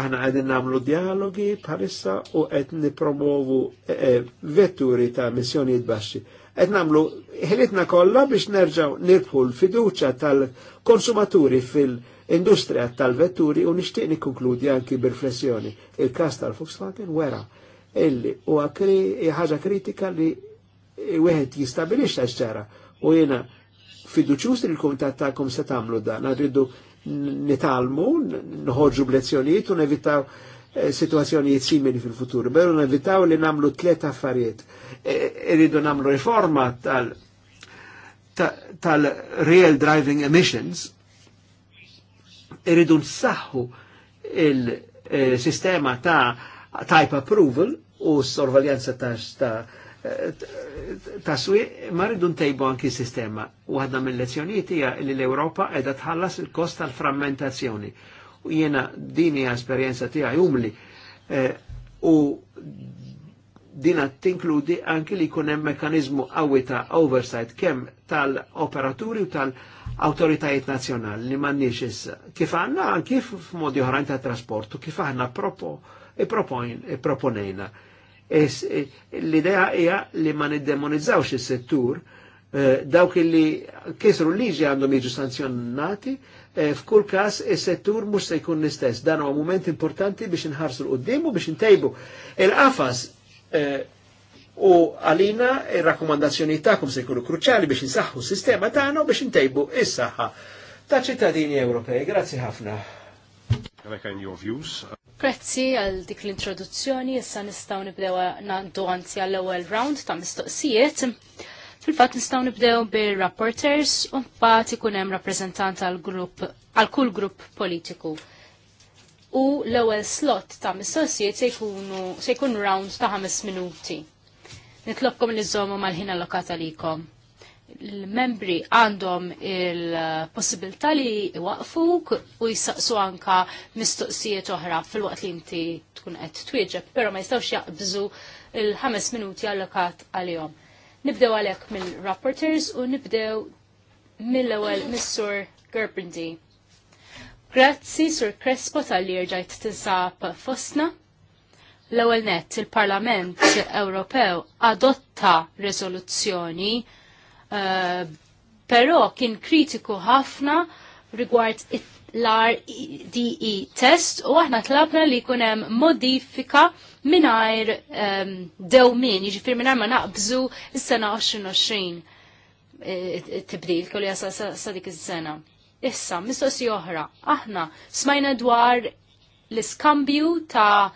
Aħna għedin namlu dialogi bħalissa u għed nipromovu e, e, vetturi ta' missjonijiet baxxi et namlu ħilitna kolla biex nerġaw nirbħu l fiduċa tal-konsumaturi fil-industrija tal-vetturi u nixtieq nikkonkludi anki bir flessjoni il kas tal-Volkswagen wera illi huwa ħaġa kritika li wieħed jistabilixxa x'ċara u jena fiduċus li l-kumitat tagħkom se tagħmlu dan, rridu nitalmu, nħorġu b'lezzjonijiet u nevitaw eh, situazzjonijiet simili fil-futur. Beru nevitaw li namlu tlet affarijiet irridu namlu riforma tal- tal-real driving emissions irridu nsaħħu il-sistema ta' type approval u sorvaljanza ta' ta' swi ma rridu ntejbu anki sistema. u għadna mill-lezzjonijiet hija li l europa edha tħallas il-kost tal-frammentazzjoni. U jiena dini hija tija jumli eh, u din tinkludi anki li kunem mekanizmu għawi ta' oversight kem tal-operaturi u tal-autoritajiet nazjonali li manniex issa. Kif għanna anki f'modi oħrajn ta' trasportu, kif għanna propo, e, e proponejna. E, l-idea hija li ma niddemonizzawx is-settur, e, dawk li kisru liġi għandhom jiġu sanzjonati, f'kull każ is-settur mhux se jkun l-istess. Dan huwa moment importanti biex inħarsu l-qudiem u biex intejbu. Il-qafas Eh, u għalina il-rakkomandazzjoni ta'kom se jkunu kruċali biex insaħħu s-sistema tagħna u biex intejbu is-saħħa ta' ċittadini Ewropej. Grazzi ħafna. Grazzi għal dik l-introduzzjoni, issa nistgħu nibdew nandu anzi għall-ewwel round ta' mistoqsijiet. fil fat nistgħu nibdew bil rapporters u mbagħad ikun hemm rappreżentant għal kull grupp politiku u l-ewwel slot ta' mistoqsijiet se jkunu round ta' 5 minuti. Nitlobkom li mal-ħin allokat likom. Il-membri għandhom il-possibilità li waqfuk u jisaqsu anka mistoqsijiet oħra fil-waqt li inti tkun qed twieġeb, però ma jistgħux jaqbżu il-5 minuti allokat għalihom. Nibdew għalek mill-rapporters u nibdew mill-ewwel Missur Gerbrandy. Grazzi sur Crespo tal-li rġajt tinsab fosna. L-ewwel nett il-Parlament Ewropew adotta rezoluzzjoni uh, però kien kritiku ħafna rigward l-RDE test u aħna tlabna li jkun hemm modifika mingħajr um, ehm, dewmin, jiġifier mingħajr ma naqbżu s-sena 2020 eh, tibdil kol jasa sa dik is-sena. Issa, mistoqsi oħra, aħna smajna dwar l-iskambju ta'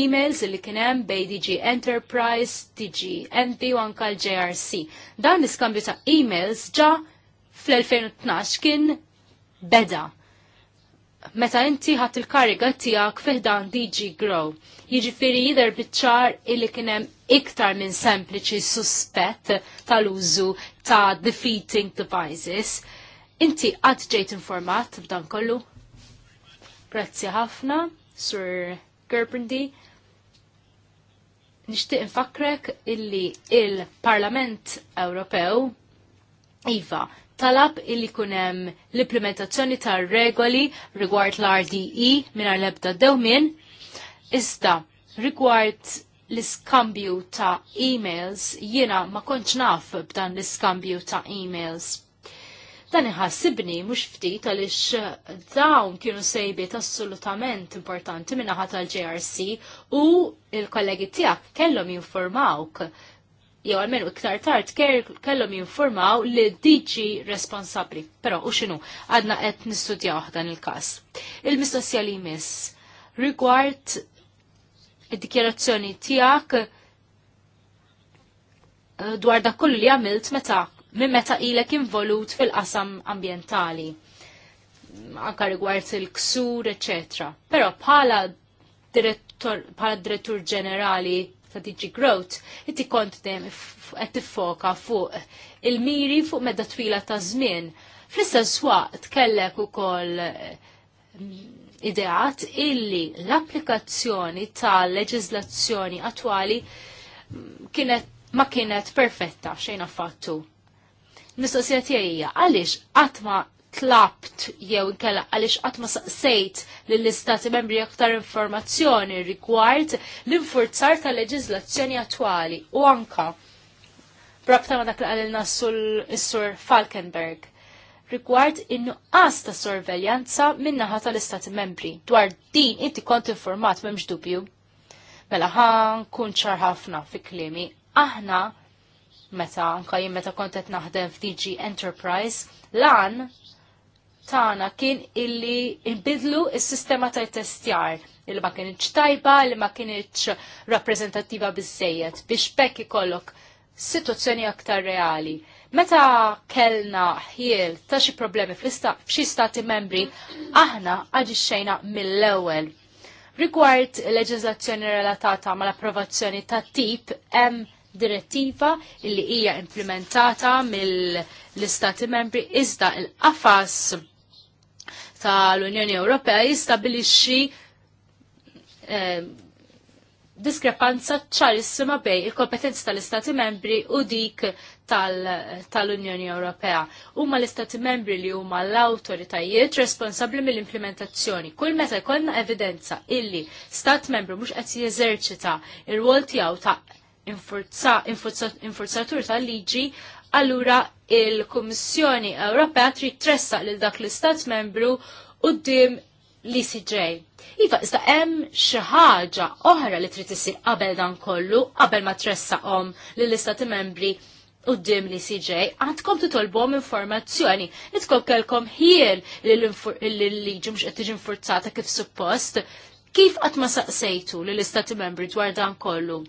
emails li kienem bej DG Enterprise, DG NP u anka l-JRC. Dan l-iskambju ta' emails ġa fl-2012 kien beda. Meta inti ħadd il-kariga tiegħek fiħdan DG Grow, jiġifieri jidher biċ-ċar illi kien hemm iktar minn sempliċi suspett tal-użu ta' defeating devices Inti għad ġejt informat b'dan kollu. Grazzi ħafna, Sur Gerbrandi. Nishtiq infakrek illi il-Parlament Ewropew Iva, talab illi kunem l-implementazzjoni ta' regoli rigward l-RDE minar lebda dewmin, iżda rigward l-iskambju ta' emails, jiena ma konċnaf naf b'dan l-iskambju ta' emails. Dan iħassibni mhux ftit għaliex eh, dawn kienu sejbiet assolutament importanti minn naħa tal-JRC u il-kollegi tiegħek kellhom jinformawk jew għalmenu iktar tard kellhom jinformaw li diġi responsabbli. Però u x'inhu għadna qed nistudjaw dan il-każ. Il-mistoqsija li jmiss rigward id-dikjerazzjoni tiegħek eh, dwar dak kollu li għamilt meta minn meta ilek involut fil-qasam ambientali anka rigward il-ksur, etc. Però bħala direttur, bħala direttur ġenerali ta' DG Growth, inti kont dejjem qed tiffoka fuq il-miri fuq medda twila ta' żmien. Fl-istess waqt kellek ukoll eh, ideat illi l-applikazzjoni tal leġiżlazzjoni attwali mm, kienet ma kienet perfetta xejn affattu. Mistoqsija tiegħi għaliex qatt ma tlabt jew inkella għaliex qatt ma saqsejt lill-istati membri aktar informazzjoni rigward l-infurzar tal leġiżlazzjoni attwali u anka brabta ma dak li qalilna sur Falkenberg rigward in-nuqqas ta' sorveljanza min-naħa tal-istati membri. Dwar din inti kont informat m'hemmx dubju. Mela ħan kun ċar ħafna fi klimi. Aħna meta anka jien meta kont qed naħdem f'DG Enterprise, lan tagħna kien illi nbidlu s-sistema ta' testjar illi ma kienx tajba, li ma kienx rappreżentattiva biżejjed biex bekk ikollok situazzjoni aktar reali. Meta kellna ħiel ta' xi problemi f'xi stati membri, aħna xejna mill-ewwel. Rigward leġiżlazzjoni relatata mal-approvazzjoni ta' tip, hemm direttiva illi hija implementata mill-istati membri iżda l qafas tal-Unjoni Ewropea jistabilixxi eh, diskrepanza ċarissima bej il-kompetenzi tal-Istati membri u dik tal-Unjoni Ewropea. Huma l-Istati membri li huma l-awtoritajiet responsabbli mill-implementazzjoni. Kull meta jkollna evidenza illi Stat membru mhux qed jeżerċita ir wol tiegħu ta' infurzatur tal-liġi, allura il-Kummissjoni Ewropea trid tressaq lil dak l-Istat membru qudiem l icj Iva, iżda hemm xi ħaġa oħra li trid isir qabel dan kollu, qabel ma tressaqhom lill-Istati membri qudiem li CJ, għandkom titolbom informazzjoni. Nitkom kelkom ħiel li l-liġi mhux qed tiġi infurzata kif suppost, kif qatt ma saqsejtu lill istati membri dwar dan kollu.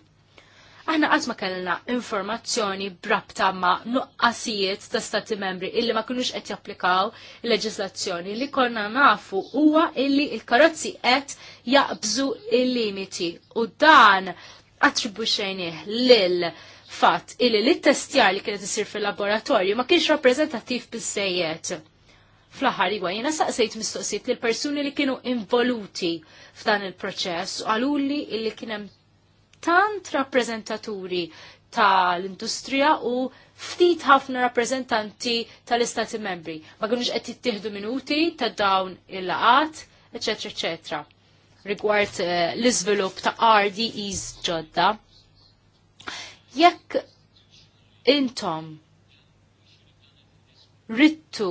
Aħna qatt ma kellna informazzjoni brabta ma' nuqqasijiet ta' stati membri illi ma kunux qed japplikaw il-leġislazzjoni li konna nafu huwa illi il-karozzi qed jaqbżu il-limiti u dan xejnieh lil fatt illi li testjar li kienet isir fil-laboratorju ma kienx rappreżentattiv bis-sejjed fl-aħħar igwa jiena saqsejt mistoqsijiet lil persuni li kienu involuti f'dan il-proċess u għaluli illi kien hemm tant rappreżentaturi tal-industrija u ftit ħafna rappreżentanti tal-istati membri. Ma kienux qed tittieħdu minuti ta' dawn il-laqat, eċetera, eċetera. Rigward uh, l-iżvilupp ta' RDEs ġodda. Jekk intom rittu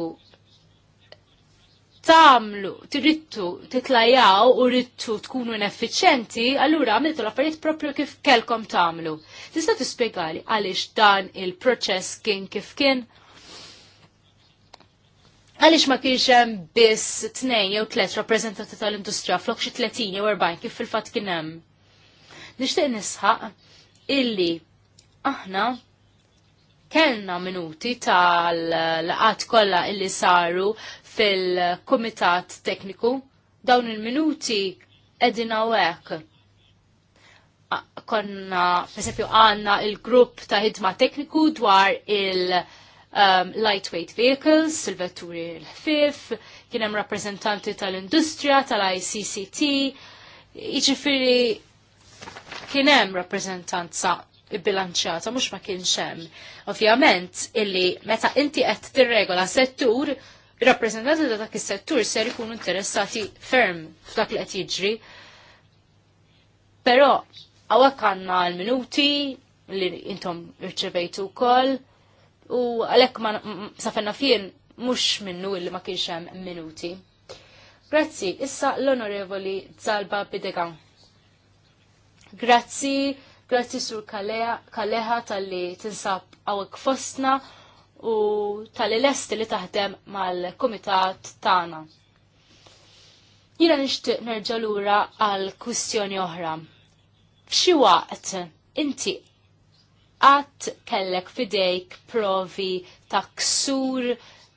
tamlu, trittu titlajaw u rittu tkunu ineffiċenti, allura għamiltu l-affarijiet propju kif kelkom tamlu. Tista' tispjegali għaliex dan il-proċess kien kif kien? Għaliex ma kienx hemm biss tnejn jew tliet rappreżentanti tal-industrija flok xi tletin jew erbajn kif fil-fatt kien hemm. Nixtieq nisħaq illi aħna kellna minuti tal-laqat kollha illi saru fil-Komitat Tekniku. Dawn il-minuti edin għawek. Konna, per għanna il-grupp ta' ħidma tekniku dwar il- um, lightweight vehicles, il-vetturi l-ħfif, kienem rappresentanti tal-industrija, tal-ICCT, iġifiri kienem rappresentanza bilanċjata, mux ma kienx hemm. Ovvjament, illi meta inti qed tirregola settur, rappresentanti ta' dak is-settur ser ikunu interessati ferm f'dak li qed jiġri. Però hawnhekk għandna l-minuti li intom irċevejtu wkoll u għalhekk ma safenna fien mhux minnu illi ma kienx hemm minuti. Grazzi, issa l-onorevoli Zalba Bidegan. Grazzi, grazzi sur Kaleha tal-li tinsab għawek fostna u tal-lesti li taħdem mal-komitat tagħna. Jina nixtieq nerġa' lura għal kwistjoni oħra. F'xi waqt inti qatt kellek fidejk provi ta' ksur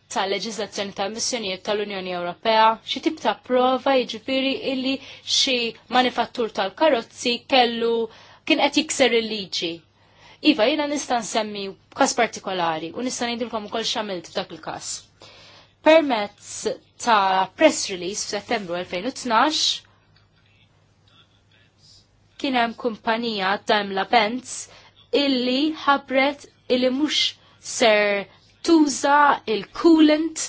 ta' leġislazzjoni ta' missjonijiet tal-Unjoni Ewropea, xi tip ta' prova jiġifieri illi xi manifattur tal-karozzi kellu kien qed jikser il-liġi. Iva, jina nista' nsemmi kas partikolari u nista' ngħidilkom ukoll x'għamilt f'dak il-każ. Permezz ta' press release f'Settembru 2012 kien hemm kumpanija Daimla Benz illi ħabret illi mhux ser tuża il-coolant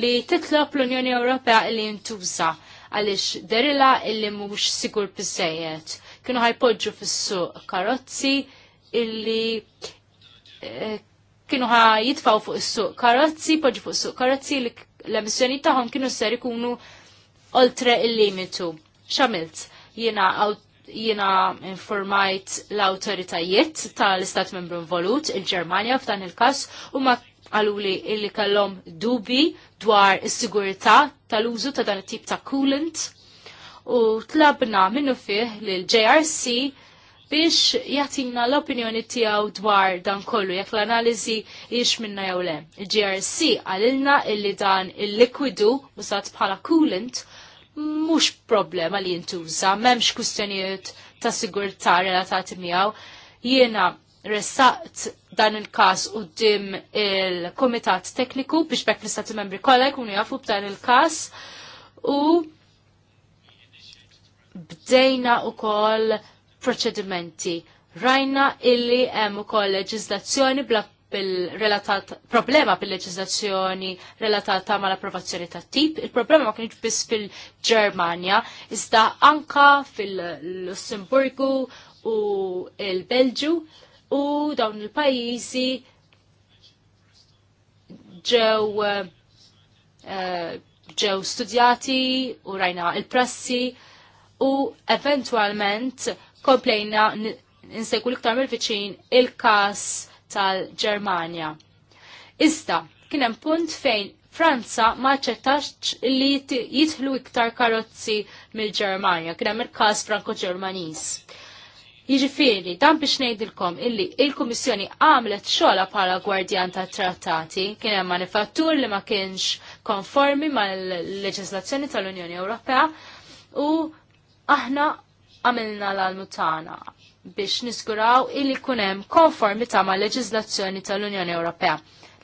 li titlob l-Unjoni Ewropea illi jintuża għalix derila illi mux sigur bizzejiet. Kienu ħajpoġġu fissu karozzi illi eh, kienu ħa jitfaw fuq is-suq karozzi, poġi fuq is-suq karozzi li l-emissjoni tagħhom kienu ser ikunu oltre il-limitu. Xamilt, jiena jiena informajt l-autoritajiet tal-istat membru involut, il-Ġermanja f'dan il-każ, u ma għaluli illi kellhom dubi dwar is sigurità tal-użu ta' dan it-tip ta' coolant u tlabna minnu fih l JRC biex jatina l-opinjoni tijaw dwar dan kollu, jekk l-analizi jiex minna jew le. GRC għalilna illi dan il-likwidu użat bħala coolant mux problema li jintuża, memx kustjonijiet ta' sigurta relatati miegħu. Jiena ressaqt dan il-kas u dim il-komitat tekniku biex bekk l-istati membri kollha jkunu jafu b'dan il-kas u bdejna u koll proċedimenti. Rajna illi hemm ukoll leġiżlazzjoni bla bil-relatat, problema bil leġiżlazzjoni relatata ma l-approvazzjoni ta' tip. Il-problema ma kienx biss fil-Germania, iżda anka fil-Lussemburgu u il-Belġu u dawn il-pajjiżi ġew eh, ġew studjati u rajna il-prassi u eventualment komplejna insegwu l-iktar mill-viċin il-kas tal-Ġermanja. Iżda, kien hemm punt fejn Franza ma ċettax li jitħlu iktar karozzi mill-Ġermanja, kien hemm il-każ Franko-Ġermaniż. Jiġifieri, dan biex ngħidilkom illi il-Kummissjoni għamlet xogħla bħala gwardjan tat trattati, kien hemm manifattur li ma kienx konformi mal-leġislazzjoni tal-Unjoni Ewropea u aħna għamilna l-almu tagħna biex niskuraw illi kunem konformita ma' leġizlazzjoni tal-Unjoni Ewropea.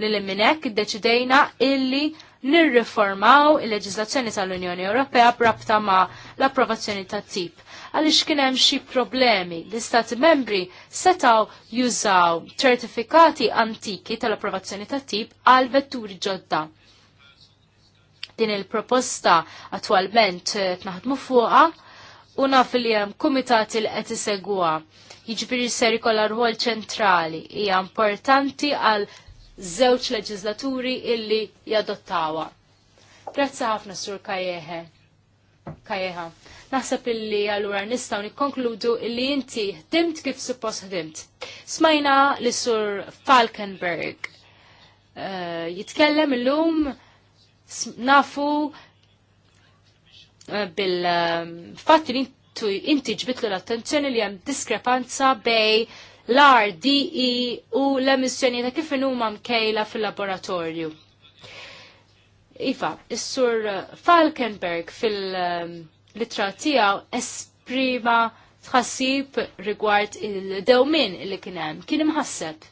Li l-minnek deċidejna illi nirriformaw il-leġizlazzjoni tal-Unjoni Ewropea brabta ma' l-approvazzjoni ta' tip. Għalix kienem xi problemi li stati membri setaw jużaw ċertifikati antiki tal-approvazzjoni ta' tip għal vetturi ġodda. Din il-proposta attualment tnaħdmu eh, fuqa u naf li hemm kumitati li qed isegwa. Jiġifieri ser ikollha rwol ċentrali hija importanti għal żewġ leġislaturi illi jadottawa. Grazzi ħafna Sur Kajehe. Kajeha. Naħseb illi allura nistgħu nikkonkludu illi inti ħdimt kif suppost ħdimt. Smajna li Sur Falkenberg uh, jitkellem illum nafu Eh, bil fat li inti ġbitlu l-attenzjoni li hemm diskrepanza bej l-RDE u l-emissjoni ta' kif huma mkejla fil-laboratorju. Iva, is-sur Falkenberg fil-litra tiegħu esprima tħassib rigward il-dewmin li kien hemm kien imħasseb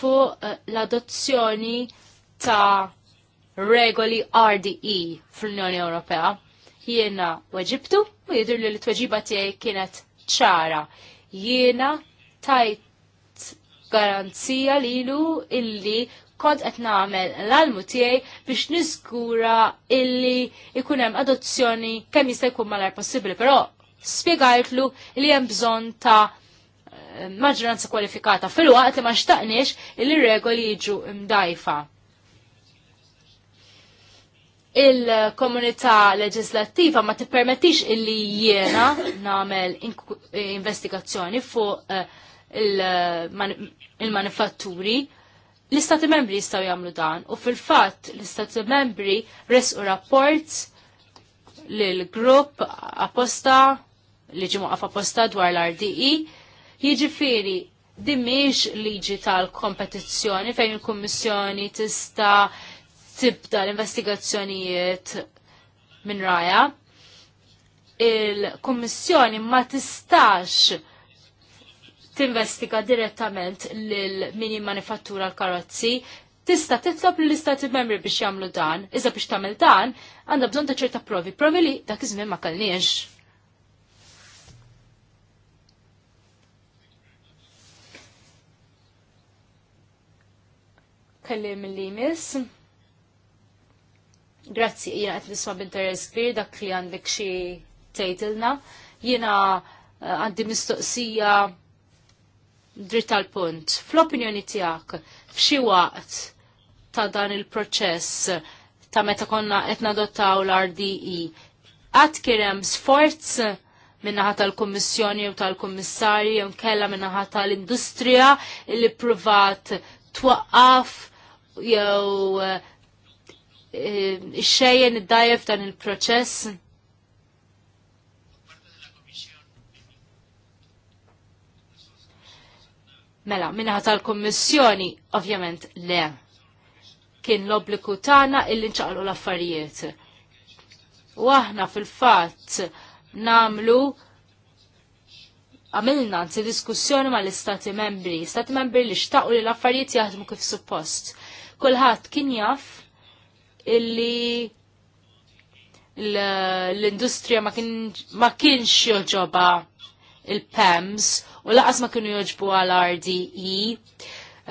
fuq l-adozzjoni ta' regoli RDE fl-Unjoni Ewropea. Jiena weġibtu u jidur li l-tweġiba tiegħi kienet ċara. Jiena tajt garanzija lilu illi kont qed nagħmel l-almu tiegħi biex niżgura illi ikun hemm adozzjoni kemm jista' jkun malar possibbli, però spjegajtlu li hemm bżonn ta' maġġoranza kwalifikata fil-waqt li ma xtaqniex il regoli jiġu imdajfa il-komunità leġislattiva ma tippermettix illi jiena nagħmel investigazzjoni fuq eh, il-manifatturi. L-istati membri jistgħu jagħmlu dan u fil-fatt l-istati membri resqu rapport lill-grupp apposta li ġimu apposta dwar l-RDI e. jiġifieri din liġi tal-kompetizzjoni fejn il-Kummissjoni tista' tibda l-investigazzjonijiet minn raja. Il-Kommissjoni ma tistax tinvestiga direttament lil mini manifattura l-karozzi, tista' titlob lill istati membri biex jagħmlu dan, iżda biex tagħmel dan għandha bżonn ta' ċerta provi, provi li dak iż-żmien ma kellniex. Kallim l-limis. Grazzi, jina għet nisma b'interess kbir dak li għandek xi tgħidilna. Jina eh, għandi mistoqsija dritt tal punt. Fl-opinjoni tiegħek f'xi waqt ta' dan il-proċess ta' meta konna qed nadottaw l-RDI, e, għad kien hemm sforz minnaħat tal-Kommissjoni u tal kummissarji jew kella minnaħat tal-Industrija li pruvat twaqqaf jew eh, Eh, xejjen id-dajef dan il-proċess? Mela, minna tal-kommissjoni, ovvjament, le. Kien l-obbliku tana illi nċaqlu l-affarijiet. U aħna fil-fat namlu għamilna nsi diskussjoni ma l-istati membri. Stati membri li xtaqlu li l-affarijiet jaħdmu kif suppost. Kulħat kien jaff illi l-industrija ma kienx joġoba il-PEMS u laqas ma kienu joġbu għal-RDE.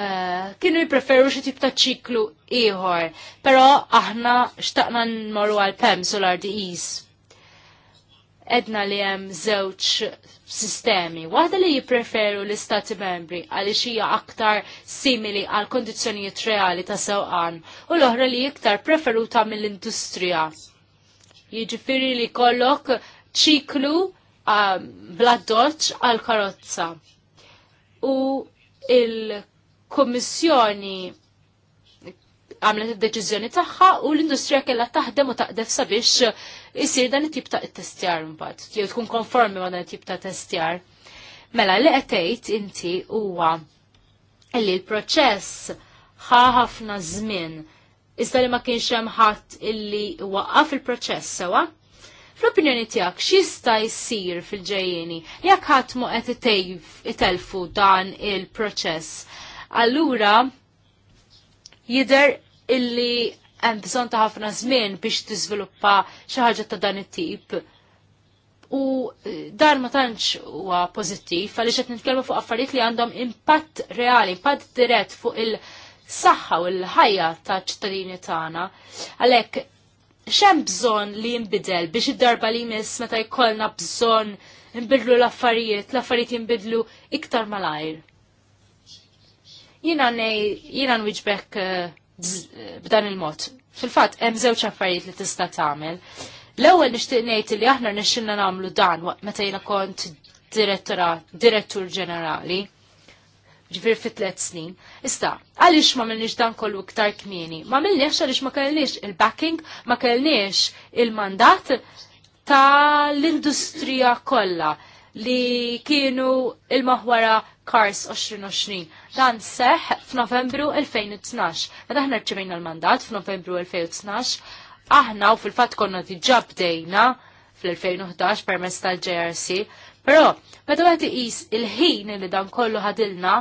Eh, kienu jipreferu xi tip ta' ċiklu ieħor, però aħna xtaqna nmorru għal PEMS u l-RDEs edna li hemm żewġ sistemi. Waħda li jippreferu l-istati membri għaliex hija aktar simili għal kondizzjonijiet reali ta' sewqan u l-oħra li iktar preferuta mill-industrija. Jiġifieri li kollok ċiklu bladdoċ um, bla għal karozza. U il-Kommissjoni għamlet id-deċiżjoni tagħha u l-industrija kellha taħdem u taqdef sabiex isir dan it-tip ta' testjar mbagħad, jew tkun konformi ma' dan it-tip ta' testjar. Mela li qed tgħid inti huwa li l-proċess ħa ħafna żmien iżda li ma kienx hemm ħadd illi waqqaf il-proċess sewa. Fl-opinjoni tiegħek x'jista' jsir fil-ġejjieni jekk ħadd mo qed itelfu dan il-proċess. Allura jidher illi hemm bżonn ta' ħafna żmien biex tiżviluppa xi ħaġa ta' dan it-tip. U eh, dan ma tantx huwa pożittiv għaliex qed nitkellmu fuq affarijiet li għandhom impatt reali, impatt dirett fuq il-saħħa u l-ħajja ta' ċittadini tagħna. Għalhekk xem bżon li jimbidel biex id-darba li jmiss meta jkollna bżon nbidlu l-affarijiet, l-affarijiet jimbidlu iktar malajr. Jina nej, jina nwiġbek uh, eh, b'dan il-mod. Fil-fatt hemm żewġ affarijiet li tista' tagħmel. L-ewwel nixtieq ngħid li aħna nixxilna nagħmlu dan meta jiena kont direttur ġenerali ġifir fit tliet snin. issa, għaliex ma millniex dan kollu iktar kmini? Ma millniex għaliex ma kellniex il-backing, ma kellniex il-mandat ta' l-industrija kollha li kienu il mahwara Kars 2020. Dan seħ f'Novembru 2012. Meta ħna rċivejna l-mandat f'Novembru 2012, aħna u fil-fatt konna diġà bdejna fl-2011 permezz tal-JRC, però meta għati iqis il-ħin li dan kollu ħadilna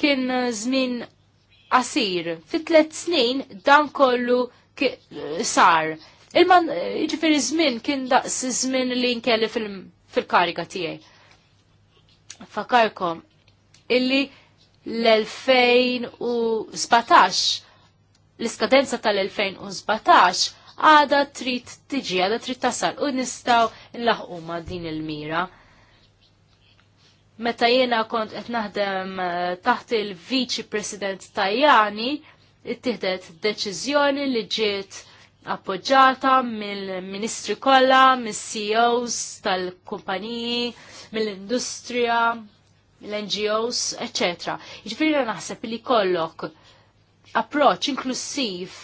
kien żmien qasir. fit tliet snin dan kollu sar. Il-man, ġifiri zmin kien daqs zmin li nkelli fil-mandat fil-kariga tiegħi. Fakarkom illi l-2017 l-iskadenza tal-2017 għada trid tiġi, għada trid tasal u nistaw nlaħqu ma' din il-mira. Meta jiena kont qed naħdem eh, taħt il-Viċi President Tajani, it-tihdet deċiżjoni li ġiet appoġġata mill-ministri kollha, mis-CEOs tal-kumpaniji, mill-industrija, mill-NGOs, etc. Jiġifieri naħseb li kollok approċċ inklusiv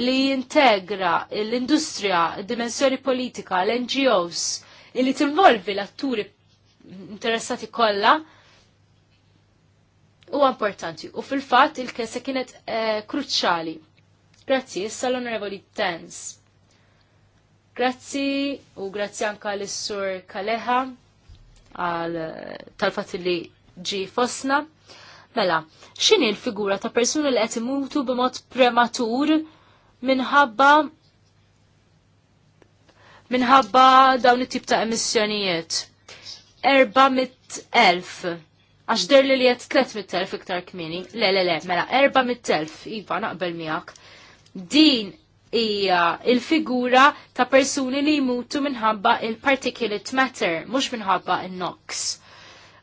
li jintegra l-industrija, id-dimensjoni politika, l-NGOs, li tinvolvi l-atturi interessati kollha huwa importanti u fil-fatt il-kesa kienet eh, kruċjali. Grazzi, issa l-Onorevoli Tens. Grazzi u grazzi anka l-Sur Kaleha eh, tal-fat li ġi fosna. Mela, xini l-figura ta' persuna li qed imutu b'mod prematur minħabba minħabba dawn it-tip ta' emissjonijiet. 400.000. Għax der li li jett 300.000 iktar kmini. Le, le, le, mela, 400.000. Iva, naqbel miegħek. Din hija il-figura ta' persuni li jmutu minħabba il-particulate matter, mhux minħabba il-NOx.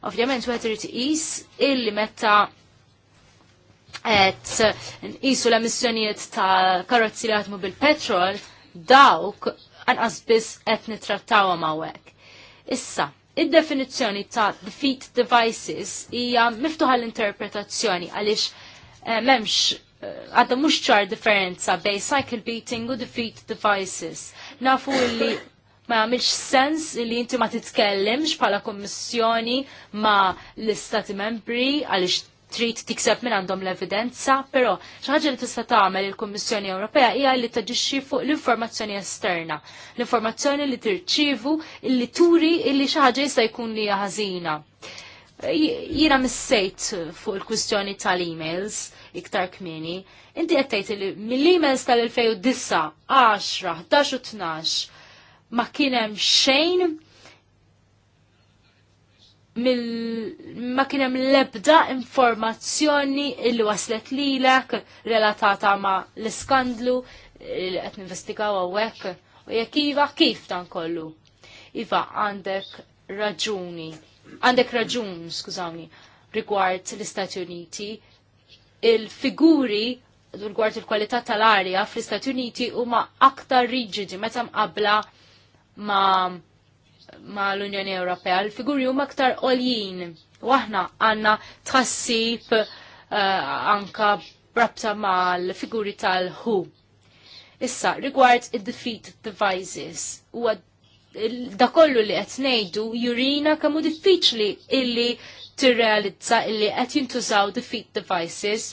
Ovvjament, wieħed t iqis illi meta qed nqisu l-emissjonijiet ta' karozzi li għatmu bil-petrol, dawk anqas biss qed nittrattawhom hawnhekk. Issa, id-definizzjoni ta' defeat devices hija miftuħa l-interpretazzjoni għaliex eh, memx għadda mux ċar differenza bej cycle beating u defeat devices. Nafu li ma għamilx sens li inti ma titkellimx bħala kommissjoni ma l-istati membri għalix trid tikseb minn għandhom l-evidenza, però xaħġa li tista' tagħmel il-Kummissjoni Ewropea hija li taġixxi fuq l-informazzjoni esterna, l-informazzjoni li tirċievu li turi illi xi ħaġa jista' jkun li ħażina. Jiena missejt fuq il-kwistjoni tal-emails, iktar kmini. Inti qed li mill tal-2009, 10, 12 ma kien hemm xejn mill ma kien hemm l-ebda informazzjoni illi waslet lilek relatata ma l-iskandlu li qed ninvestigaw hawnhekk u jekk iva kif dan kollu. Iva għandek raġuni, għandek raġun, skużawni, rigward l-Istati Uniti, il-figuri dwar il-kwalità tal-arja fl-Istati Uniti huma aktar riġidi meta mqabbla ma, ma l-Unjoni Ewropea. Il-figuri huma aktar oljin. Waħna għanna tħassib uh, anka rabta ma l-figuri tal-hu. Issa, rigward id-defeat devices, u da kollu li qed ngħidu jurina kemm hu diffiċli illi tirrealizza illi qed jintużaw defeat devices.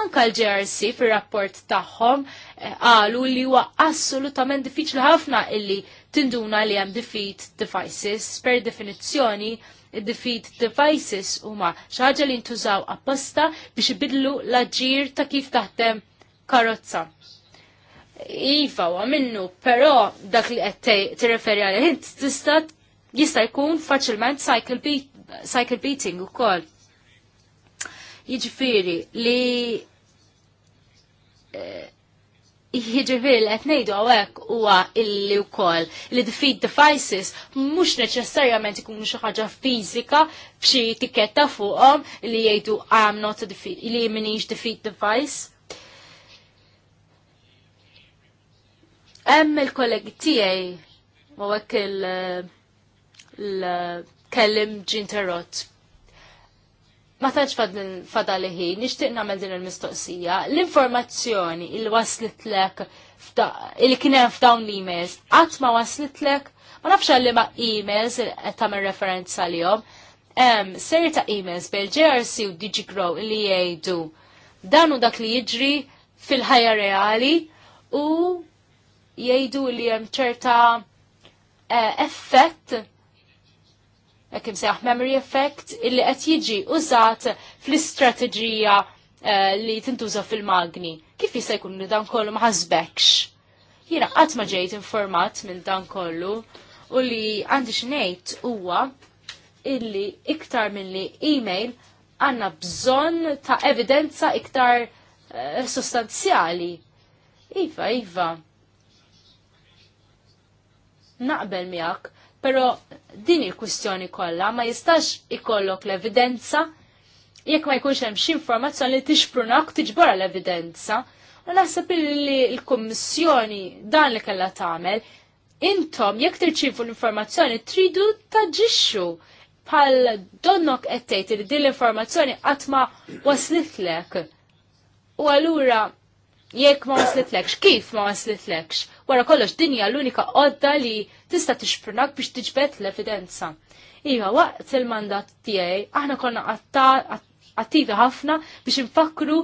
Anka l-GRC fir-rapport tagħhom eh, qalu li huwa assolutament diffiċli ħafna illi tinduna li hemm defeat devices. Per definizzjoni, defeat devices huma xi ħaġa li ntużaw apposta biex ibidlu l-aġir ta' kif taħdem karozza. Iva, u minnu, però dak li qed tirreferi għalih, tista' jista' jkun faċilment cycle cycle beating u kol. Jiġifiri li eh, jiġifiri li etnejdu għawek huwa illi u kol li defeat devices mux neċessarjament ikun xaħġa fizika bċi tiketta fuqom li jgħidu I'm not a defeat, li minix defeat device. Emm il-kollegi tijaj, għawek il- kellim ġinterrott. Ma taċ fadali ħin, nishtiq namel din il-mistoqsija, l-informazzjoni il waslitlek il kienem f'dawn l-emails, għat ma waslitlek, ma nafx li ma emails tamer referenza li jom, seri ta' emails bel JRC u DigiGrow li jgħidu dan dak li jiġri fil-ħajja reali u jgħidu li hemm ċerta eh, effett kim sejaħ memory effect, illi qed jiġi użat fl-istrateġija eh, li tintuża fil-magni. Kif jista' jkun li dan kollu ma ħasbekx? Jiena qatt ma ġejt informat minn dan kollu u li għandi xnejt huwa illi iktar minn li email għanna bżonn ta' evidenza iktar eh, sostanzjali. Iva, iva. Naqbel miegħek Pero din il-kwistjoni kollha ma jistax ikollok l-evidenza jekk ma jkunx hemm xi informazzjoni li tixprunak tiġbora l-evidenza. U naħseb li l-Kummissjoni dan li kellha tagħmel, intom jekk tirċivu l-informazzjoni tridu taġixxu bħal donnok qed tgħid li din l-informazzjoni qatt ma waslitlek. U allura jekk ma waslitlekx, kif ma waslitlekx? Wara kollox dinja l-unika qodda li tista' tixprunak biex tiġbed l-evidenza. Iva, waqt il-mandat tiegħi aħna konna attivi ħafna biex infakru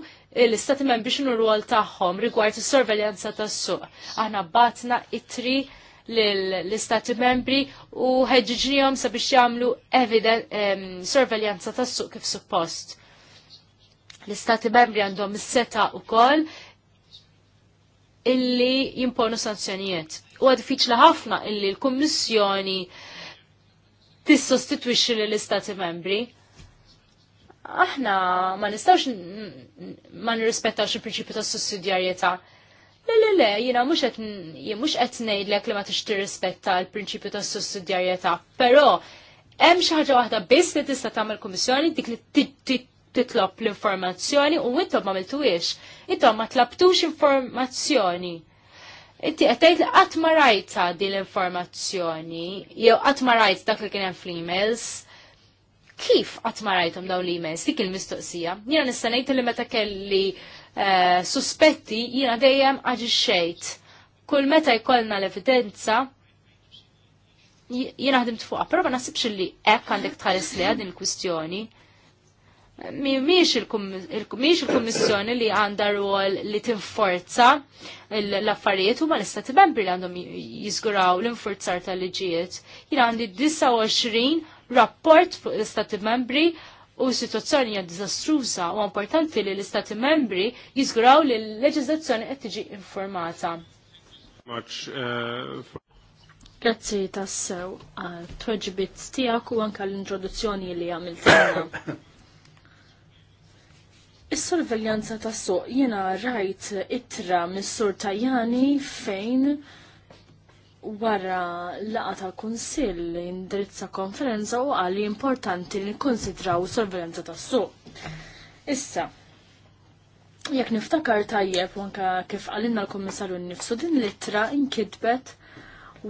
l-istati membri nur rwol tagħhom rigward is-sorveljanza tas-suq. Aħna batna itri l-istati membri u ħeġġiġnijom sabiex jagħmlu sorveljanza tas-suq kif suppost. L-istati membri għandhom is-seta wkoll illi jimponu sanzjonijiet. U għad fiċla ħafna illi l-Kommissjoni tissostitwixxi l-Istati membri. Aħna ma nistawx ma nirrispettawx il-prinċipju ta' sussidjarjetà. Le, le, le, jina mux qed ngħidlek li ma tix tirrispetta l-prinċipju ta' sussidjarjetà, però hemm xi ħaġa waħda biss li tista' tagħmel kummissjoni dik li titlob l-informazzjoni u intom ma miltuwiex. Intom ma tlabtux informazzjoni. Inti għattajt li qatt ma rajta din l-informazzjoni, jew qatt ma rajt dak li kien hemm fl-emails, kif qatt ma rajthom dawn l-emails, dik il-mistoqsija. Jiena nista' ngħid li meta kelli uh, eh, suspetti jiena dejjem xejt. Kull meta jkollna l-evidenza, jiena għadim tfuqa, però ma nasibx li hekk għandek tħares li din il-kwistjoni miex il-Kommissjoni li għandha rwol li tinforza l-affarijiet u ma l-istati membri li għandhom jizguraw l-infurzar tal-liġijiet. Jina għandi 29 rapport fuq l-istati membri u situazzjoni hija diżastruża u importanti li l-istati membri jizguraw li l-leġiżlazzjoni qed tiġi informata. Uh, Grazzi tassew għal tweġbit tiegħek u anke l-introduzzjoni li għamil Is-sorveljanza tas suq jiena rajt ittra mis-sur Tajani fejn wara laqa tal kunsill indirizza konferenza u li importanti li nikkonsidraw sorveljanza tas suq. Issa, jekk niftakar tajjeb anke kif għalinna l-Kummissarju nnifsu din l-ittra inkitbet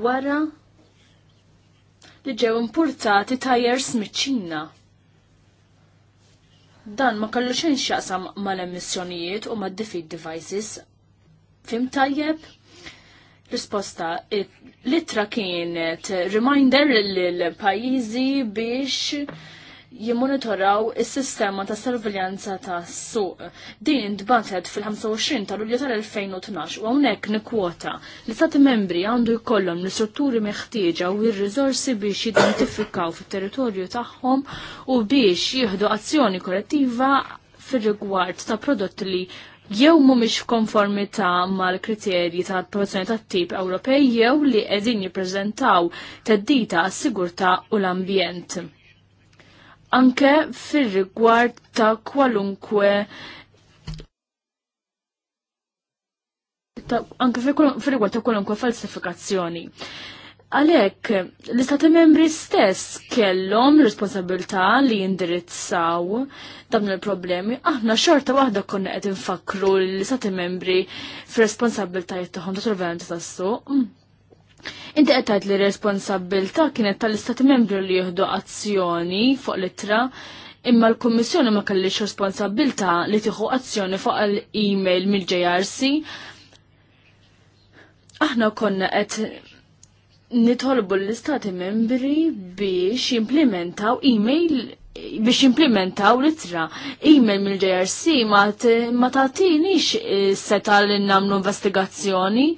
wara li ġew importati tajjers miċ dan ma kellu xejn x'jaqsam mal-emissjonijiet u mad-defeat devices. Fim tajjeb? Risposta, litra kienet reminder l-pajizi biex jimmonitoraw is-sistema ta' sorveljanza ta' suq. Din intbatet fil-25 ta' Lulju tal-2012 u hawnhekk nikwota li stati membri għandu jkollhom l-istrutturi meħtieġa u r rizorsi biex jidentifikaw fit-territorju tagħhom u biex jieħdu azzjoni korrettiva fir-rigward ta' prodotti li jew mhumiex konformità mal-kriterji tal-protezzjoni tat-tip Ewropej jew li qegħdin jippreżentaw teddita għas-sigurtà u l-ambjent anke fil-rigward ta' kwalunkwe anke fil-rigward ta' kwalunkwe falsifikazzjoni. Għalek, l-istati membri stess kellhom responsabilità li jindirizzaw dawn il-problemi, aħna xorta waħda konna qed infakru l-istati membri fir-responsabiltajiet tagħhom ta' sorveljanza tas-suq. Inti qed tgħid li responsabbilta kienet tal-Istati Membri li jieħdu azzjoni fuq l-ittra imma l-Kummissjoni ma kellix responsabilta li tieħu azzjoni fuq l-email mill-JRC. Aħna konna qed nitolbu l-Istati Membri biex jimplementaw email biex implementaw litra email mill-JRC ma, ma tatinix eh, seta li investigazzjoni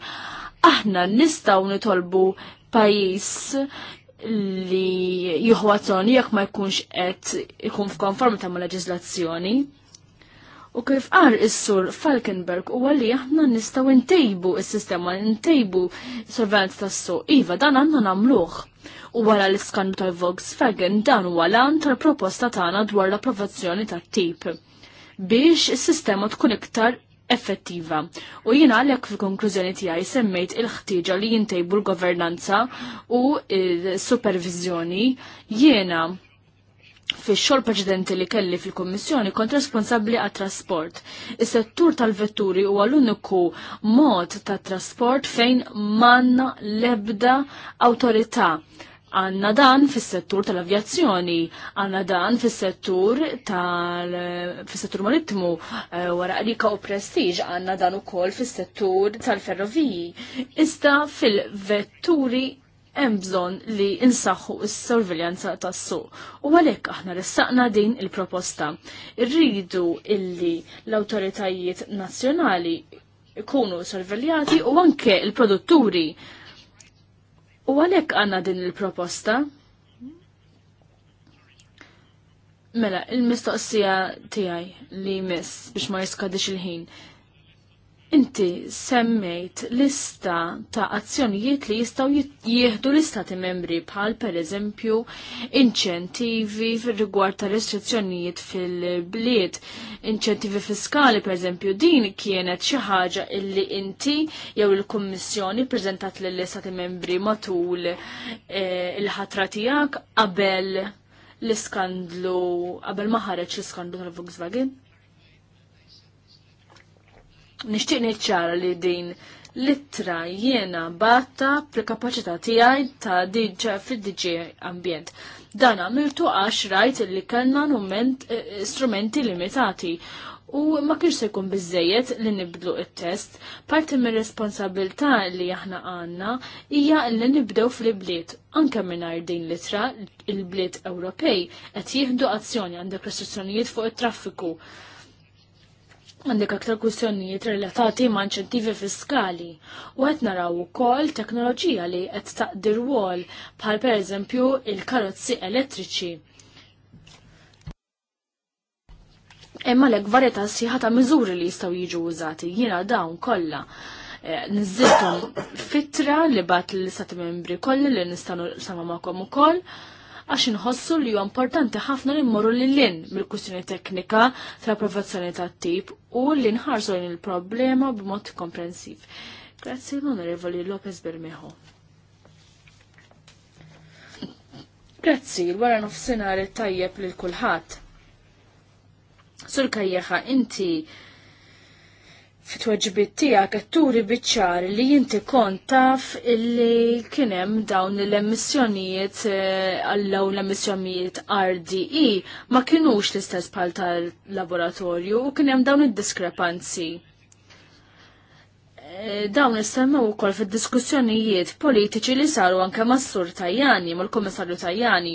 aħna nistgħu nitolbu pajjiż li jieħu azzjoni jekk ma jkunx qed ikun f'konformità ma' leġiżlazzjoni. U kif qar is-sur Falkenberg huwa li aħna nistgħu ntejbu s-sistema, ntejbu sorvenz tas-suq. Iva, dan għandna nagħmluh. U wara l-iskandlu tal-Volkswagen dan huwa l tal-proposta tagħna dwar l-approvazzjoni tat-tip biex is-sistema tkun iktar effettiva. U jiena għalhekk fil-konklużjoni tiegħi semmejt il-ħtieġa li jintejbu l-governanza u l-supervizjoni jiena fix-xogħol preċedenti li kelli fil-Kummissjoni kont responsabbli għat trasport. Is-settur tal-vetturi huwa l-uniku mod ta' trasport fejn manna lebda awtorità Għanna dan fis-settur tal-avjazzjoni, għanna dan fis-settur tal fis-settur marittimu eh, wara qrika u prestiġ, għanna dan ukoll fis-settur tal-ferroviji. Iżda fil-vetturi hemm bżonn li insaħħu s-sorveljanza tas-suq. U għalhekk aħna ressaqna din il-proposta. Irridu illi l-awtoritajiet nazzjonali ikunu sorveljati u anke l-produtturi U għalhekk għandna din il-proposta. Mela, il-mistoqsija tiegħi li jmiss biex ma jiskadix il-ħin. Inti semmejt lista ta' azzjonijiet li jistaw jieħdu l-istati membri bħal per eżempju inċentivi rigward ta' restrizzjonijiet fil-bliet, inċentivi fiskali per eżempju din kienet xi ħaġa illi inti jew il-Kummissjoni preżentat lill-istati membri matul eh, il-ħatra tiegħek qabel l-iskandlu qabel ma ħareġ l-iskandlu tal-Volkswagen? Nixtieq niċċara li din littra jiena batta fil-kapaċità tiegħi ta' diġa fid-diġi ambjent. Dan għamiltu għax rajt li kellna nument eh, eh, strumenti limitati u ma kienx se jkun biżejjed li nibdlu it-test. Parti mir responsabilità li aħna għandna hija li nibdew fl-bliet anke mingħajr din litra il-bliet Ewropej qed jieħdu azzjoni għandek restrizzjonijiet fuq it-traffiku għandek aktar kwistjonijiet relatati ma' inċentivi fiskali u qed naraw ukoll teknoloġija li qed taqdir wol bħal pereżempju il-karozzi elettriċi. Imma l-ek varjetà siħa ta' miżuri li jistgħu jiġu użati jiena dawn kollha eh, nizziltom fitra li bat l-istati membri kolli li nistanu sama ma'kom ukoll. Kol għax inħossu li huwa importanti ħafna li mmorru lil lin mill-kwistjoni teknika tal-approvazzjoni tat-tip u li nħarsu lin il-problema b'mod komprensiv. Grazzi l-Onorevoli Lopez Bermejo. Grazzi, l-wara nofsinhar tajjeb lil kulħadd. Sur kajjeħa, inti fit-tweġbit tijak etturi bitċar li jinti kont taf illi kienem dawn l-emissjonijiet eh, għallaw l-emissjonijiet RDE ma kienux l-istess pal tal-laboratorju u kienem dawn id diskrepanzi Eh, dawn issemmew ukoll fid-diskussjonijiet politiċi li saru anke mas-Sur Tajani, mal-Kummissarju Tajani,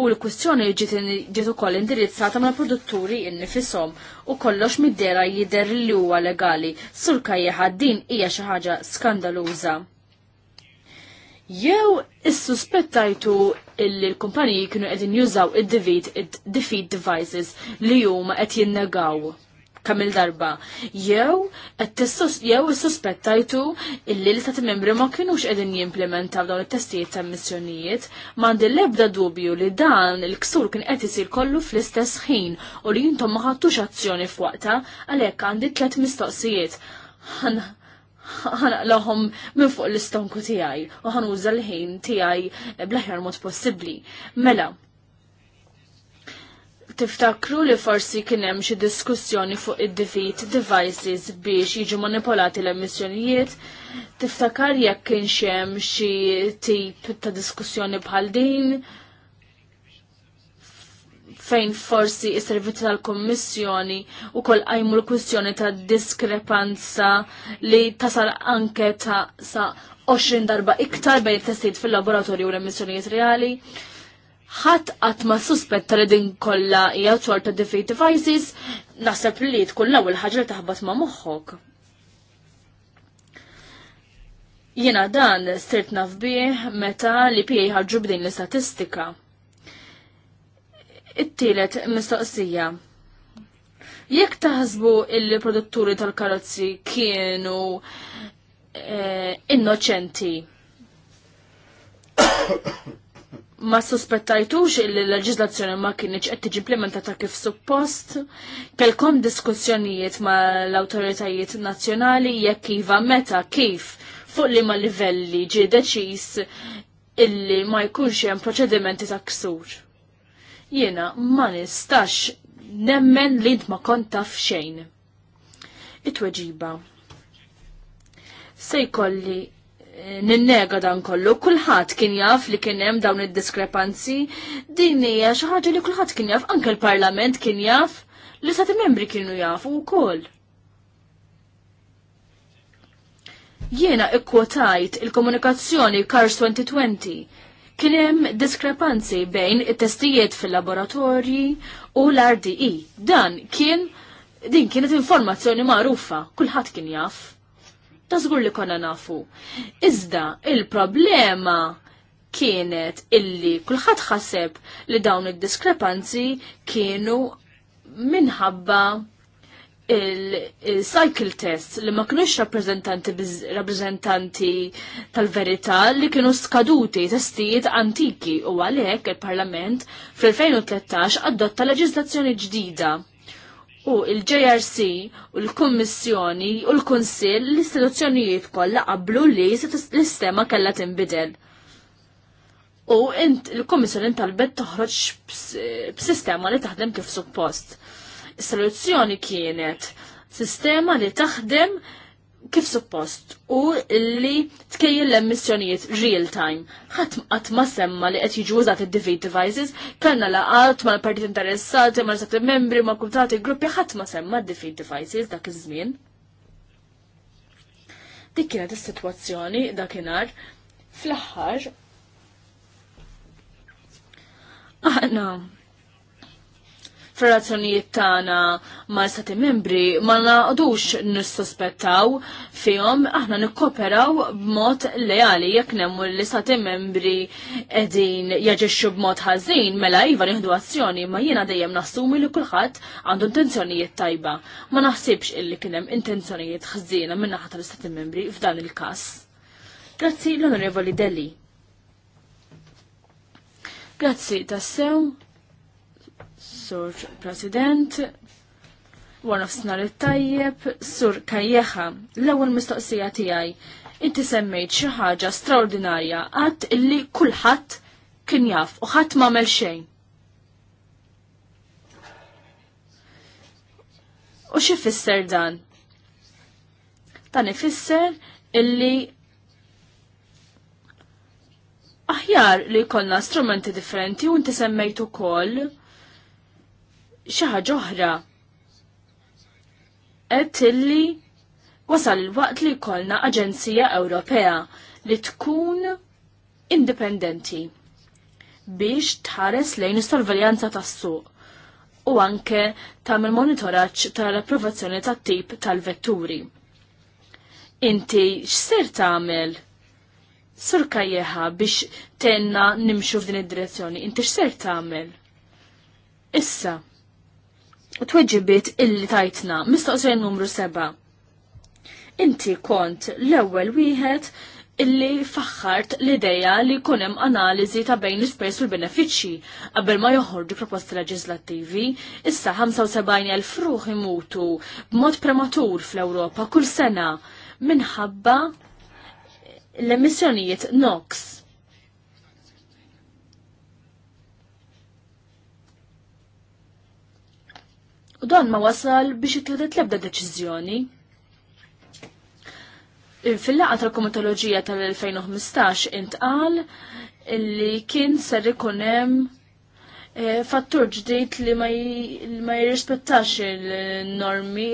u l-kwistjoni ġiet ukoll indirizzata mal produtturi innifisom u kollox middera jidher li huwa legali. Sur kajjeħa din hija xi ħaġa skandaluża. Jew is-suspettajtu illi l-kumpaniji kienu qegħdin jużaw id-defeat devices li huma qed jinnegaw kamil darba. Jew qed jew issuspettajtu illi li tagħti membri ma kinux qegħdin jimplementaw dawn it-testijiet ta' missjonijiet, m'għandi l-ebda dubju li dan il-ksur kien qed isir kollu fl-istess ħin u li jintom ma ħadtux azzjoni f'waqta għalhekk għandi tliet mistoqsijiet. ħanaqlahom minn fuq l-istonku tiegħi u ħanuża l-ħin tiegħi bl-aħjar mod possibbli. Mela, tiftakru li forsi kien hemm xi diskussjoni fuq id-defeat devices biex jiġu manipolati l-emissjonijiet, tiftakar jekk kien hemm xi tip ta' diskussjoni bħal din fejn forsi is-servizzi tal-Kommissjoni u kol għajmu l-kwistjoni ta' diskrepanza li tasal anke ta' sa' 20 darba iktar bejn testijiet fil-laboratorju u l-emissjonijiet reali ħadd qatt ma suspetta li din kollha hija ċorta defeat devices naħseb li tkun l-ewwel ħaġa li taħbad ma' moħħok. Jena dan stirt nafbih meta li pie ħarġu b'din l-istatistika. It-tielet mistoqsija. Jekk taħsbu il-produtturi tal-karozzi kienu eh, innoċenti, ma sospettajtux illi l-leġizlazzjoni ma kienieċ qed tiġi implementata kif suppost, kelkom diskussjonijiet ma l-awtoritajiet nazzjonali jekk iva meta kif fuq li ma livelli ġie deċiż illi ma jkunx hemm proċedimenti ta' ksur. Jiena ma nistax nemmen li ma kont taf xejn. It-tweġiba. Se jkolli ninnega dan kollu, kulħadd kien jaf li kien hemm dawn id-diskrepanzi, din hija xi ħaġa li kulħadd kien jaf, anke l-Parlament kien jaf, li sati membri kienu jafu wkoll. Jiena ikkwotajt il-komunikazzjoni Cars 2020 kien hemm diskrepanzi bejn it-testijiet fil-laboratorji u l-RDI. E. Dan kien din kienet informazzjoni magħrufa, kulħadd kien jaf ta' li konna nafu. Iżda il-problema kienet illi kulħadd ħaseb li dawn id-diskrepanzi kienu minħabba il-cycle test li ma kienux rappresentanti, rappresentanti tal-verità li kienu skaduti testijiet antiki u għalhekk il-Parlament fl-2013 adotta leġislazzjoni ġdida u il-JRC u l-Kummissjoni u l-Kunsill l-istituzzjonijiet kollha qablu li l-sistema kellha tinbidel. U int il-Kummissjoni talbet toħroġ b'sistema li taħdem kif suppost. Is-soluzzjoni kienet sistema li taħdem kif suppost u li tkejjel l-emissjonijiet real time. Ħadd ma semma li qed jiġu użat id defeat devices, kellna laqat mal partit interessati, mal stati membri, ma' kultati gruppi, ħadd ma semma d-defeat devices dak iż-żmien. Dik kienet is-sitwazzjoni dakinhar fl-aħħar. Aħna. Ah, no frazzjonijiet tagħna mal stati membri ma naqdux nissospettaw fihom aħna nikkoperaw b'mod leali jekk nemmu li stati membri qegħdin jaġixxu b'mod ħażin mela iva nieħdu azzjoni ma jiena dejjem nassumi li kulħadd għandu intenzjonijiet tajba. Ma naħsibx illi kien hemm intenzjonijiet ħżiena minn naħa tal-istati membri f'dan il-każ. Grazzi l-Onorevoli Deli. Grazzi tassew. Sur President, One of Snar tajjeb Sur Kajjeħa, l-ewwel mistoqsija tiegħi. Inti semmejt xi ħaġa straordinarja għad illi kulħadd kien jaf u ħadd m'għamel xejn. U xi fisser dan? Dan ifisser illi aħjar li jkollna strumenti differenti u inti semmejt ukoll ħaġa oħra. Ettilli, wasal il-waqt li jkollna Aġenzija Ewropea li tkun indipendenti biex tħares lejn is-sorveljanza tas-suq u anke tagħmel monitoraġġ tal-approvazzjoni tat-tip tal-vetturi. Inti x'ser tagħmel? Sur kajjeħa biex tenna nimxu f'din id-direzzjoni, inti x'ser tagħmel? Issa, tweġibit illi tajtna, mistoqsejn numru seba. Inti kont l-ewwel wieħed illi faħħart l-ideja li kunem analizi ta' bejn l ispers u l-benefiċċji qabel ma joħorġu proposti leġislattivi, issa 75,000 ruħ imutu b'mod prematur fl-Ewropa kull sena minħabba l-emissjonijiet NOx U dan ma wasal biex jitledet lebda deċiżjoni. Fil-laqa tal-komitoloġija tal-2015 intqal illi kien ser ikun hemm e, fattur ġdid li ma jirrispettax il-normi,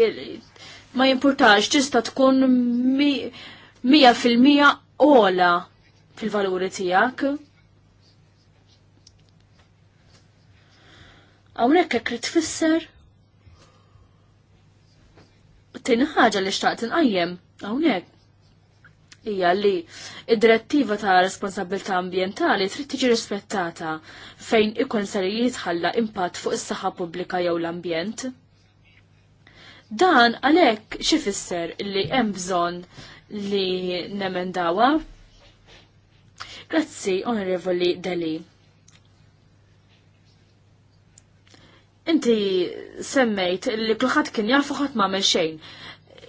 ma jimpurtax tista' tkun mija fil-mija ola fil-valuri tiegħek. Hawnhekk hekk tfisser Tin ħaġa li xtaqt inqajjem hawnhekk hija li id-direttiva ta' responsabilità ambjentali trid tiġi rispettata fejn ikun ser jitħalla impatt fuq is-saħħa pubblika jew l-ambjent. Dan għalhekk xi fisser li hemm bżonn li nemendawa. Grazzi, Onorevoli Deli. Inti semmejt li kulħadd kien jafu ħadd ma xejn.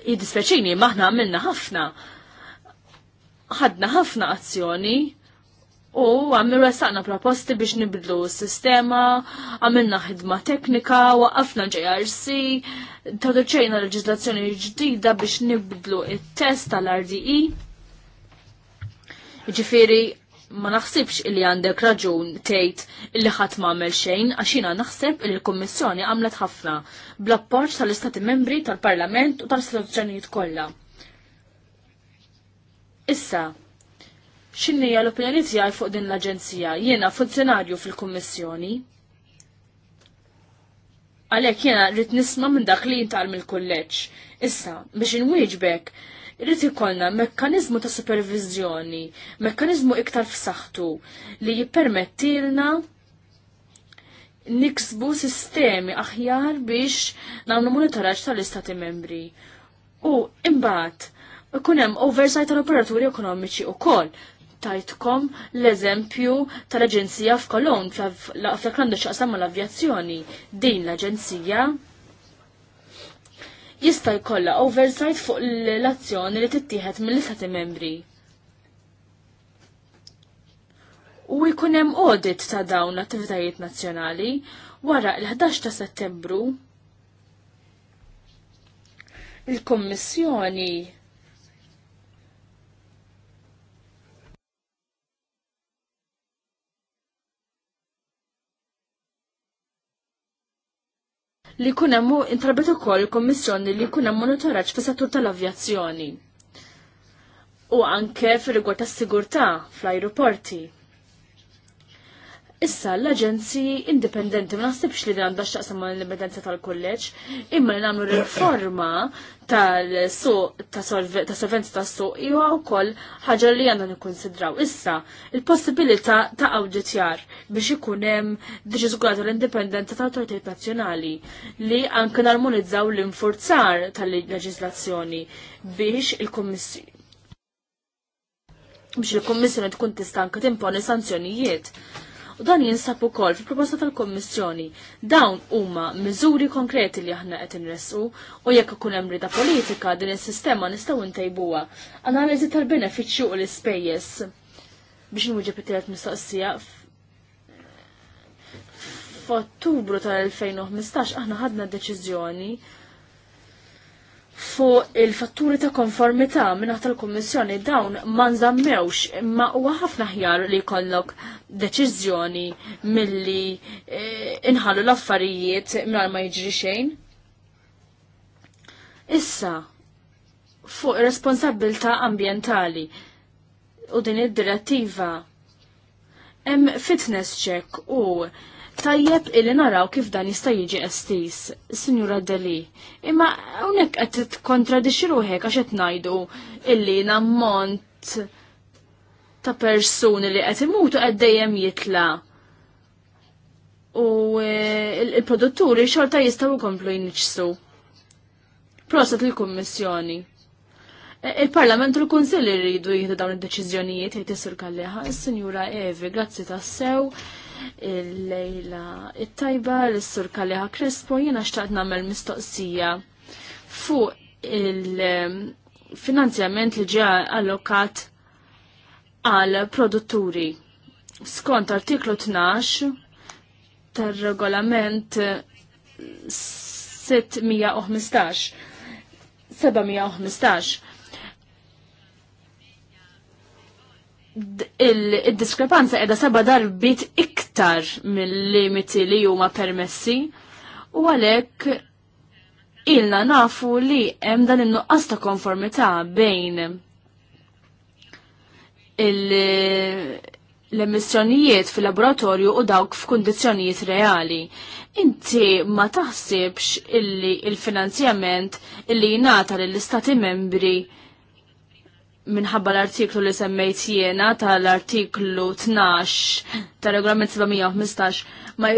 Jidispeċini maħna għamilna ħafna. Ħadna ħafna azzjoni u għamil restaqna proposti biex nibdlu s-sistema, għamilna ħidma teknika, waqqafna JRC, traduċejna leġislazzjoni ġdida biex nibdlu il-test tal-RDE. Ġifiri, ma naħsibx illi għandek raġun tgħid li ħadd m'għamel xejn għax jiena naħseb li l-Kummissjoni għamlet ħafna bl-appoġġ tal-Istati Membri tal-Parlament u tal-istituzzjonijiet kollha. Issa, x'inhija l-opinjoni tiegħi fuq din l-Aġenzija? Jiena funzjonarju fil-Kummissjoni. Għalhekk jiena rrid nisma' minn dak li jintal mill-kulleġġ. Issa, biex inwieġbek, Irrid ikollna mekkaniżmu ta' supervizjoni, mekkaniżmu iktar f'saħħtu li jippermettilna niksbu sistemi aħjar biex nagħmlu monitoraġġ tal-istati membri. U imbagħad ikun hemm oversight tal-operaturi ekonomiċi wkoll tajtkom l-eżempju tal-Aġenzija f'Kolon fl-Afgħandu xaqsam mal-avjazzjoni. Din l-Aġenzija jista' jkollha oversight fuq l-azzjoni li tittieħed mill-istati membri. U jkun hemm audit ta' dawn l-attivitajiet nazzjonali wara l-11 ta' Settembru il-Kommissjoni li jkun hemm kol ukoll kommissjoni li jkun hemm monitoraġġ fis-settur tal-avjazzjoni. U anke fir-rigward tas-sigurtà fl-ajruporti. Issa l aġenzi indipendenti ma naħsibx li għandha x'taqsam mal indipendenza tal-kulleġġ, imma li nagħmlu riforma tal-suq ta' solvenza tas-suq huwa wkoll ħaġa li għandna nikkonsidraw. Issa il-possibilità ta' awditjar biex ikun hemm żgurata l indipendenza tal-awtoritajiet nazzjonali li anke narmonizzaw l-infurzar tal-leġiżlazzjoni biex il-Kummissjoni biex il-Kommissjoni tkun tista' anke timponi sanzjonijiet u dan jinsab ukoll fil-proposta tal-Kommissjoni. Dawn huma miżuri konkreti li aħna qed inresqu u jekk ikun hemm rida politika din is-sistema nistgħu ntejbuha. Analiżi tal-benefiċċju u l-ispejjeż biex nwieġeb it-tielet mistoqsija f'Ottubru tal-2015 aħna ħadna deċiżjoni fuq il-fatturi ta' konformità għat tal-Kommissjoni dawn ma nżammewx imma huwa ħafna ħjar li jkollok deċiżjoni milli eh, inħallu l-affarijiet mingħajr ma jiġri xejn. Issa fuq responsabilta ambjentali u din id-direttiva hemm fitness check u tajjeb illi naraw kif dan jista' jiġi estis, Sinjura Deli. Imma hawnhekk qed tkontradixxi ruħek għax qed ngħidu illi nammont ta' persuni li qed imutu qed dejjem jitla. U e, il-produtturi xorta jistgħu jkomplu jniġsu. Proset il-Kummissjoni. E, Il-Parlament u l-Kunsill irridu jieħdu dawn id-deċiżjonijiet jgħid isir Kalleħa, is-Sinjura Evi, grazzi tassew. sew il-lejla it-tajba l-sur Kaliha Krespo jiena xtaqt nagħmel mistoqsija fuq il-finanzjament li ġie allokat għal produtturi. Skont artiklu 12 tar-regolament 715 715 il-diskrepanza edha seba darbit iktar mill-limiti li huma permessi u għalek ilna nafu li hemm dan in-nuqqas ta' konformità bejn l-emissjonijiet fil-laboratorju u dawk f'kundizzjonijiet reali. Inti ma taħsibx illi il-finanzjament illi jingħata lill-istati membri minħabba l-artiklu li semmejt jiena tal-artiklu 12 tal-regolament 715 ma,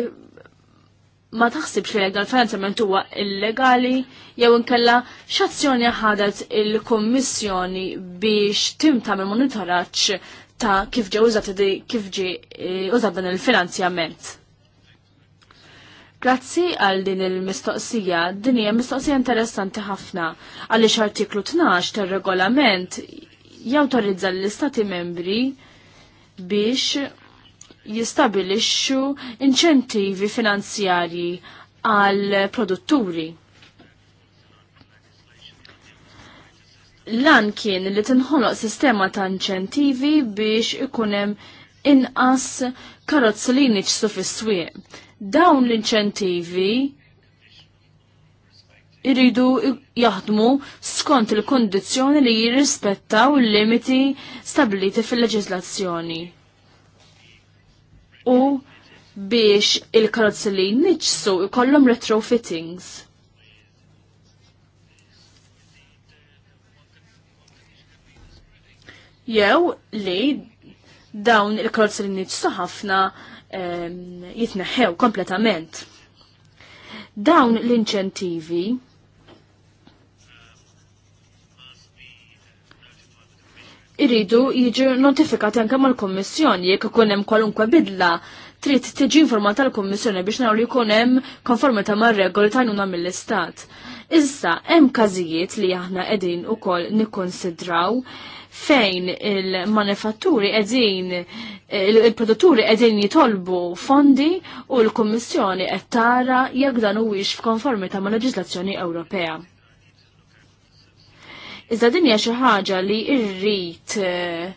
ma taħsibx li għal finanzjament huwa illegali jew inkella x'azzjoni ħadet il-Kummissjoni biex timta' il-monitoraġġ ta' kif ġew użat kif ġi eh, użat dan il-finanzjament. Grazzi għal din il-mistoqsija, din hija mistoqsija interessanti ħafna għaliex artiklu 12 tar-regolament jawtorizza l-istati membri biex jistabilixxu inċentivi finanzjarji għal produtturi. Lan kien li tinħoloq sistema ta' inċentivi biex ikunem inqas karozzolini ċsu fis-swieq. Dawn l-inċentivi iridu jaħdmu skont il-kondizjoni li jirrispettaw il-limiti stabiliti fil-leġislazzjoni. U biex il-karozzi li niċsu ikollhom retrofittings. Jew li dawn il-karozzi li niċsu ħafna jitneħħew kompletament. Dawn l-inċentivi irridu jiġu notifikati anke mal-Kommissjoni jekk ikun hemm kwalunkwe bidla trid tiġi informata l-Kommissjoni biex nagħmlu li jkun hemm konformità mar-regoli tajnuna mill-Istat. Issa hemm każijiet li aħna qegħdin ukoll nikkonsidraw fejn il-manifatturi qegħdin il-produtturi qegħdin jitolbu fondi u l-Kummissjoni qed tara jekk dan huwiex f'konformità mal-leġiżlazzjoni Ewropea. Iżda din hija xi ħaġa li rrid eh,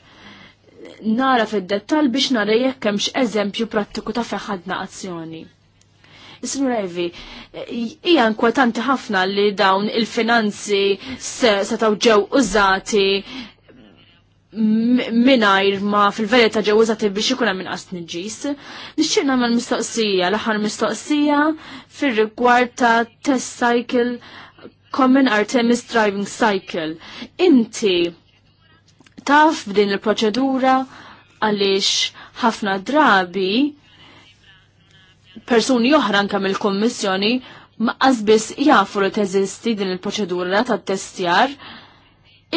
nara fid dettall biex nara jekk hemmx eżempju prattiku ta' feħadna azzjoni. Isnur Evi, eh, hija inkwetanti ħafna li dawn il-finanzi setgħu ġew użati minajr ma fil verità ġew użati biex ikun hemm inqas niġis. Nixtieq nagħmel mistoqsija, l-aħħar mistoqsija fir-rigward ta' test cycle Common Artemis Driving Cycle. Inti taf b'din il-proċedura għaliex ħafna drabi persuni oħra anke mill-Kummissjoni ma biss jafu li teżisti din il-proċedura ta' testjar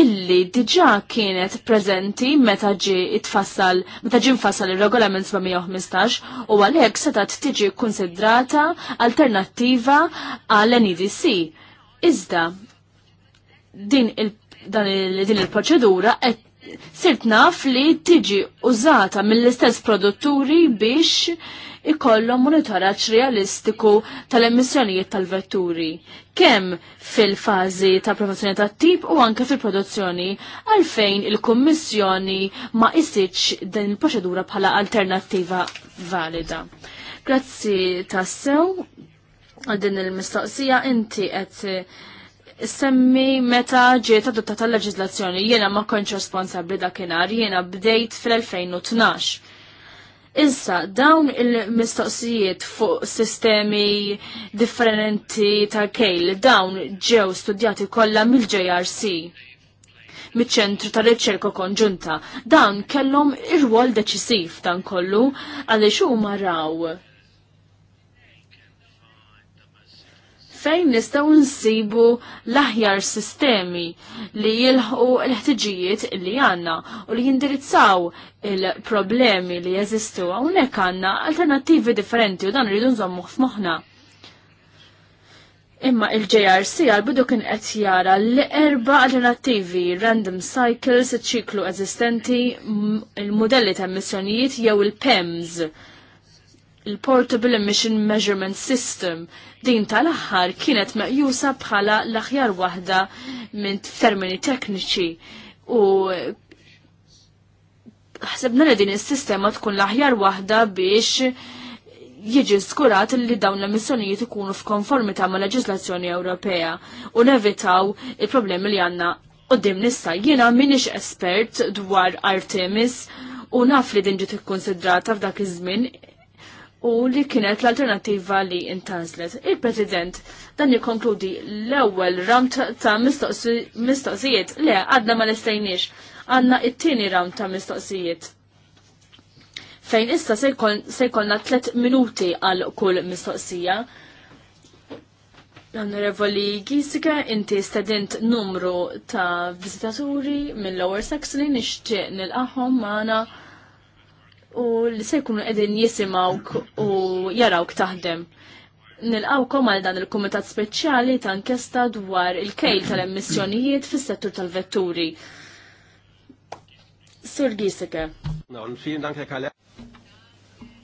illi diġa kienet prezenti meta ġi itfassal, meta ġi nfassal il-regolament 715 u għalhekk setat tiġi konsidrata alternattiva għall NEDC. Iżda din il-proċedura qed sirt naf li tiġi użata mill-istess produtturi biex ikollhom monitoraġġ realistiku tal-emissjonijiet tal-vetturi, kemm fil-fażi ta' promozzjoni tat-tip u anke fil-produzzjoni għalfejn il-Kummissjoni ma isitx din il-proċedura bħala alternattiva valida. Grazzi tassew din il-mistoqsija inti qed eh, semmi meta ġiet adottata tal leġiżlazzjoni jiena ma kontx responsabbli dakinhar jiena bdejt fl-2012. Issa, dawn il-mistoqsijiet fuq sistemi differenti ta' kejl, dawn ġew studjati kollha mill-JRC miċ-ċentru tar riċerka konġunta. Dan kellhom ir-rwol deċisiv dan kollu għaliex huma raw fejn nistgħu nsibu l-aħjar sistemi li jilħu l-ħtiġijiet li għandna u li jindirizzaw il-problemi li jeżistu hawnhekk għandna alternattivi differenti u dan rridu nżommu f'moħħna. Imma il-JRC għal-bidu kien qed jara li erba alternattivi random cycles, ċiklu eżistenti, il-modelli ta' emissjonijiet jew il-PEMS il-Portable Emission Measurement System din tal-aħħar kienet meqjusa bħala l-aħjar waħda minn termini tekniċi u ħsebna li din is-sistema tkun l-aħjar waħda biex jiġi skurat li dawn l-emissjonijiet ikunu f'konformità ma' leġislazzjoni Ewropea u nevitaw il-problemi li għandna qudiem nista. Jiena miniex espert dwar Artemis u naf li din ġiet ikkonsidrata f'dak iż-żmien u li kienet l-alternativa li intazlet. Il-President dan jikonkludi l-ewwel ram ta' mistoqsijiet le għadna ma l-istajniex għanna it-tieni ram ta' mistoqsijiet. Fejn issa se jkollna tlet minuti għal kull mistoqsija. Onorevoli Gisika, inti stedint numru ta' vizitaturi mill-Lower Saxony nixtieq nil-qaħħom ma' u li se jkunu qegħdin jisimawk u jarawk taħdem. Nilqawkom għal dan il-Kumitat Speċjali ta' inkjesta dwar il-kejl tal-emissjonijiet fis-settur tal-vetturi. Sur Gisike.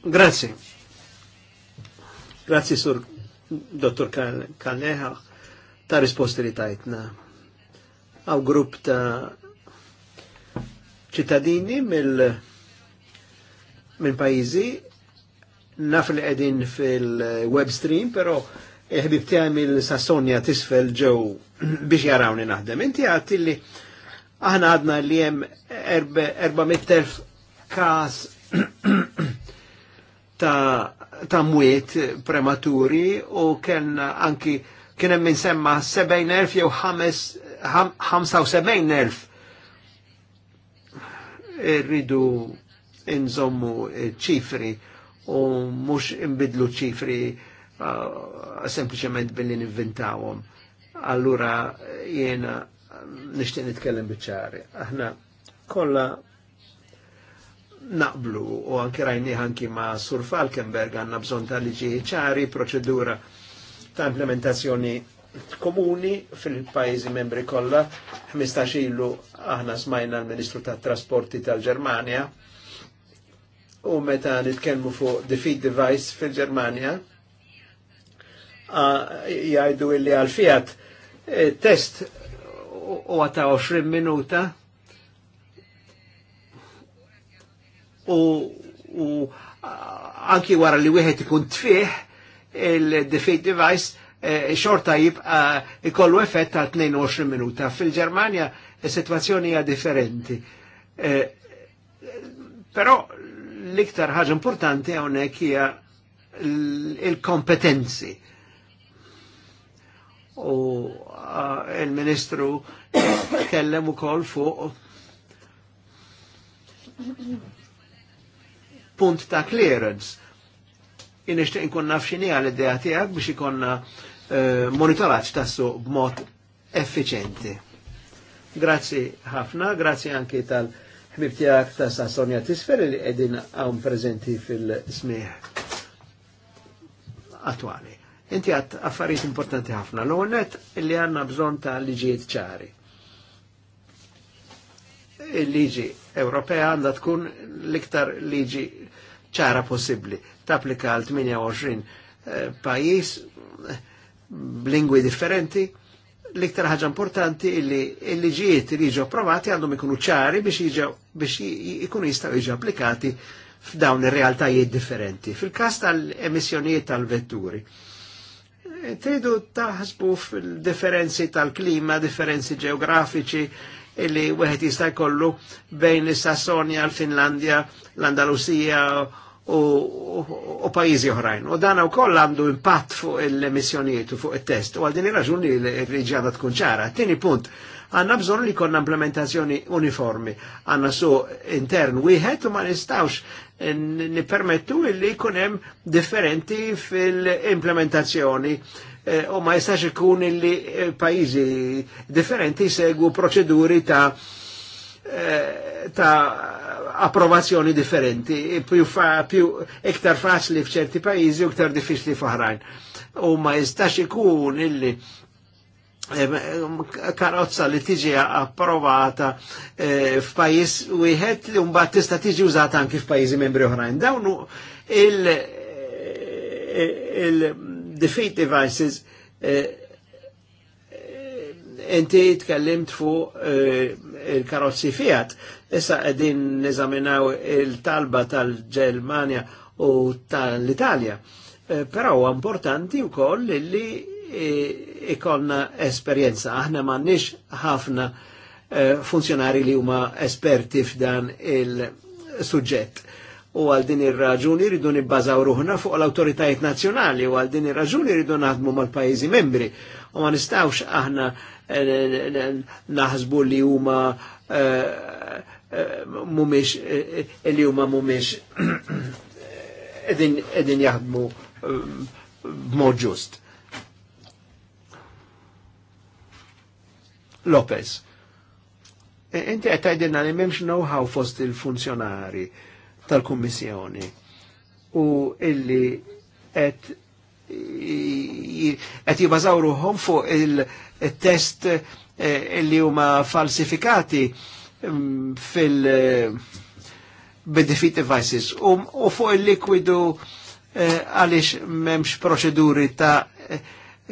Grazie. Grazie, Sur Dottor Kalleha, ta' risposti li tajtna. Għaw grupp ta' ċittadini mill- minn pajizi, naf li qegħdin fil-web stream, però il-ħbib tiegħi mill-Sassonja tisfel ġew biex jarawni naħdem. Inti għatti li aħna għadna li hemm 400.000 kas ta' ta' mwiet prematuri u kien anki kien hemm insemma 70.000 jew 75.000 irridu inżommu eh, ċifri u mux imbidlu ċifri eh, sempliciment billi ninventawhom. Allura eh, jiena nixtieq nitkellem ċari. Aħna kollha naqblu u anke rajni ħanki ma' Sur Falkenberg għandna bżonn ta' liġi ċari, proċedura ta' implementazzjoni komuni fil-pajjiżi membri kollha. 15 ilu aħna smajna l-Ministru tat-Trasporti tal-Ġermanja u meta nitkellmu fuq defeat device fil-Ġermanja jgħidu illi għal fiat e, test u għata 20 minuta u anki wara li wieħed ikun tfih il-defeat device e, xorta jibqa ikollu effett tal 22 minuta. Fil-Germania e, situazzjoni hija differenti. però l-iktar ħaġa importanti hawnhekk hija il-kompetenzi. U il-Ministru kellem kol fuq punt ta' clearance. Inishtiq nkun nafxini għal għal-idea tiegħek biex ikonna e, monitoraġġ tassu b'mod effiċenti. Grazzi ħafna, grazzi anki tal- ħbib tiegħek ta' Sonja Tisfer li għedin għawm prezenti fil-smieħ attuali. Inti għat affarijiet importanti ħafna. L-għonet li għanna bżon ta' liġijiet ċari. Il-liġi Ewropea għanda tkun l-iktar liġi ċara possibli. Tapplika għal 28 eh, pajis eh, b'lingwi differenti l-iktar ħaġa importanti illi li ġiet li jiġu approvati għandhom ikunu ċari biex jiġu biex ikunu jistaw jiġu applikati f'dawn ir-realtajiet differenti. Fil-każ tal-emissjonijiet tal-vetturi. Tridu taħsbu fil-differenzi tal-klima, differenzi ġeografiċi, illi wieħed jista' jkollu bejn is-Sassonja, l-Finlandja, l-Andalusija u, pajizi oħrajn. U dan ukoll għandu impatt fuq l-emissjonijiet u fuq it-test. U għal raġuni l-riġjada tkun ċara. Tieni punt, għanna bżon li konna implementazzjoni uniformi. Għanna su intern wieħed u ma nistawx nipermettu li kunem differenti fil-implementazzjoni e, u ma jistax ikun li e, pajizi differenti segwu proċeduri ta' e, ta' approvazzjoni differenti, più, fa, più iktar facili f'ċerti pajjiżi u iktar diffiċli f'oħrajn. U ma jistax ikun illi karozza li tiġi approvata eh, f'pajis wieħed li mbagħad tista' tiġi użata anki f'pajjiżi membri oħrajn. Dawn il, eh, il defeat devices eh, eh, inti tkellimt fuq eh, il-karozzi Fiat. Issa qegħdin neżaminaw il-talba tal ġermania u tal-Italja. Eh, però huwa importanti wkoll li eh, ikonna esperjenza. Aħna m'għandniex ħafna eh, funzjonari li huma esperti f'dan il-suġġett u għal din ir-raġuni rridu nibbażaw ruħna fuq l-awtoritajiet nazzjonali u għal din ir-raġuni rridu naħdmu mal-pajjiżi membri u ma nistawx aħna naħsbu li huma eh, eh, mumiex eh, li huma mumiex edin jaħdmu b'mod ġust. Lopez. Inti qed tgħidilna li m'hemmx know-how fost il-funzjonari tal-Kummissjoni u illi qed qed jibbażaw ruhom fuq il-test eh, li huma falsifikati mm, fil eh, bid-defeat devices u fuq il-likwidu eh, għaliex memx proċeduri ta'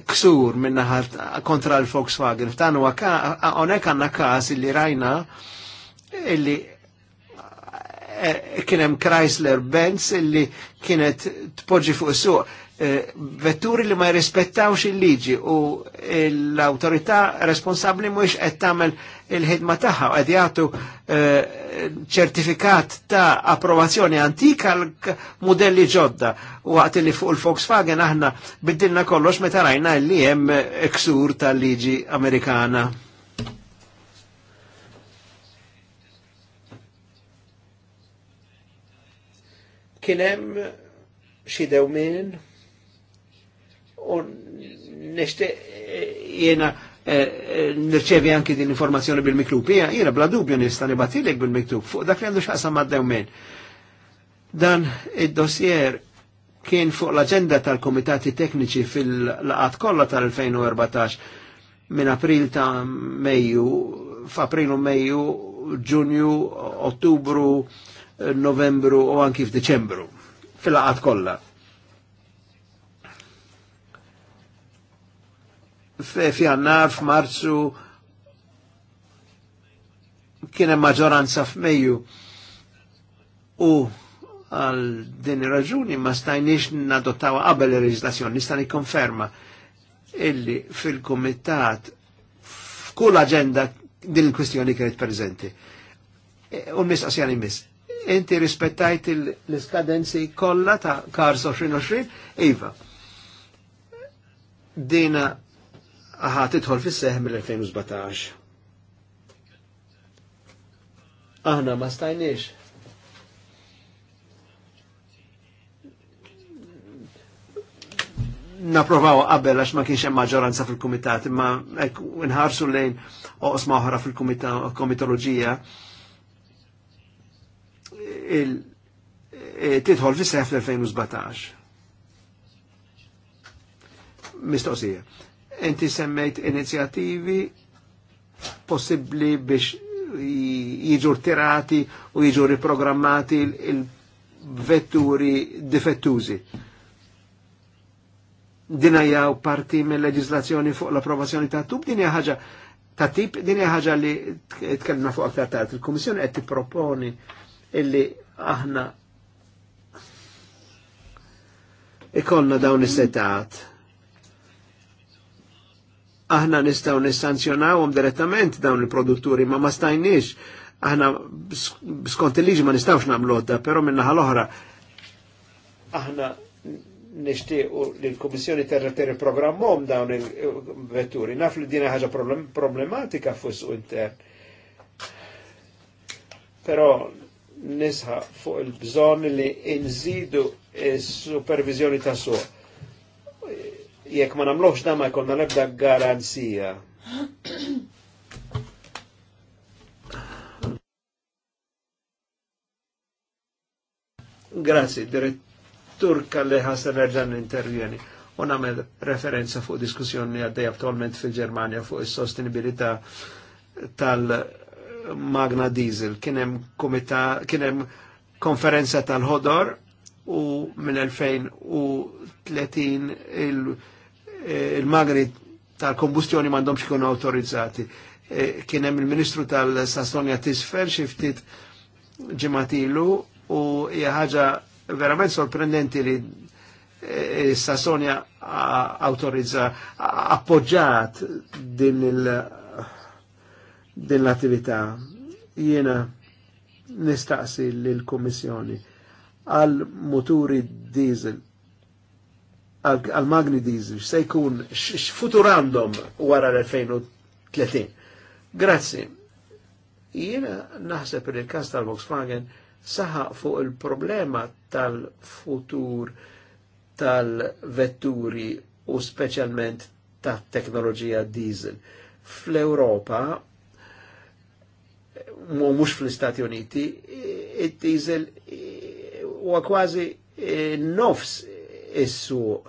ksur minnaħat kontra l-Volkswagen. F'tan huwa hawnhekk għandna każ li rajna illi kien hemm Chrysler Benz illi kienet tpoġġi fuq s suq vetturi li ma jirrispettawx il-liġi u l-autorità responsabli mux qed tagħmel il-ħidma tagħha u qed jagħtu eh, ċertifikat ta' approvazzjoni antika l-modelli ġodda u waqt li fuq il-Volkswagen aħna biddilna kollox meta rajna li hemm eksur tal-liġi Amerikana. Kien hemm xi dewmien u nishtiq jena eh, eh, nirċevi anki din informazzjoni bil Ija, Jena bla dubju nista nibatilek bil miklub fuq dak li għandu xaqsam mad Dan id-dossier kien fuq l-agenda tal-komitati tekniċi fil-laqat kollha tal-2014 minn april ta' Mejju, f'April u Mejju, Ġunju, Ottubru, Novembru u anki f'Diċembru fil-laqat kollha f'jannar, f'marzu, kien hemm maġoranza f'Mejju. U għal din raġuni ma stajniex nadottaw qabel il reġistazzjoni nista' nikkonferma illi fil komitat f'kull agenda din il-kwistjoni kienet prezenti. E, u mistaqsjani mis. Inti rispettajt l-iskadenzi kollha ta' Kars 2020? Iva. Dina Aħa tidħol fis-seħ mill-2017. Aħna ma stajniex. Naprovaw qabel għax ma kienx hemm maġġoranza fil-kumitat, imma hekk inħarsu lejn oqsma oħra fil-komitoloġija e, titħol fis-seħ fl-2017. Mistoqsija Inti semmejt inizjativi possibbli biex jiġu tirati u jiġu riprogrammati il-vetturi difettużi dinajaw parti mill leġislazzjoni fuq l-approvazzjoni ta' tub, din ħaġa ta' tip, din ħaġa li tkellimna fuq aktar ta' il komissjoni qed tipproponi illi aħna ikonna dawn is-setat aħna nistaw nissanzjonawhom direttament dawn il-produtturi ma ma stajniex aħna skont il-liġi ma nistawx nagħmlodda, però minnaħa l-oħra aħna nixtieq li l terra terreteri programmom dawn il-vetturi. Naf li dina ħaġa problematika fuq intern. Però nisħa fuq il bżonn li inżidu is supervizjoni ta' suq jekk ma namluħx da ma jkonna nebda garanzija. Grazie, direttur kalli ħasna nerġan intervjeni. U namel referenza fuq diskussjoni għaddej attualment fil-Germania fuq il sostenibilità tal-Magna Diesel. Kienem, komita, kienem konferenza tal hodor u minn 2030 il- Eh, il-magri tal-kombustjoni mandomx ikunu autorizzati. Eh, kien hemm il-Ministru tal-Sassonja Tisfer xi ftit ġematilu u hija ħaġa verament sorprendenti li eh, Sassonja autorizza appoġġat din il din l-attività. Jiena nistaqsi lill kommissjoni għal muturi diesel għal-magni diesel, se jkun x-futurandom wara l-2030. Grazzi. Jena naħseb il kas tal-Volkswagen saħa fuq il-problema tal-futur tal-vetturi u specialment ta' teknoloġija diesel. Fl-Europa, mux fl-Istati Uniti, il-diesel huwa kważi eh, nofs is-suq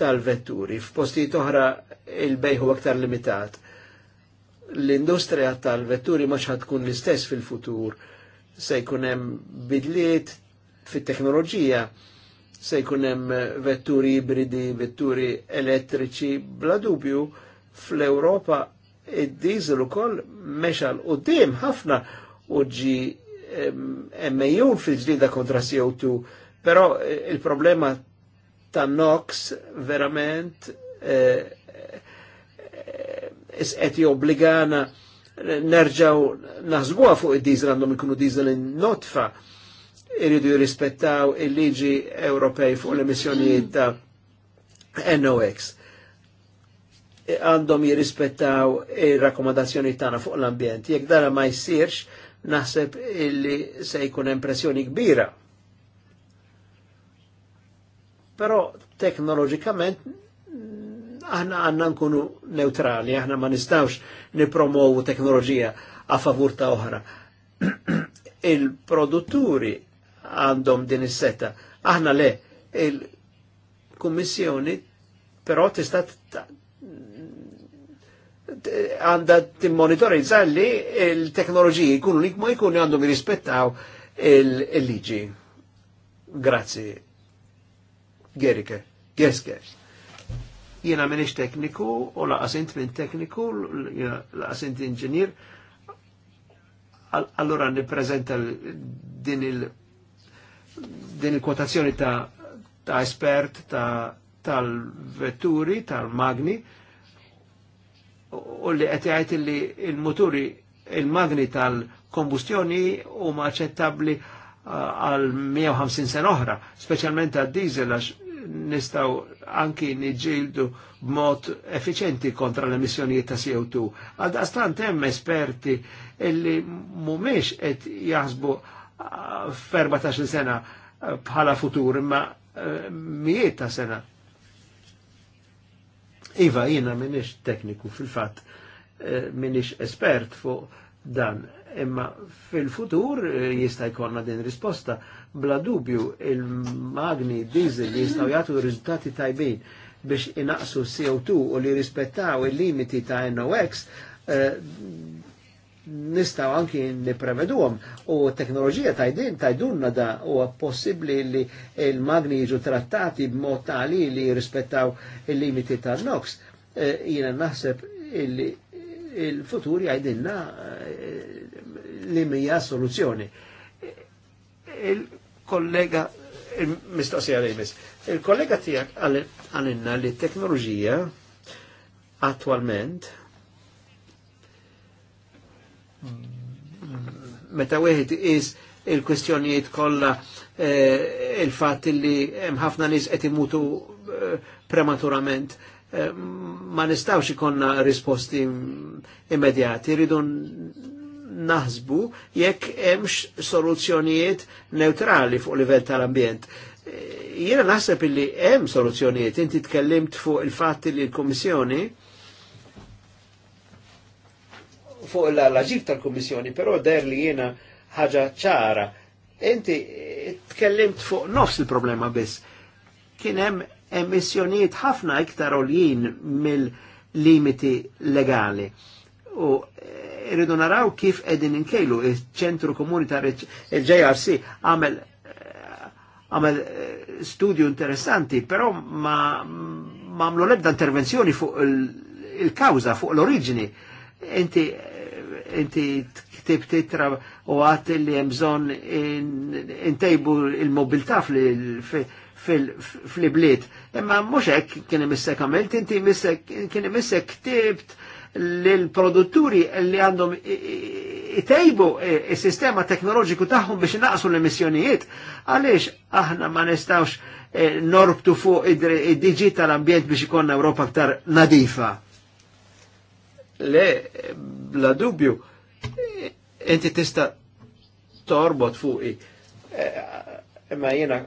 tal-vetturi. F'postijiet oħra il-bejħu aktar limitat. L-industrija tal-vetturi ma ħad tkun l-istess fil-futur. Se jkun hemm bidliet fit-teknoloġija, se jkun hemm vetturi ibridi, vetturi elettriċi, bla dubju fl europa id u ukoll mexa u dim ħafna uġi ġi emmejjun fil-ġlida kontra CO2, però eh, il-problema ta' Nox verament eh, is qed jobbligana nerġaw naħsbuha fuq id-diesel għandhom ikunu diesel in notfa irridu jirrispettaw il-liġi Ewropej fuq l-emissjonijiet ta' NOx. Għandhom jirrispettaw il-rakkomandazzjoni tagħna fuq l-ambjent. Jekk dara ma jsirx, naħseb illi se jkun impressjoni kbira Però teknoloġikament aħna għanna nkunu neutrali, aħna ma nistawx nipromovu teknoloġija a favur ta' oħra. Il-produtturi għandhom din is-seta. Aħna le, il-Kummissjoni però tista' għanda timmonitorizza li il-teknoloġiji jkunu li ma jkunu għandhom jirrispettaw il-liġi. Grazie. Gerike, Geske. Jena minix tekniku u laqasint minn tekniku, laqasint inġinier, allora niprezenta din il- din il-kwotazzjoni ta', ta espert tal-vetturi, ta tal-magni, u li għetijajt li il moturi il-magni tal-kombustjoni u aċċettabbli eh, għal 150 sen oħra, specialment għal-dizel, għax nistaw anki niġildu b'mod effiċenti kontra l-emissjonijiet ta' CO2. Għal daqstant hemm esperti illi mhumiex qed jaħsbu ah, f'14 sena ah, bħala futur imma eh, mijiet ta' sena. Iva, jina minix tekniku fil-fat, eh, minix espert fuq dan, imma fil-futur eh, jista' jkollna din risposta bla dubju il-magni diesel li jistaw jgħatu rizultati tajbin biex inaqsu CO2 u li rispettaw il-limiti ta' NOx eh, nistaw anki nipreveduhom u teknoloġija tajdin tajdunna da u possibli li il-magni jiġu trattati b'mod tali li jirrispettaw il-limiti ta' NOx. Eh, jina naħseb il-futur il jgħidinna eh, li mija soluzzjoni kollega mistoqsija Remis. Il-kollega tijak għalinna li teknoloġija attualment meta wieħed is il-kwestjonijiet kollha eh, il-fatt li hemm ħafna nies qed imutu eh, prematurament eh, ma nistawx ikonna risposti immedjati, ridun naħsbu jekk hemmx soluzzjonijiet neutrali fuq livell tal-ambjent. E, jiena naħseb illi hemm soluzzjonijiet, inti tkellimt fuq il-fatt li l-Kummissjoni fuq l-aġib tal-Kummissjoni, però der li jiena ħaġa ċara. Inti tkellimt fuq nofs il-problema biss. Kien hemm emissjonijiet ħafna iktar oljin mill-limiti legali. U irridu naraw kif edin inkejlu il-ċentru komunitar il-JRC għamel eh, għamel eh, studju interessanti, però ma għamlu lebda intervenzjoni fuq il-kawza, fuq l origini Inti eh, inti ktib titra u għat li jemżon intejbu il-mobilta fil-bliet. Imma mux hekk kien imissek għamilt, inti kien imissek ktibt l-produtturi li għandhom itejbu il-sistema teknoloġiku tagħhom biex naqsu l-emissjonijiet. għalix aħna ma nistawx e, norbtu fuq id-diġi tal-ambjent biex ikonna Ewropa ktar nadifa. Le, bla dubju, inti tista torbot fuqi. E, ma jena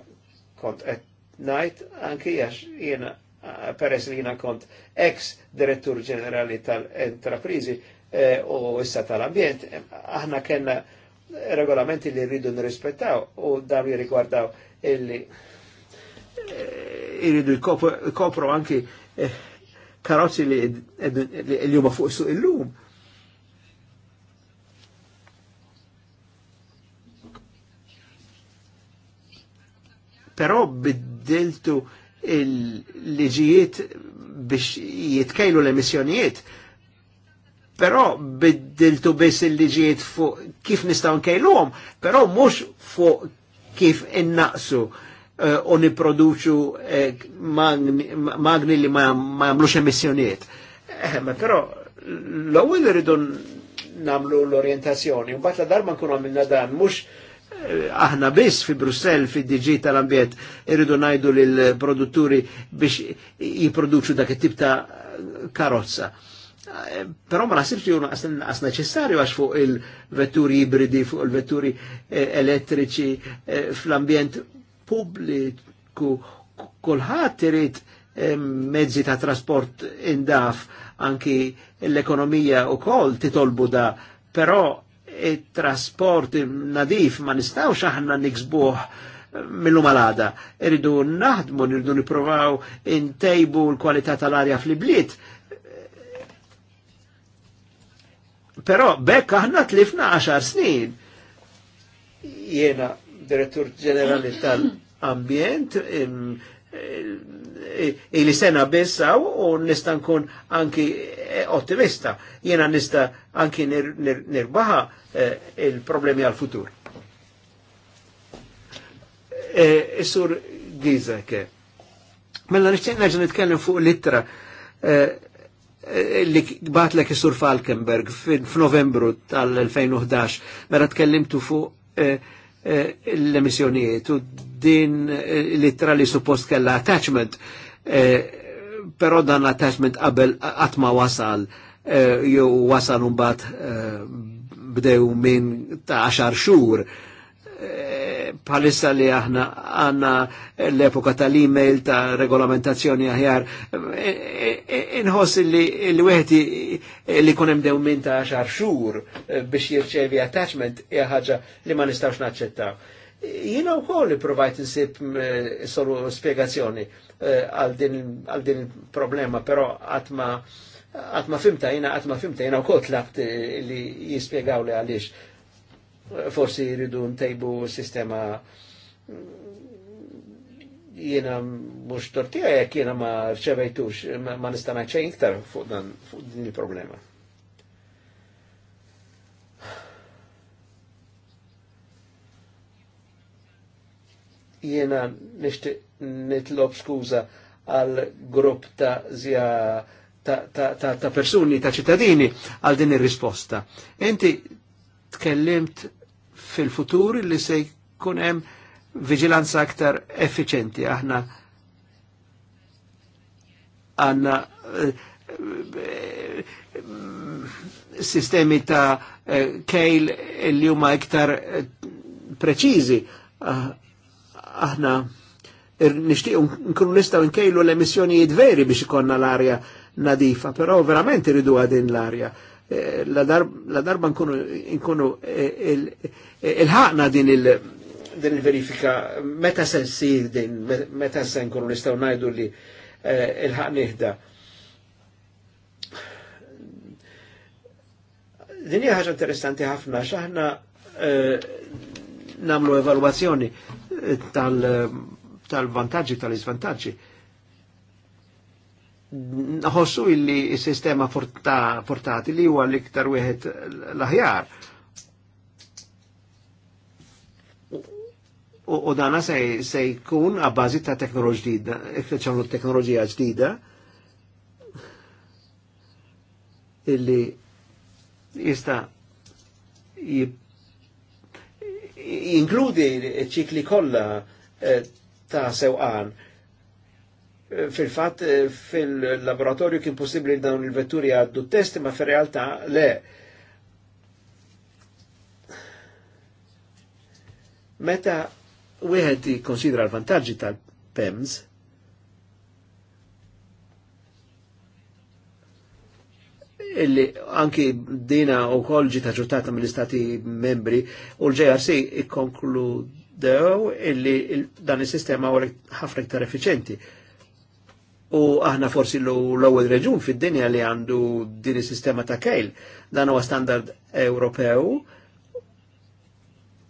kont et najt, anki jax jena Ah, peress li jina kont ex direttur ġenerali tal-entraprizi u eh, issa tal-ambjent, eh, aħna kena regolamenti li rridu nirrispettaw u dawn jirrigwardaw illi eh, irridu jkopru anki karozzi li l-jum fuq suq il-lum. Però biddiltu il-liġijiet biex jitkejlu l-emissjonijiet. Però biddiltu biss il-liġijiet fuq kif nistaw nkejluhom, però mhux fuq kif innaqsu eh, u uh, niproduċu uh, eh, magni, magni li ma jagħmlux emissjonijiet. Eh, ma però l il irridu namlu l-orientazzjoni, mbagħad la darba nkunu għamilna dan mhux aħna biss fi Brussell fi DG tal ambiet irridu najdu lil produtturi biex jiproduċu dak it-tip ta' karozza. Però ma nasibx li għas neċessarju għax fuq il-vetturi ibridi, fuq il-vetturi eh, elettriċi eh, fl-ambjent pubbliku kulħadd irid eh, mezzi ta' trasport indaf anki l-ekonomija u kol titolbu da, però trasport nadif ma nistawx aħna niksbuħ millu malada. Irridu naħdmu, irridu niprovaw intejbu l-kwalità tal-arja fl-ibliet. Però bekk aħna tlifna 10 snin. Jena direttur ġenerali tal-ambjent, il sena bissa u nista nkun anki eh, ottimista. Jena nista anki nirbaħa eh, il-problemi għal-futur. Eh, is-sur Gizek. Mella nixtieq nerġa' nitkellem fuq l-ittra li batlek is-sur Falkenberg f'Novembru tal-2011 mela tkellimtu fuq Eh, l-emissjonijiet u din eh, l li suppost kella attachment eh, pero dan attachment qabel għatma wasal jew wasal un bat bdew minn ta' 10 xhur palissa li aħna għanna l-epoka tal-email ta' regolamentazzjoni aħjar e, e, e, inħoss li l weħti li kunem minn ta' xar xur biex jirċevi attachment hija ħaġa li ma nistawx naċċettaw. Jiena wkoll provajt nsib solu spjegazzjoni għal din il-problema, però għatma għatma fimta jina, għatma fimta jina u koll tlaqt li jispiegaw li għalix forsi jridu ntejbu sistema jiena mux tortija jek jiena ma rċevejtux, ma nistana ċejn iktar fuq dan fuq din il-problema. Jiena nishti nitlob skuza għal grupp ta' zja ta', ta, persuni, ta' ċittadini għal din ir-risposta. Inti tkellimt fil-futur li se jkun hemm viġilanza aktar effiċenti. Aħna għanna eh, sistemi ta' eh, kejl li huma iktar eh, preċiżi. Ah, aħna nixtiequ nkunu nistgħu nkejlu l-emissjonijiet veri biex ikonna l-arja nadifa, però verament iridu għadin l-arja. Eh, la darba nkunu eh, eh, il-ħakna din il- din il-verifika meta sen sir din, meta sen kunu nistaw najdu li il-ħak nihda. Din hija ħaġa interessanti ħafna x'aħna namlu evalwazzjoni tal-vantaġġi tal-iżvantaġġi naħossu illi s-sistema portati li huwa l-iktar wieħed l-aħjar. U dana se jkun għabbażi ta' teknoloġija ġdida, ikreċamlu teknoloġija ġdida, illi jista jinkludi ċikli kolla eh, ta' sewqan fil-fat eh, fil-laboratorju kien possibli li dawn il-vetturi għaddu test ma fil-realtà le. Meta u għed jikkonsidra l vantagġi tal-PEMS, illi anki dina u kol ġita ġutata mill-istati membri u l-JRC ikkonkludew illi dan il-sistema għu ħafna iktar effiċenti U aħna forsi l-ewwel reġun fid-dinja li għandu din is-sistema ta' kejl. Dan huwa standard Ewropew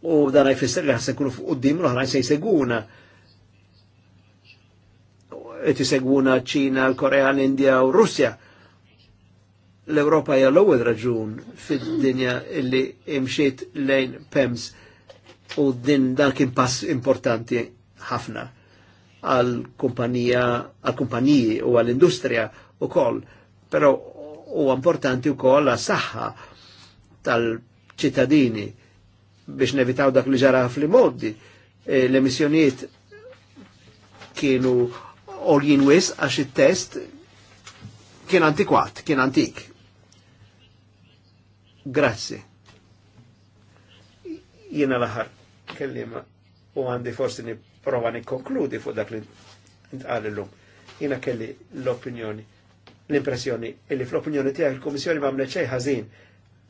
u dan jfisser li ħassa kunu fuq l se jseguna. Qed isegwuna ċina, l-Korea, l-Indja u Russja. L-Ewropa hija l-ewwel raġun fid-dinja li imxiet lejn PEMS u din dan kien pass importanti ħafna għal-kumpanija, għal-kumpaniji u għal-industrija u koll, pero u importanti u koll la saħħa tal-ċittadini biex nevitaw dak li ġara fl-moddi. E, L-emissjoniet kienu orjin wis għax il-test kien antikwat, kien antik. Grazzi. Jena laħar kellima u għandi forsi nip prova nikkonkludi fuq dak li ntqal illum. Jiena kelli l-opinjoni, l-impressjoni illi fl-opinjoni tiegħek il-Kummissjoni ma mneċej xejn ħażin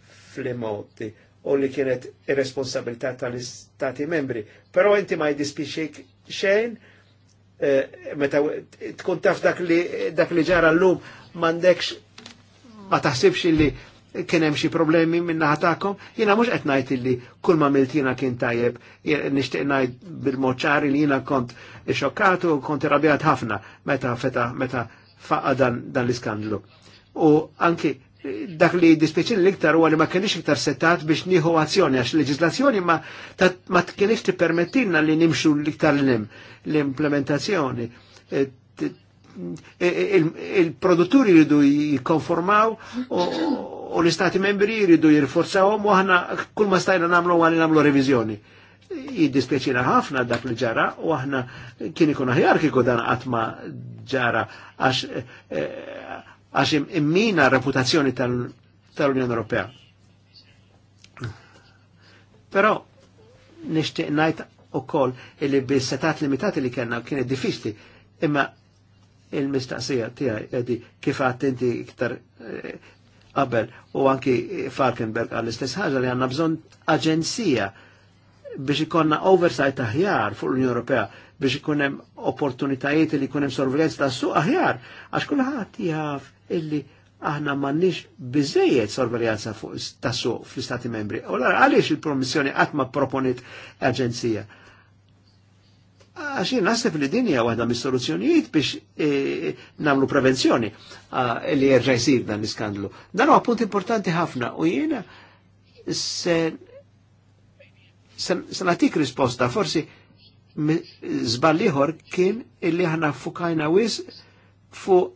fl-imoti u li kienet irresponsabilità tal-istati membri. Però inti ma jdispixik xejn eh, meta tkun taf dak li dak li ġara llum m'għandekx ma taħsibx li kien hemm xi problemi min-naħa tagħkom, jiena mhux qed ngħid illi kull ma miltina kien tajjeb, nixtieq ngħid bil-moċari li jiena kont xokkatu u kont irrabjat ħafna meta feta meta faqa dan, dan l-iskandlu. U anki dak li dispiċin l-iktar u li ma kienix iktar settat biex nieħu azzjoni għax leġislazzjoni ma, ma kienix tippermettilna li nimxu l-iktar l-im l-implementazzjoni eh, il-produtturi jridu jikonformaw u l-istati membri jridu jirforzawhom u għahna kull ma stajna nagħmlu għalli nagħmlu reviżjoni. Jiddispjaċina ħafna dak li ġara u għahna kien ikun aħjar kieku dan għatma ġara għax eh, immina reputazzjoni tal-Unjoni Ewropea. Però nixtieq ngħid ukoll illi bis-setat limitati li kellna kienet diffiċli imma il-mistaqsija tiegħi edi, kif għadt inti iktar eh, qabel u anki Falkenberg għall istess ħaġa li għandna bżonn aġenzija biex ikonna oversight aħjar fuq l-Unjoni Ewropea biex ikun hemm opportunitajiet li jkun hemm sorveljanza ta' suq aħjar għax kulħadd jaf illi aħna m'għandniex biżejjed sorveljanza fuq suq fl istati membri. U għaliex il-Promissjoni qatt ma' proponit aġenzija. Għax jien naħseb li dinja għahda mis-soluzzjonijiet biex e, nagħmlu prevenzjoni li jerġa' dan l-iskandlu. Dan huwa punt importanti ħafna u jiena se natik risposta forsi zballiħor kien illi ħana fukajna wis fu e,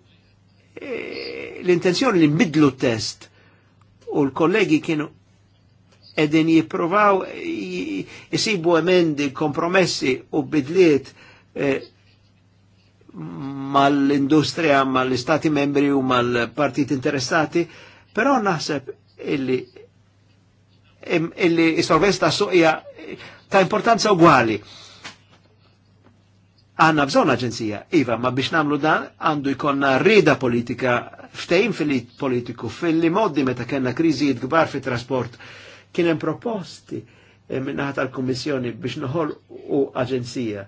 l-intenzjoni li mbidlu test u l-kollegi kienu edin jiprovaw jisibu emendi, kompromessi u bidliet eh, mal-industrija, mal-istati membri u mal-partit interessati, però naħseb illi illi sorvesta suqja ta' importanza uguali. Għanna bżon aġenzija, Iva, ma biex namlu dan għandu jkonna rida politika, ftejn fil-politiku, fil-li moddi meta kena kriżijiet gbar fit trasport Kien hemm proposti eh, minnaħat tal-Kummissjoni biex noħol u aġenzija.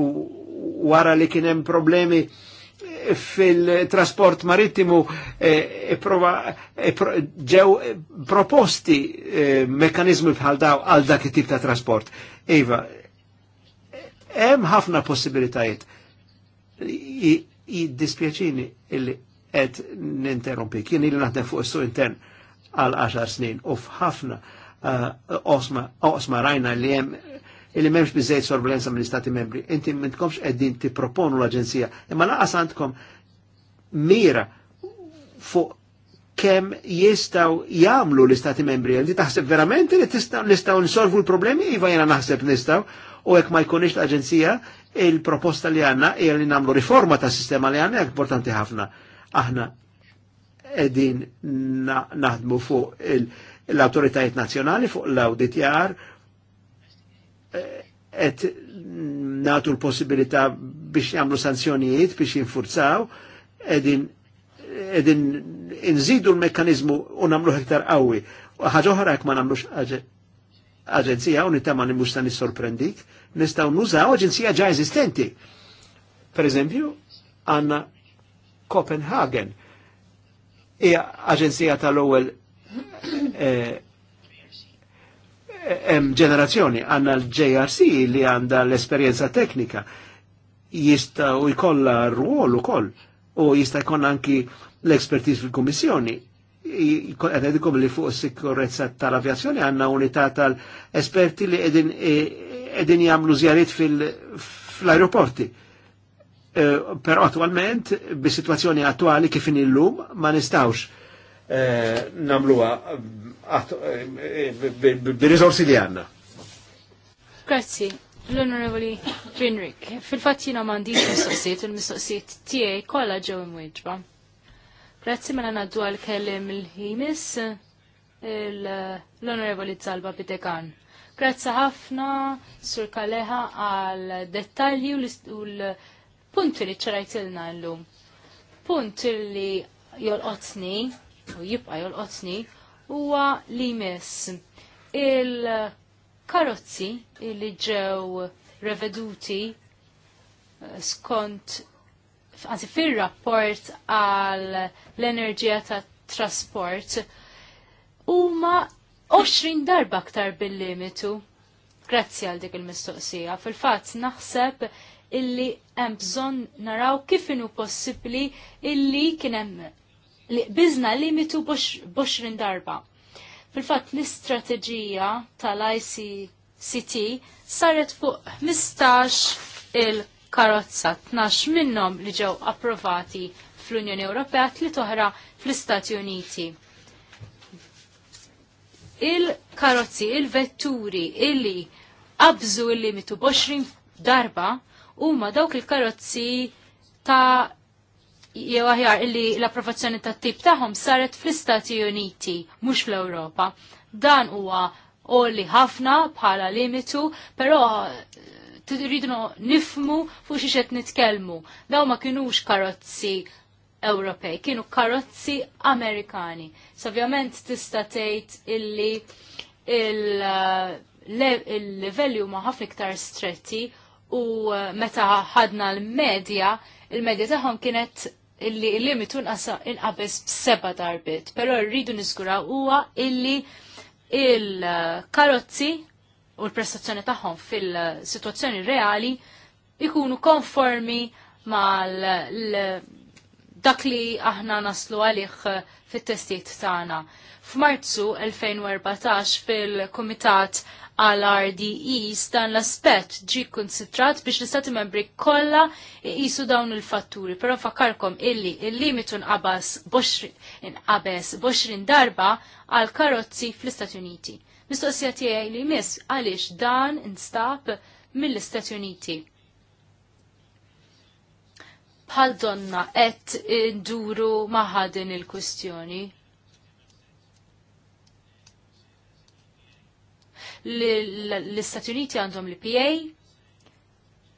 U wara li kien hemm problemi eh, fil-trasport marittimu eh, e e ġew proposti mekanizmi bħal daw għal dak it-tip ta' trasport. Iva, hemm ħafna possibilitajiet. Jiddispjaċini illi qed ninterrompi, kien illi naħdem fuq is-su intern għal 10 snin u f'ħafna eh, osma rajna li jem illi memx bizzejt sorbulenza minn istati membri. Inti mintkomx eddin ti proponu l agenzija imma laqas għandkom mira fuq kem jistaw jamlu l-istati membri. Inti taħseb verament li nistaw nisolvu l-problemi, iva jena naħseb nistaw, u jek ma jkunix l agenzija il-proposta li għanna hija li namlu riforma ta' sistema li għanna importanti ħafna. Aħna edin naħdmu fuq l-autoritajiet nazjonali fuq l-auditjar eh, et natu l-possibilità biex jamlu sanzjonijiet biex jinfurzaw edin edin inżidu l-mekkanizmu u namlu iktar qawwi. Ħaġa oħra jekk ma namlux aġenzija u nittama li ta' nissorprendik, nistgħu nużaw aġenzija ġa eżistenti. Per eżempju, għandna Copenhagen hija aġenzija tal-ewwel hemm eh, eh, ġenerazzjoni għandna l-JRC li għandha l-esperjenza teknika jista u jkollha rwol ukoll u jista' jkun anki l-ekspertiż fil-Kummissjoni. Qed li fuq sikurezza tal-avjazzjoni għandna unità tal-esperti li qegħdin eh, jagħmlu żjarit fil-aeroporti. Fil Uh, eh, però attualment, bi situazzjoni attuali kif illum ma nistawx eh, namluha eh, bi risorsi li għanna. Grazzi, l-Onorevoli Finrik. fil fat jina mandi il-mistoqsijiet, il-mistoqsijiet tiegħi kollha ġew imwieġba. Grazzi mela ngħaddu għal kellim il-ħimis l-Onorevoli Zalba Pitekan. Grazzi ħafna Sur Kaleħa, għal dettalji u l punti li ċarajt il-na l-lum. Punt li jolqotni, u jibqa jolqotni, huwa li jmiss il-karozzi li ġew reveduti eh, skont għazi fil-rapport għal l-enerġija ta' trasport huma 20 darba aktar bil-limitu. Grazzi għal dik il-mistoqsija. Fil-fatt naħseb illi hemm bżonn naraw kif inhu possibbli illi kien hemm li biżna limitu Boxrin darba. Fil-fatt l-istrateġija tal-ICCT saret fuq 15 il-karozza, 12 minnhom li ġew approvati fl-Unjoni Ewropea, li toħra fl-Istati Uniti. Il-karozzi, il-vetturi illi qabżu il-limitu 20 darba huma dawk il-karozzi ta' jew aħjar illi l-approvazzjoni tat tip tagħhom saret fl-Istati Uniti, mhux fl-Ewropa. Dan huwa olli ħafna bħala limitu, però eh, rridu nifmu fuq xi qed nitkellmu. Daw ma kinux karozzi Ewropej, kienu karozzi Amerikani. Sovjament tista' tgħid illi eh, il-livelli huma ħafna iktar stretti u eh, meta ħadna l-medja, il-medja tagħhom kienet illi il-limitu inqabes b'seba darbit, però rridu niskura huwa illi il-karozzi u l-prestazzjoni tagħhom fil-sitwazzjoni reali ikunu konformi mal dak li aħna naslu għalih eh, fit-testijiet tagħna. F'Marzu 2014 fil-Kumitat għal RDEs dan l-aspett ġi konsidrat biex l-Istati membri kollha jqisu dawn il-fatturi, però fakarkom illi il-limitu nqabas inqabes 20 darba għal karozzi fl-Istati Uniti. Mistoqsija tiegħi li miss għaliex dan instab mill-Istati Uniti bħal donna qed induru maħadin il kustjoni L-Istati Uniti għandhom l-PA,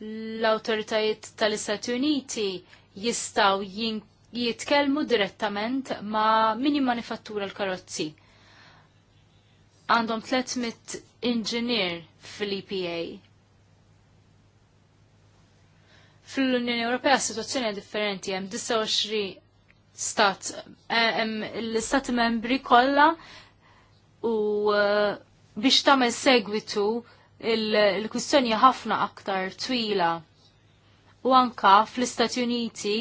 l-autoritajiet tal-Istati Uniti jistaw jitkelmu direttament ma' min manifattura l-karozzi. Għandhom 300 inġinier fil-EPA Fl-Unjoni Ewropea situazzjoni differenti, hemm 29 stat, eh, hemm l-istati membri kollha u eh, biex tagħmel segwitu il-kwistjoni ħafna aktar twila. U anka fl-Istati Uniti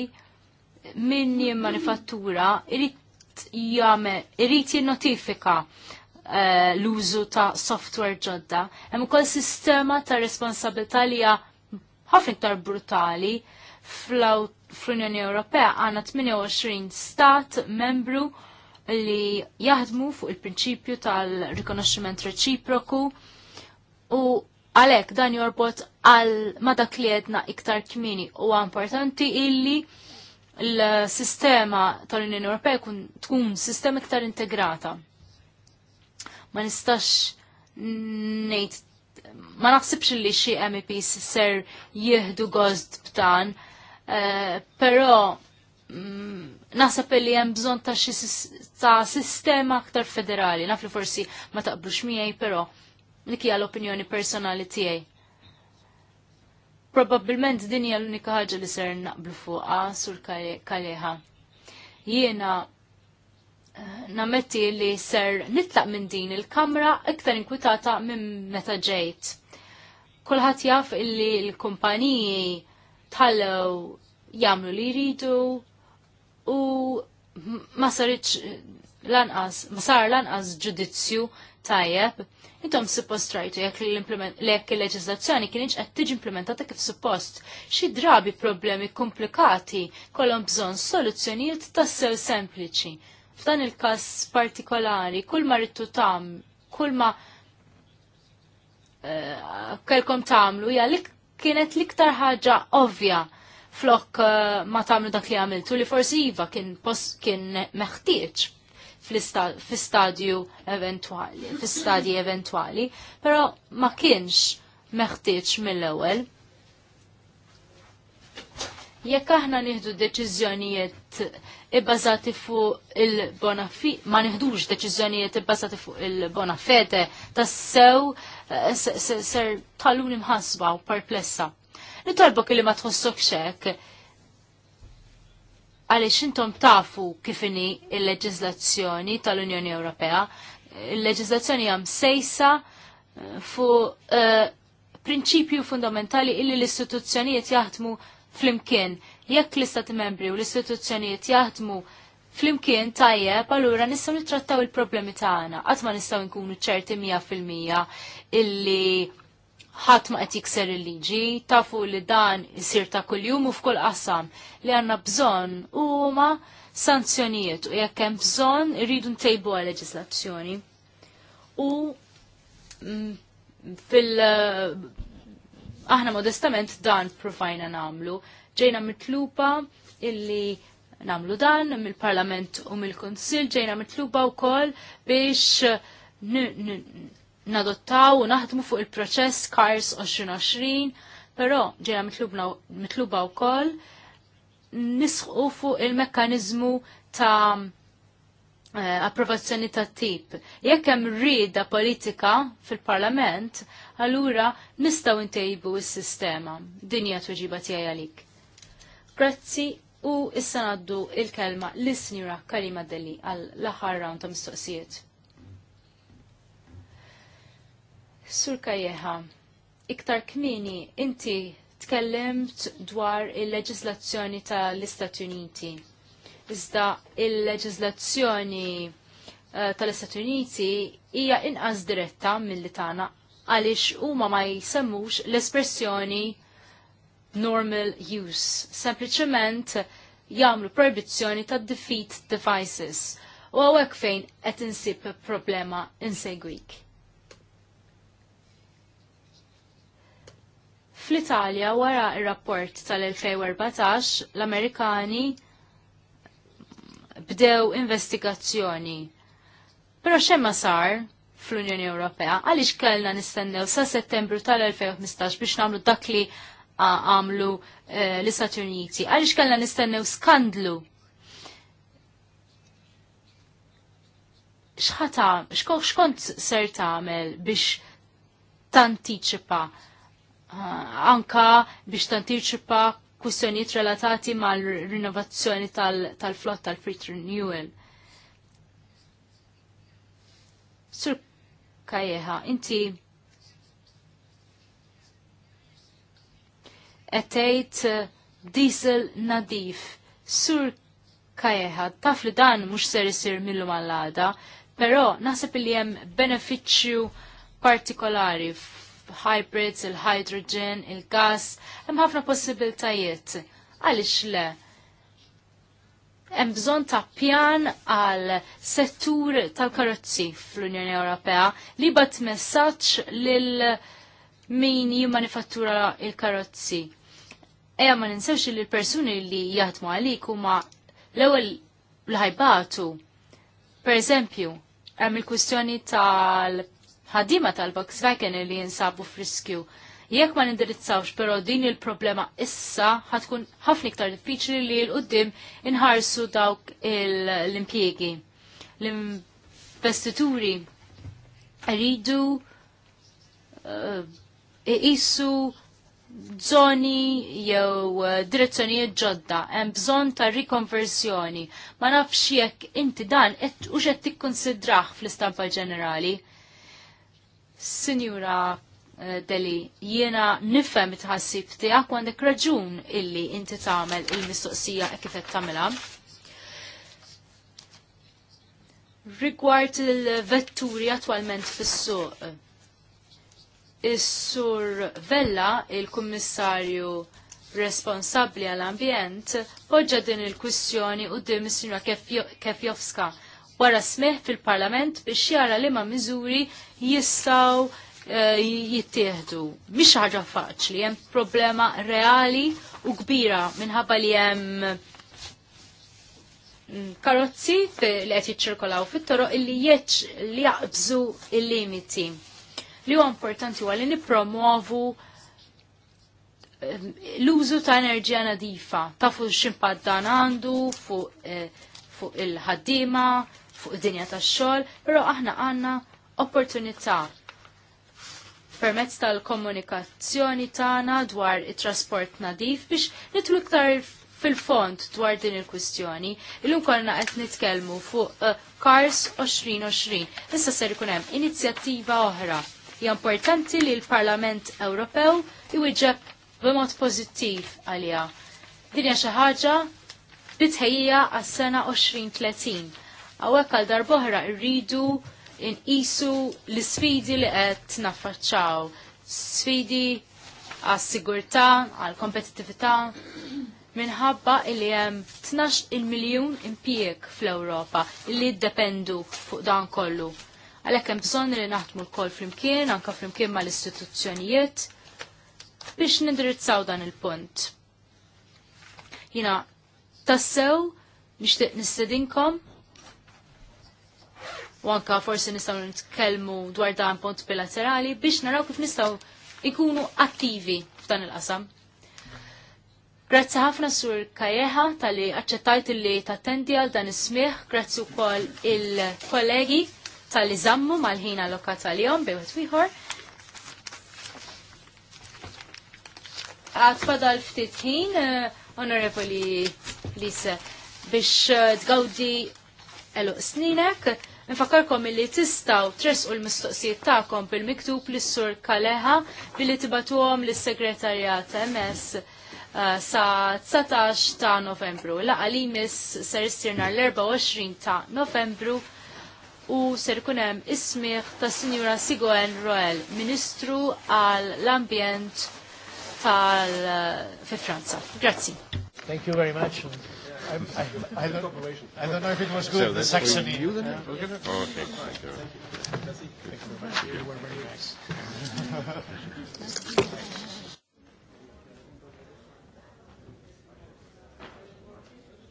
minn manifattura irid jagħmel irid jinnotifika eh, l-użu ta' software ġodda. Hemm ukoll sistema ta' responsabilità li hija ħafna iktar brutali fl-Unjoni Ewropea għandna 28 stat membru li jaħdmu fuq il-prinċipju tal-rikonoxximent reċiproku u għalek dan jorbot għal madak li jedna iktar kmini u importanti illi l-sistema tal-Unjoni Ewropea tkun sistema iktar integrata. Ma nistax nejt ma naħsibx li xi MEPs ser jieħdu gost b'tan, uh, eh, però mm, naħseb li hemm bżonn ta' xi ta' sistema aktar federali, naf li forsi ma taqblux miegħi però dik hija l-opinjoni personali tiegħi. Probabbilment din hija l-unika ħaġa li ser naqblu fuqha sur kaljeħa. Jiena nammetti li ser nitlaq minn din il-kamra iktar inkwitata minn meta ġejt. Kulħadd jaf illi l-kumpaniji tħallew jagħmlu li jridu u ma saritx lanqas, ma sar lanqas ġudizzju tajjeb, intom suppost rajtu jekk il-leġizlazzjoni kienieċ qed tiġi implementata kif suppost. Xi drabi problemi komplikati kollhom bżonn soluzzjonijiet tassew sempliċi f'dan il-każ partikolari, kull ma rittu tam, kull ma uh, eh, kelkom tamlu, hija li kienet liktar ħaġa ovvja flok uh, ma tamlu dak li għamiltu li forsi iva kien, kien meħtieġ fil-stadju eventuali, fil istadji eventuali, pero ma kienx meħtieġ mill-ewwel. Jekk aħna nieħdu deċiżjonijiet ibbażati fuq il-bona ma nieħdux deċiżjonijiet ibbażati fuq il-bona fede tas-sew eh, ser talun imħasba u perplessa. Nitolbok li ma tħossok xek għaliex intom tafu kifini il-leġizlazzjoni tal-Unjoni Ewropea, il-leġizlazzjoni jam sejsa eh, fuq eh, prinċipju fundamentali illi l-istituzzjonijiet jaħdmu flimkien Jekk l-istati membri u l-istituzzjonijiet jaħdmu flimkien tajjeb, allura nistgħu nittrattaw il-problemi tagħna. Qatt ma nistgħu nkunu ċerti mija fil-mija illi ħadd ma qed jikser il-liġi, tafu li dan isir ta' kuljum u f'kull qasam li għandna bżonn huma sanzjonijiet u jekk hemm bżonn irridu ntejbu għal leġislazzjoni. U mm, fil aħna modestament dan provajna namlu. Ġejna mitluba illi namlu dan mill-Parlament u mill-Konsil, ġejna mitluba wkoll biex nadottaw u naħdmu fuq il-proċess CARS 2020, però ġejna mitluba wkoll nisħu fuq il-mekkanizmu ta' Eh, approvazzjoni ta' tip. Jekk hemm rieda politika fil-Parlament, allura nistgħu ntejbu s-sistema. Dinja tweġiba tiegħi għalik. Grazzi u issa ngħaddu il-kelma l isnira Karima Deli għall-aħħar round ta' mistoqsijiet. Sur Kajjeħa, iktar kmini inti tkellimt dwar il-leġislazzjoni tal-Istati Uniti Iżda il-leġizlazzjoni eh, tal-Istati Uniti hija inqas diretta mill-li tagħna għaliex huma ma jsemmux l-espressjoni normal use. Sempliċement jagħmlu proibizzjoni ta' defeat devices. U għawek fejn qed insib problema insegwik. Fl-Italja wara ir-rapport tal-2014 l-Amerikani bdew investigazzjoni. Però xemma sar fl-Unjoni Ewropea, għaliex kellna nistennew sa settembru tal-2015 biex nagħmlu dak li għamlu eh, l-Istati Uniti, għaliex kellna nistennew skandlu xħata, xkont ser tagħmel biex tantiċipa ah, anka biex tantiċipa kustjonijiet relatati mal-rinnovazzjoni tal-flott tal tal-fleet renewal. Sur Kajeha, inti etejt diesel nadif. Sur Kajeha, taf li dan mux ser jisir millu mal-lada, pero nasib li jem beneficju partikolari hybrids, il-hydrogen, il-gas, hemm ħafna possibiltajiet. Għaliex le? Hemm bżonn ta' pjan għal settur tal-karozzi fl-Unjoni Ewropea li bat messaġġ lil min jimmanifattura il-karozzi. Eja ma ninsewx li l-persuni li jaħdmu għalik huma l-ewwel l-ħajbatu. Per eżempju, hemm il-kwistjoni tal ħadima tal-Volkswagen li jinsabu friskju. Jekk ma nindirizzawx però din il-problema issa ħatkun ħafna iktar diffiċli li l qudiem inħarsu dawk l-impjiegi. L-investituri rridu eh, iqisu zoni jew eh, direzzjonijiet ġodda, hemm bżonn ta' rikonversjoni. Ma nafx jekk inti dan qed u qed tikkonsidrah fl-istampa ġenerali. Sinjura eh, Deli, jiena nifhem it-ħassib tiegħek għandek raġun illi inti tagħmel il-mistoqsija e kif qed tagħmilha. Rigward il-vetturi attwalment fis-suq, is-sur Vella, il-Kummissarju responsabbli għall-ambjent, poġġa din il-kwistjoni u dim is-sinjura wara smeħ fil-Parlament biex jara li ma miżuri jistaw eh, jittieħdu. Mhix ħaġa faċli, hemm problema reali u kbira minħabba li hemm mm, karozzi li qed jiċċirkolaw fit-toroq illi jeċ li jaqbżu il-limiti. Li huwa importanti huwa li nippromovu ehm, l-użu ta' enerġija nadifa, ta' fuq ximpat dan għandu, fuq eh, il-ħaddima, fuq id-dinja tax-xogħol, però aħna għandna opportunità permezz tal-komunikazzjoni tagħna dwar it-trasport nadif biex nitlu iktar fil fond dwar din il-kwistjoni. Illum konna qed nitkellmu fuq eh, Cars 2020. Issa ser ikun hemm inizjattiva oħra. Hija importanti li l-Parlament Ewropew iwieġeb b'mod pożittiv għaliha. Din hija xi ħaġa bitħejja għas-sena 2030 Għawek għal darboħra rridu nqisu l-sfidi li qed naffaċċaw. Sfidi għas-sigurtà, għal-kompetittività, minħabba li hemm 12 il-miljun impjieg fl-Ewropa li jiddependu fuq dan kollu. Għalhekk hemm bżonn li naħdmu lkoll flimkien, anke flimkien mal-istituzzjonijiet biex nindirizzaw dan il-punt. Jina tassew nixtieq nistedinkom u anka forsi nistaw nitkellmu dwar dan punt bilaterali biex naraw kif nistaw ikunu attivi f'dan il-qasam. Grazzi ħafna sur Kajeha tal-li accettajt li tattendi għal dan ismiħ, grazzi u kol il-kollegi tal-li zammu mal ħina allokat għal-jom bejwet wieħor. Għatfadal ftit ħin, eh, onorevoli Lisa, biex eh, tgawdi eluq sninek Nfakarkom illi tistaw tresqu l-mistoqsijiet tagħkom bil-miktub lis sur Kaleha billi tibatuhom lis-segretarjat MS uh, sa 19 ta' Novembru. La' li miss ser sirna l-24 ta' Novembru u ser kunem ismiħ ta' Sinjura Sigoen Roel, Ministru għal l-Ambjent tal uh, Franza. Grazzi. Thank you very much. I, I, don't, I don't know if it was good, so the Saxony. You then? Yeah. Okay. Oh, okay. Thank you. Thank you. Thank you. Thank you. Thank you. Thank you.